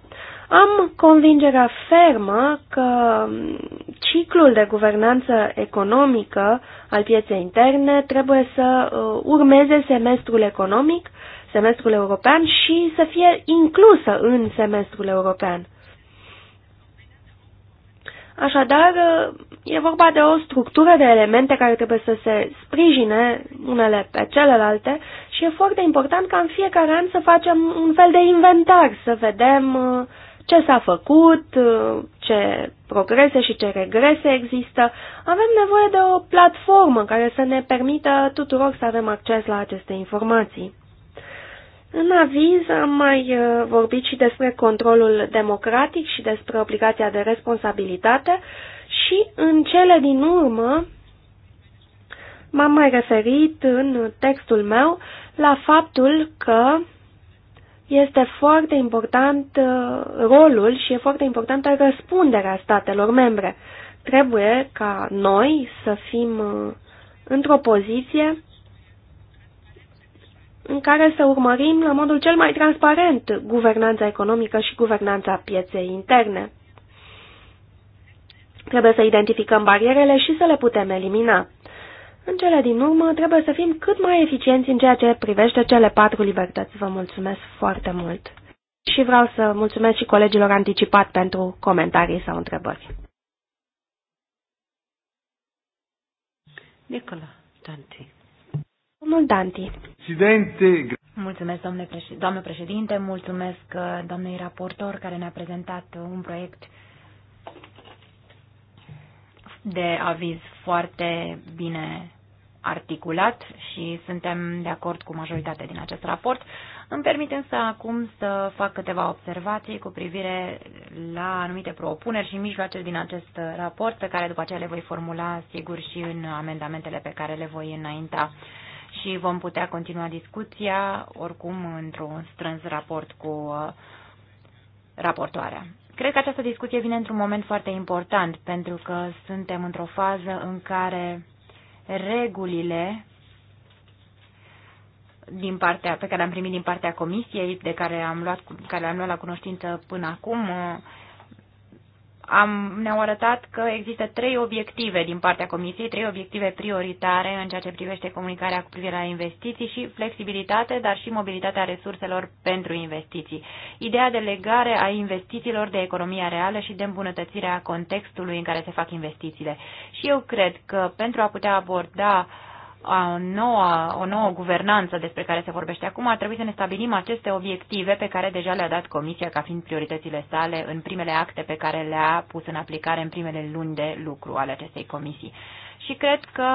Am convingerea fermă că um, ciclul de guvernanță economică al pieței interne trebuie să uh, urmeze semestrul economic, semestrul european și să fie inclusă în semestrul european. Așadar, ă, e vorba de o structură de elemente care trebuie să se sprijine unele pe celelalte și e foarte important ca în fiecare an să facem un fel de inventar, să vedem ă, ce s-a făcut, ă, ce progrese și ce regrese există. Avem nevoie de o platformă care să ne permită tuturor să avem acces la aceste informații. În aviz am mai uh, vorbit și despre controlul democratic și despre obligația de responsabilitate și în cele din urmă m-am mai referit în textul meu la faptul că este foarte important uh, rolul și e foarte importantă răspunderea statelor membre. Trebuie ca noi să fim uh, într-o poziție în care să urmărim la modul cel mai transparent guvernanța economică și guvernanța pieței interne. Trebuie să identificăm barierele și să le putem elimina. În cele din urmă, trebuie să fim cât mai eficienți în ceea ce privește cele patru libertăți. Vă mulțumesc foarte mult! Și vreau să mulțumesc și colegilor anticipat pentru comentarii sau întrebări. Nicola Danti. Domnul Danti. Presidente. Mulțumesc, domnule președinte, doamnă președinte, mulțumesc uh, doamnei raportor care ne-a prezentat un proiect de aviz foarte bine articulat și suntem de acord cu majoritatea din acest raport. Îmi permit însă acum să fac câteva observații cu privire la anumite propuneri și mijloace din acest raport, pe care după aceea le voi formula sigur și în amendamentele pe care le voi înainta și vom putea continua discuția oricum într-un strâns raport cu uh, raportoarea. Cred că această discuție vine într-un moment foarte important pentru că suntem într-o fază în care regulile din partea, pe care am primit din partea comisiei, de care am luat, care am luat la cunoștință până acum, uh, am, ne-au arătat că există trei obiective din partea Comisiei, trei obiective prioritare în ceea ce privește comunicarea cu privire la investiții și flexibilitate, dar și mobilitatea resurselor pentru investiții. Ideea de legare a investițiilor de economia reală și de îmbunătățirea contextului în care se fac investițiile. Și eu cred că pentru a putea aborda uh, a noua, o nouă guvernanță despre care se vorbește acum, ar trebui să ne stabilim aceste obiective pe care deja le-a dat Comisia ca fiind prioritățile sale în primele acte pe care le-a pus în aplicare în primele luni de lucru ale acestei comisii. Și cred că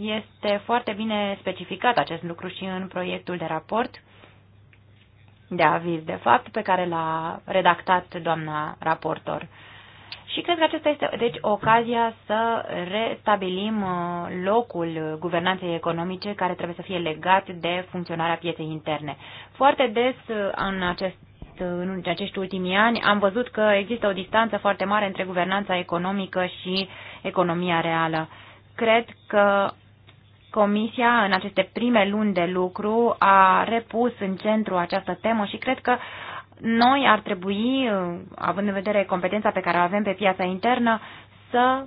este foarte bine specificat acest lucru și în proiectul de raport de aviz, de fapt, pe care l-a redactat doamna raportor. Și cred că acesta este, deci, ocazia să restabilim uh, locul guvernanței economice care trebuie să fie legat de funcționarea pieței interne. Foarte des uh, în acest uh, în acești ultimii ani am văzut că există o distanță foarte mare între guvernanța economică și economia reală. Cred că Comisia, în aceste prime luni de lucru, a repus în centru această temă și cred că noi ar trebui, uh, având în vedere competența pe care o avem pe piața internă, să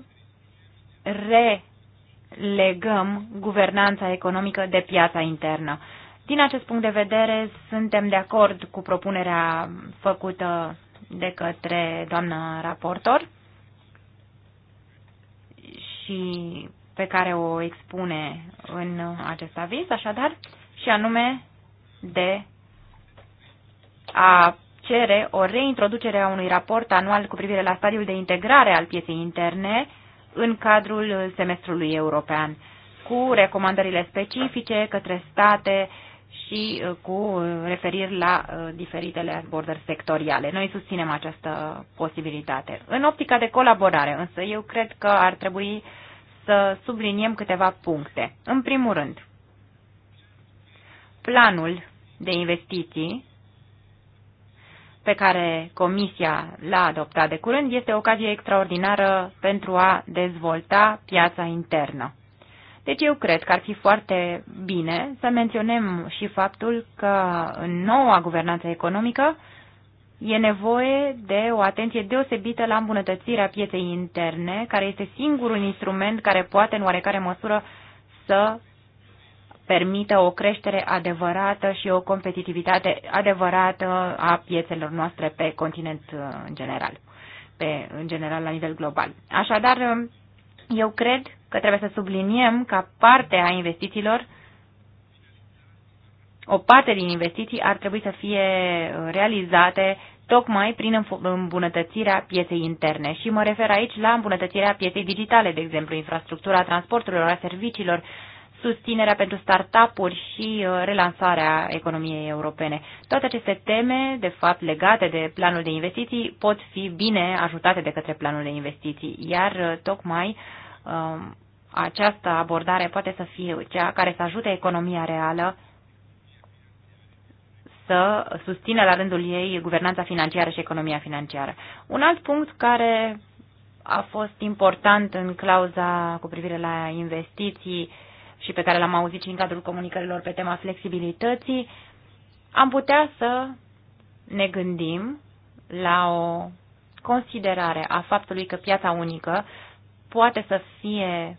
relegăm guvernanța economică de piața internă. Din acest punct de vedere, suntem de acord cu propunerea făcută de către doamna raportor și pe care o expune în acest aviz, așadar, și anume de a cere o reintroducere a unui raport anual cu privire la stadiul de integrare al pieței interne în cadrul semestrului european, cu recomandările specifice către state și uh, cu referiri la uh, diferitele abordări sectoriale. Noi susținem această posibilitate. În optica de colaborare, însă, eu cred că ar trebui să subliniem câteva puncte. În primul rând, planul de investiții pe care Comisia l-a adoptat de curând este o ocazie extraordinară pentru a dezvolta piața internă. Deci eu cred că ar fi foarte bine să menționăm și faptul că în noua guvernanță economică e nevoie de o atenție deosebită la îmbunătățirea pieței interne, care este singurul instrument care poate în oarecare măsură să permită o creștere adevărată și o competitivitate adevărată a piețelor noastre pe continent uh, în general, pe, în general la nivel global. Așadar, um, eu cred că trebuie să subliniem ca parte a investițiilor o parte din investiții ar trebui să fie uh, realizate tocmai prin îmbunătățirea pieței interne. Și mă refer aici la îmbunătățirea pieței digitale, de exemplu, infrastructura transporturilor, a serviciilor, susținerea pentru startup-uri și uh, relansarea economiei europene. Toate aceste teme, de fapt, legate de planul de investiții, pot fi bine ajutate de către planul de investiții, iar uh, tocmai um, această abordare poate să fie cea care să ajute economia reală să susțină la rândul ei guvernanța financiară și economia financiară. Un alt punct care a fost important în clauza cu privire la investiții și pe care l-am auzit și în cadrul comunicărilor pe tema flexibilității, am putea să ne gândim la o considerare a faptului că piața unică poate să fie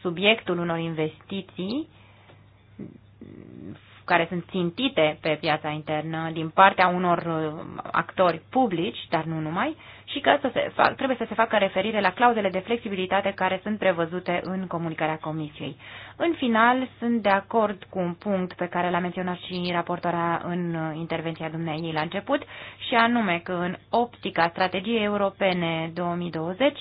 subiectul unor investiții care sunt țintite pe piața internă din partea unor uh, actori publici, dar nu numai, și că să se fac, trebuie să se facă referire la clauzele de flexibilitate care sunt prevăzute în comunicarea Comisiei. În final, sunt de acord cu un punct pe care l-a menționat și raportoarea în uh, intervenția dumneavoastră la început, și anume că în optica strategiei europene 2020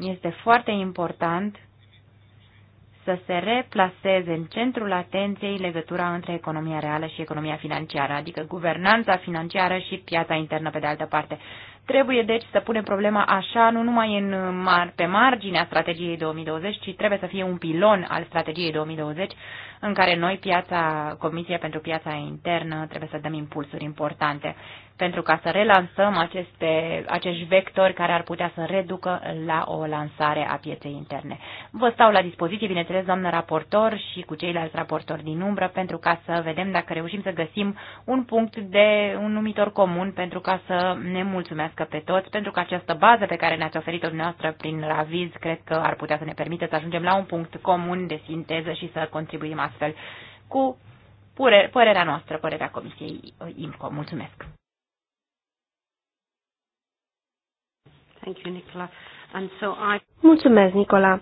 este foarte important să se replaseze în centrul atenției legătura între economia reală și economia financiară, adică guvernanța financiară și piața internă pe de altă parte. Trebuie deci să punem problema așa, nu numai în mar, pe marginea strategiei 2020, ci trebuie să fie un pilon al strategiei 2020 în care noi, piața, Comisia pentru Piața Internă, trebuie să dăm impulsuri importante pentru ca să relansăm aceste, acești vectori care ar putea să reducă la o lansare a pieței interne. Vă stau la dispoziție, bineînțeles, doamnă raportor și cu ceilalți raportori din umbră, pentru ca să vedem dacă reușim să găsim un punct de un numitor comun pentru ca să ne mulțumească pe toți, pentru că această bază pe care ne-ați oferit-o dumneavoastră prin raviz, cred că ar putea să ne permită să ajungem la un punct comun de sinteză și să contribuim astfel cu părerea noastră, părerea Comisiei IMCO. Mulțumesc! Mulțumesc, Nicola.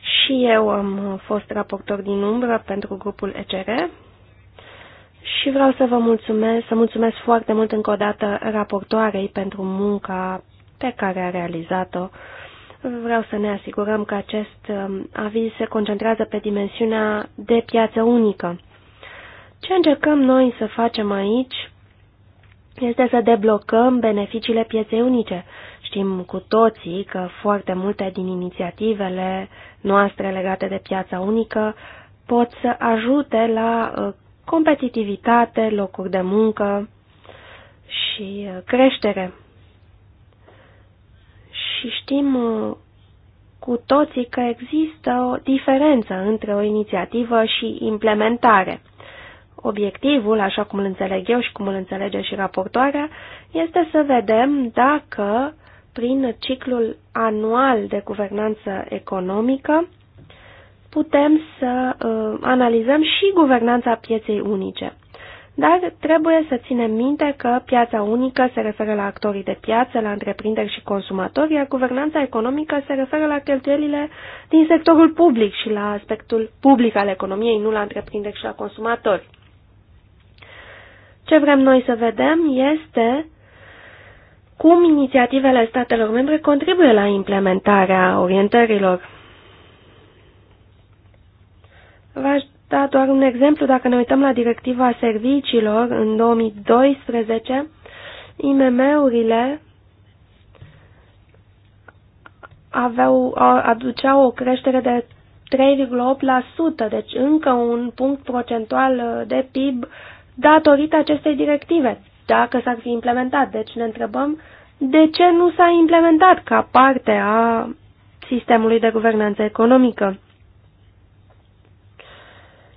Și eu am fost raportor din umbră pentru grupul ECR și vreau să vă mulțumesc, să mulțumesc foarte mult încă o dată raportoarei pentru munca pe care a realizat-o. Vreau să ne asigurăm că acest um, aviz se concentrează pe dimensiunea de piață unică. Ce încercăm noi să facem aici este să deblocăm beneficiile pieței unice Știm cu toții că foarte multe din inițiativele noastre legate de piața unică pot să ajute la uh, competitivitate, locuri de muncă și uh, creștere. Și știm uh, cu toții că există o diferență între o inițiativă și implementare. Obiectivul, așa cum îl înțeleg eu și cum îl înțelege și raportoarea, este să vedem dacă prin ciclul anual de guvernanță economică, putem să uh, analizăm și guvernanța pieței unice. Dar trebuie să ținem minte că piața unică se referă la actorii de piață, la întreprinderi și consumatori, iar guvernanța economică se referă la cheltuielile din sectorul public și la aspectul public al economiei, nu la întreprinderi și la consumatori. Ce vrem noi să vedem este cum inițiativele statelor membre contribuie la implementarea orientărilor. V-aș da doar un exemplu, dacă ne uităm la directiva serviciilor în 2012, IMM-urile aveau, aduceau o creștere de 3,8%, deci încă un punct procentual de PIB datorită acestei directive dacă s-ar fi implementat. Deci ne întrebăm de ce nu s-a implementat ca parte a sistemului de guvernanță economică.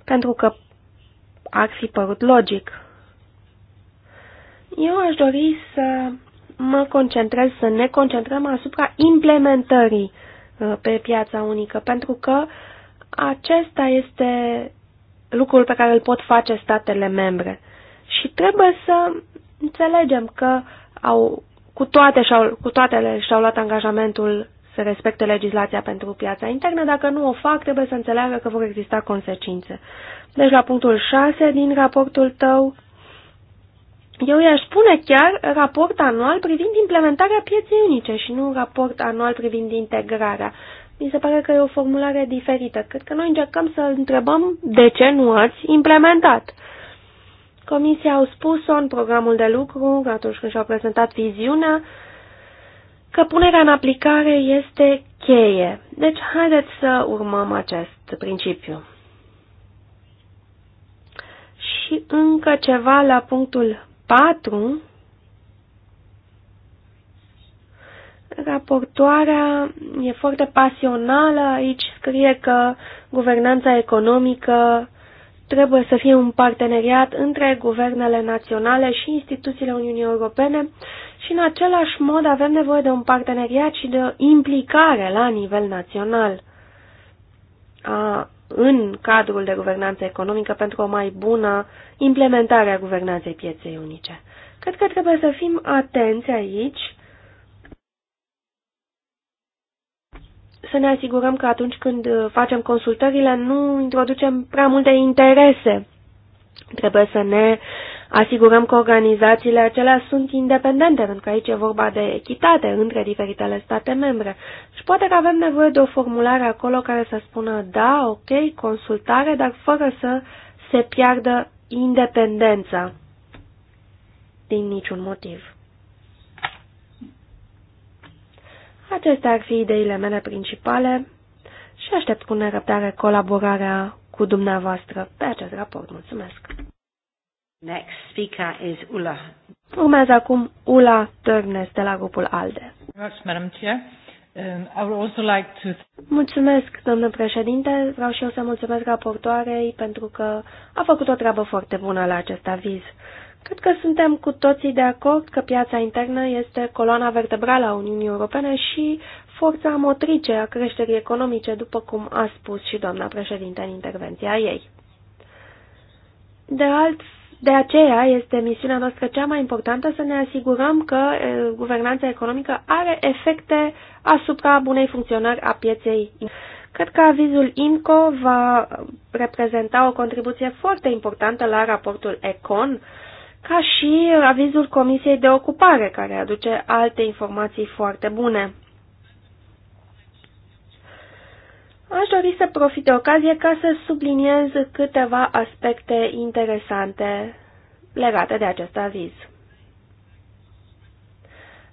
Pentru că ar fi părut logic. Eu aș dori să mă concentrez, să ne concentrăm asupra implementării uh, pe piața unică, pentru că acesta este lucrul pe care îl pot face statele membre. Și trebuie să Înțelegem că au, cu, toate și-au, cu toatele și-au luat angajamentul să respecte legislația pentru piața internă. Dacă nu o fac, trebuie să înțeleagă că vor exista consecințe. Deci, la punctul 6 din raportul tău, eu i-aș spune chiar raport anual privind implementarea pieței unice și nu raport anual privind integrarea. Mi se pare că e o formulare diferită. Cred că noi încercăm să întrebăm de ce nu ați implementat. Comisia au spus-o în programul de lucru, atunci când și-au prezentat viziunea, că punerea în aplicare este cheie. Deci, haideți să urmăm acest principiu. Și încă ceva la punctul 4. Raportoarea e foarte pasională, aici scrie că guvernanța economică trebuie să fie un parteneriat între guvernele naționale și instituțiile Uniunii Europene și în același mod avem nevoie de un parteneriat și de o implicare la nivel național a, în cadrul de guvernanță economică pentru o mai bună implementare a guvernanței pieței unice. Cred că trebuie să fim atenți aici să ne asigurăm că atunci când uh, facem consultările nu introducem prea multe interese. Trebuie să ne asigurăm că organizațiile acelea sunt independente, pentru că aici e vorba de echitate între diferitele state membre. Și poate că avem nevoie de o formulare acolo care să spună da, ok, consultare, dar fără să se piardă independența din niciun motiv. Acestea ar fi ideile mele principale și aștept cu nerăbdare colaborarea cu dumneavoastră pe acest raport. Mulțumesc! Next speaker is Ula. Urmează acum Ula Tărnes de la grupul ALDE. Mulțumesc, um, domnule președinte. Vreau și eu să mulțumesc raportoarei pentru că a făcut o treabă foarte bună la acest aviz. Cred că suntem cu toții de acord că piața internă este coloana vertebrală a Uniunii Europene și forța motrice a creșterii economice, după cum a spus și doamna președinte în intervenția ei. De alt de aceea este misiunea noastră cea mai importantă să ne asigurăm că e, guvernanța economică are efecte asupra bunei funcționări a pieței. Cred că avizul IMCO va reprezenta o contribuție foarte importantă la raportul ECON ca și avizul Comisiei de Ocupare, care aduce alte informații foarte bune. Aș dori să profit de ocazie ca să subliniez câteva aspecte interesante legate de acest aviz.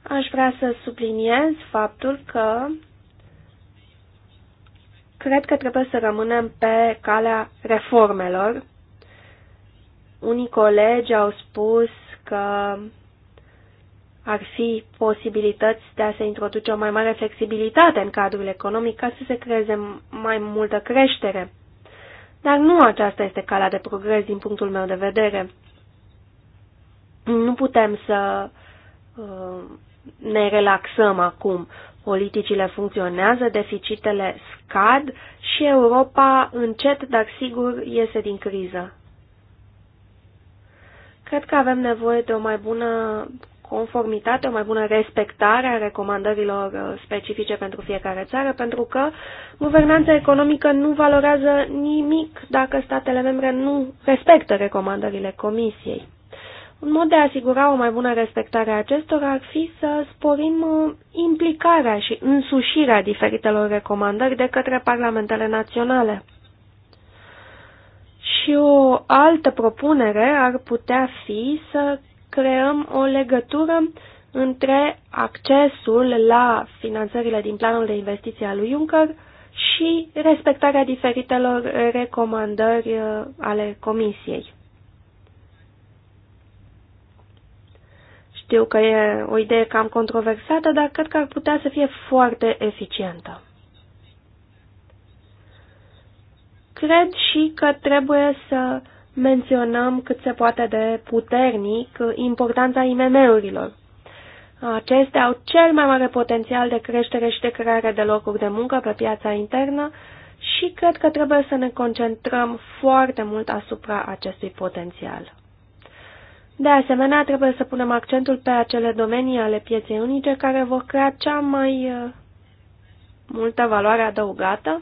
Aș vrea să subliniez faptul că cred că trebuie să rămânem pe calea reformelor unii colegi au spus că ar fi posibilități de a se introduce o mai mare flexibilitate în cadrul economic ca să se creeze mai multă creștere. Dar nu aceasta este calea de progres din punctul meu de vedere. Nu putem să uh, ne relaxăm acum. Politicile funcționează, deficitele scad și Europa încet, dar sigur, iese din criză. Cred că avem nevoie de o mai bună conformitate, o mai bună respectare a recomandărilor uh, specifice pentru fiecare țară, pentru că guvernanța economică nu valorează nimic dacă statele membre nu respectă recomandările Comisiei. Un mod de a asigura o mai bună respectare a acestor ar fi să sporim uh, implicarea și însușirea diferitelor recomandări de către parlamentele naționale. Și o altă propunere ar putea fi să creăm o legătură între accesul la finanțările din planul de investiție al lui Juncker și respectarea diferitelor recomandări uh, ale Comisiei. Știu că e o idee cam controversată, dar cred că ar putea să fie foarte eficientă. Cred și că trebuie să menționăm cât se poate de puternic importanța IMM-urilor. Acestea au cel mai mare potențial de creștere și de creare de locuri de muncă pe piața internă și cred că trebuie să ne concentrăm foarte mult asupra acestui potențial. De asemenea, trebuie să punem accentul pe acele domenii ale pieței unice care vor crea cea mai uh, multă valoare adăugată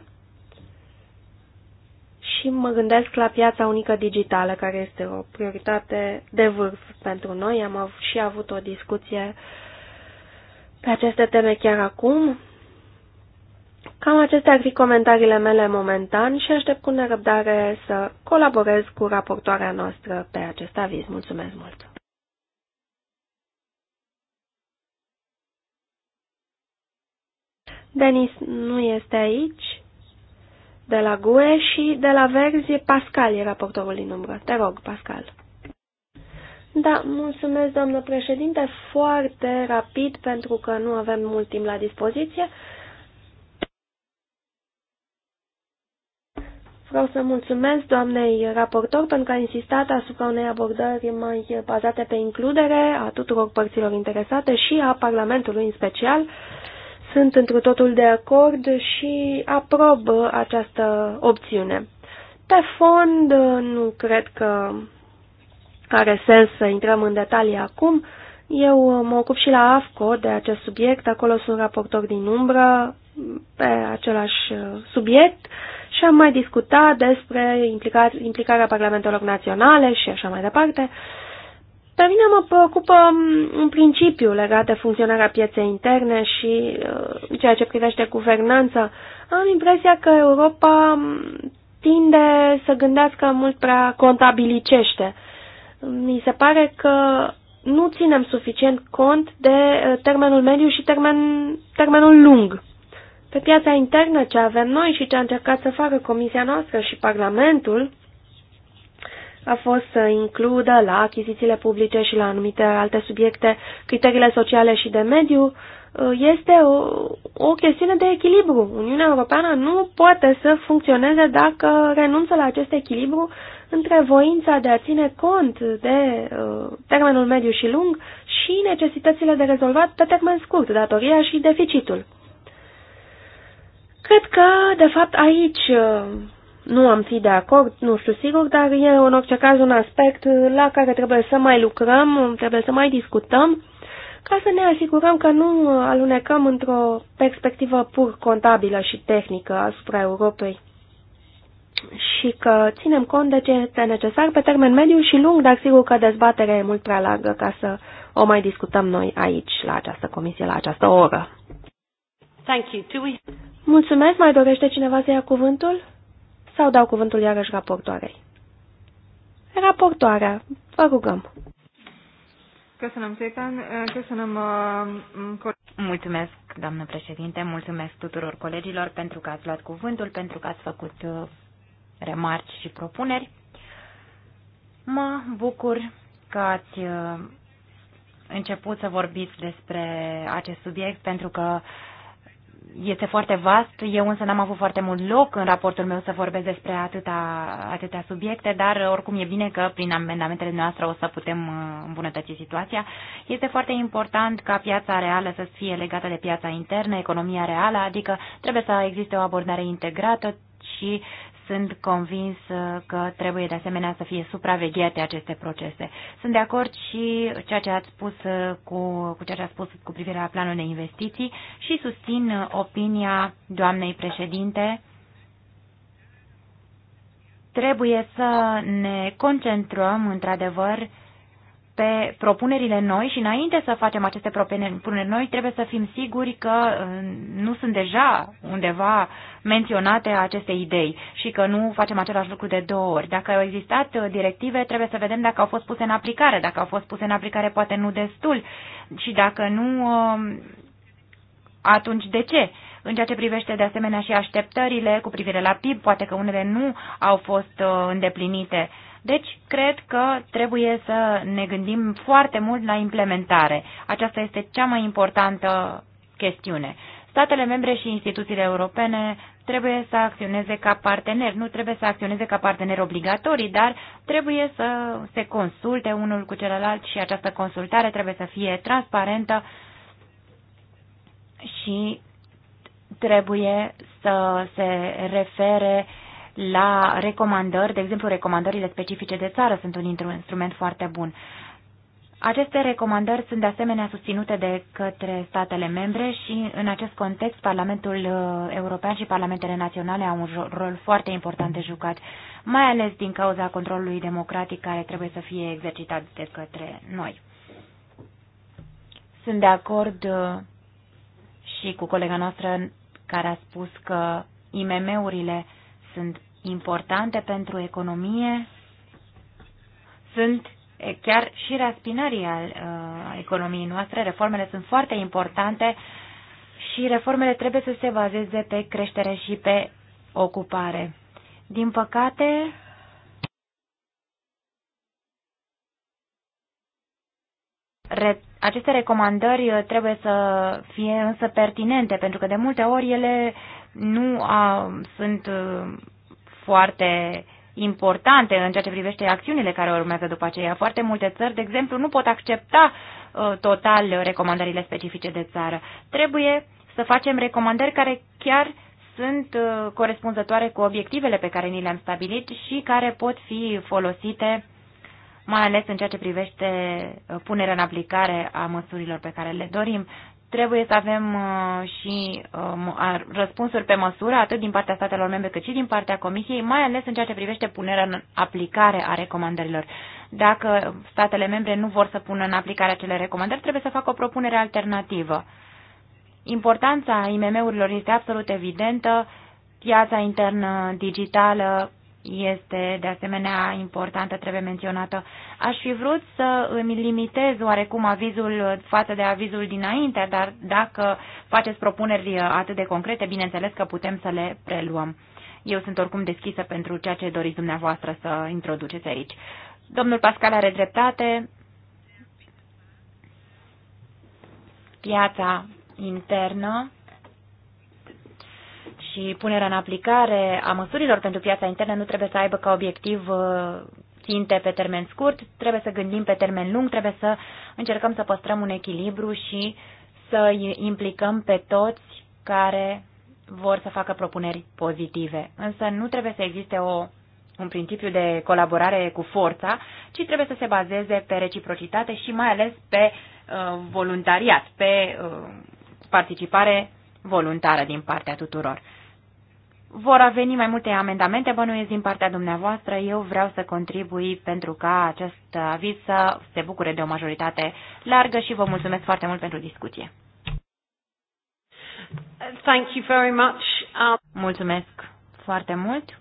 și mă gândesc la piața unică digitală, care este o prioritate de vârf pentru noi. Am av și avut o discuție pe aceste teme chiar acum. Cam acestea ar fi comentariile mele momentan și aștept cu nerăbdare să colaborez cu raportoarea noastră pe acest aviz. Mulțumesc mult! Denis nu este aici de la GUE și de la Verzi, Pascal e raportorul din umbră. Te rog, Pascal. Da, mulțumesc, doamnă președinte, foarte rapid, pentru că nu avem mult timp la dispoziție. Vreau să mulțumesc doamnei raportor pentru că a insistat asupra unei abordări mai bazate pe includere a tuturor părților interesate și a Parlamentului în special. Sunt întru totul de acord și aprob această opțiune. Pe fond, nu cred că are sens să intrăm în detalii acum. Eu mă ocup și la AFCO de acest subiect, acolo sunt raportor din umbră pe același uh, subiect și am mai discutat despre implicarea parlamentelor naționale și așa mai departe. Uh, pe mine mă preocupă un mm, principiu legat de funcționarea pieței interne și uh, ceea ce privește guvernanța. Am impresia că Europa mm, tinde să gândească mult prea contabilicește. Mi se pare că nu ținem suficient cont de uh, termenul mediu și termen, termenul lung. Pe piața internă ce avem noi și ce a încercat să facă Comisia noastră și Parlamentul, a fost să includă la achizițiile publice și la anumite alte subiecte criteriile sociale și de mediu, uh, este o, o chestiune de echilibru. Uniunea Europeană nu poate să funcționeze dacă renunță la acest echilibru între voința de a ține cont de uh, termenul mediu și lung și necesitățile de rezolvat pe termen scurt, datoria și deficitul. Cred că, de fapt, aici uh, nu am fi de acord, nu știu sigur, dar e în orice caz un aspect la care trebuie să mai lucrăm, trebuie să mai discutăm, ca să ne asigurăm că nu alunecăm într-o perspectivă pur contabilă și tehnică asupra Europei și că ținem cont de ce este necesar pe termen mediu și lung, dar sigur că dezbaterea e mult prea largă ca să o mai discutăm noi aici, la această comisie, la această oră. Thank you. Do we... Mulțumesc. Mai dorește cineva să ia cuvântul? sau dau cuvântul iarăși raportoarei? Raportoarea, vă rugăm. Uh, mulțumesc, doamnă președinte, mulțumesc tuturor colegilor pentru că ați luat cuvântul, pentru că ați făcut uh, remarci și propuneri. Mă bucur că ați uh, început să vorbiți despre acest subiect pentru că uh, este foarte vast. Eu însă n-am avut foarte mult loc în raportul meu să vorbesc despre atâta, atâtea subiecte, dar oricum e bine că prin amendamentele noastre o să putem uh, îmbunătăți situația. Este foarte important ca piața reală să fie legată de piața internă, economia reală, adică trebuie să existe o abordare integrată și sunt convins uh, că trebuie de asemenea să fie supravegheate aceste procese. Sunt de acord și ceea ce ați spus uh, cu, cu ceea ce ați spus cu privire la planul de investiții și susțin uh, opinia doamnei președinte. Trebuie să ne concentrăm într-adevăr pe propunerile noi și înainte să facem aceste propuneri noi, trebuie să fim siguri că uh, nu sunt deja undeva menționate aceste idei și că nu facem același lucru de două ori. Dacă au existat uh, directive, trebuie să vedem dacă au fost puse în aplicare, dacă au fost puse în aplicare poate nu destul și dacă nu, uh, atunci de ce? În ceea ce privește de asemenea și așteptările cu privire la PIB, poate că unele nu au fost îndeplinite deci, cred că trebuie să ne gândim foarte mult la implementare. Aceasta este cea mai importantă chestiune. Statele membre și instituțiile europene trebuie să acționeze ca parteneri, nu trebuie să acționeze ca parteneri obligatorii, dar trebuie să se consulte unul cu celălalt și această consultare trebuie să fie transparentă și trebuie să se refere la recomandări, de exemplu recomandările specifice de țară sunt un instrument foarte bun. Aceste recomandări sunt de asemenea susținute de către statele membre și în acest context Parlamentul uh, European și Parlamentele Naționale au un rol foarte important de jucat, mai ales din cauza controlului democratic care trebuie să fie exercitat de către noi. Sunt de acord uh, și cu colega noastră care a spus că IMM-urile sunt importante pentru economie, sunt chiar și raspinării al uh, economiei noastre. Reformele sunt foarte importante și reformele trebuie să se bazeze pe creștere și pe ocupare. Din păcate, re aceste recomandări uh, trebuie să fie însă pertinente, pentru că de multe ori ele uh, nu a, sunt uh, foarte importante în ceea ce privește acțiunile care urmează după aceea. Foarte multe țări, de exemplu, nu pot accepta uh, total recomandările specifice de țară. Trebuie să facem recomandări care chiar sunt uh, corespunzătoare cu obiectivele pe care ni le-am stabilit și care pot fi folosite mai ales în ceea ce privește punerea în aplicare a măsurilor pe care le dorim trebuie să avem uh, și uh, răspunsuri pe măsură, atât din partea statelor membre cât și din partea Comisiei, mai ales în ceea ce privește punerea în aplicare a recomandărilor. Dacă statele membre nu vor să pună în aplicare acele recomandări, trebuie să facă o propunere alternativă. Importanța IMM-urilor este absolut evidentă, piața internă digitală este de asemenea importantă, trebuie menționată. Aș fi vrut să îmi limitez oarecum avizul față de avizul dinainte, dar dacă faceți propuneri atât de concrete, bineînțeles că putem să le preluăm. Eu sunt oricum deschisă pentru ceea ce doriți dumneavoastră să introduceți aici. Domnul Pascal are dreptate. Piața internă și punerea în aplicare a măsurilor pentru piața internă nu trebuie să aibă ca obiectiv uh, ținte pe termen scurt, trebuie să gândim pe termen lung, trebuie să încercăm să păstrăm un echilibru și să implicăm pe toți care vor să facă propuneri pozitive. Însă nu trebuie să existe o, un principiu de colaborare cu forța, ci trebuie să se bazeze pe reciprocitate și mai ales pe uh, voluntariat, pe uh, participare voluntară din partea tuturor. Vor veni mai multe amendamente, bănuiesc din partea dumneavoastră. Eu vreau să contribui pentru ca acest aviz să se bucure de o majoritate largă și vă mulțumesc foarte mult pentru discuție. Thank you very much. Um, mulțumesc foarte mult.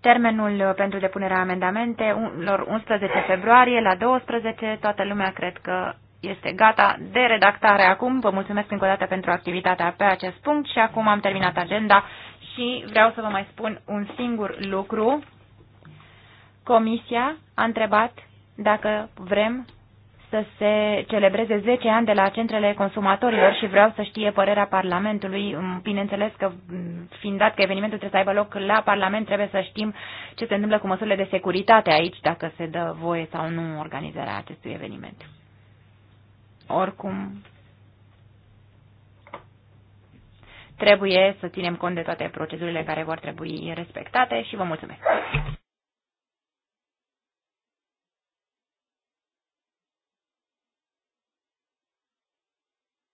Termenul pentru depunerea amendamentelor 11 februarie la 12, toată lumea cred că este gata de redactare acum. Vă mulțumesc încă o dată pentru activitatea pe acest punct și acum am terminat agenda și vreau să vă mai spun un singur lucru. Comisia a întrebat dacă vrem să se celebreze 10 ani de la centrele consumatorilor și vreau să știe părerea Parlamentului. Bineînțeles că, fiind dat că evenimentul trebuie să aibă loc la Parlament, trebuie să știm ce se întâmplă cu măsurile de securitate aici, dacă se dă voie sau nu organizarea acestui eveniment oricum trebuie să ținem cont de toate procedurile care vor trebui respectate și vă mulțumesc.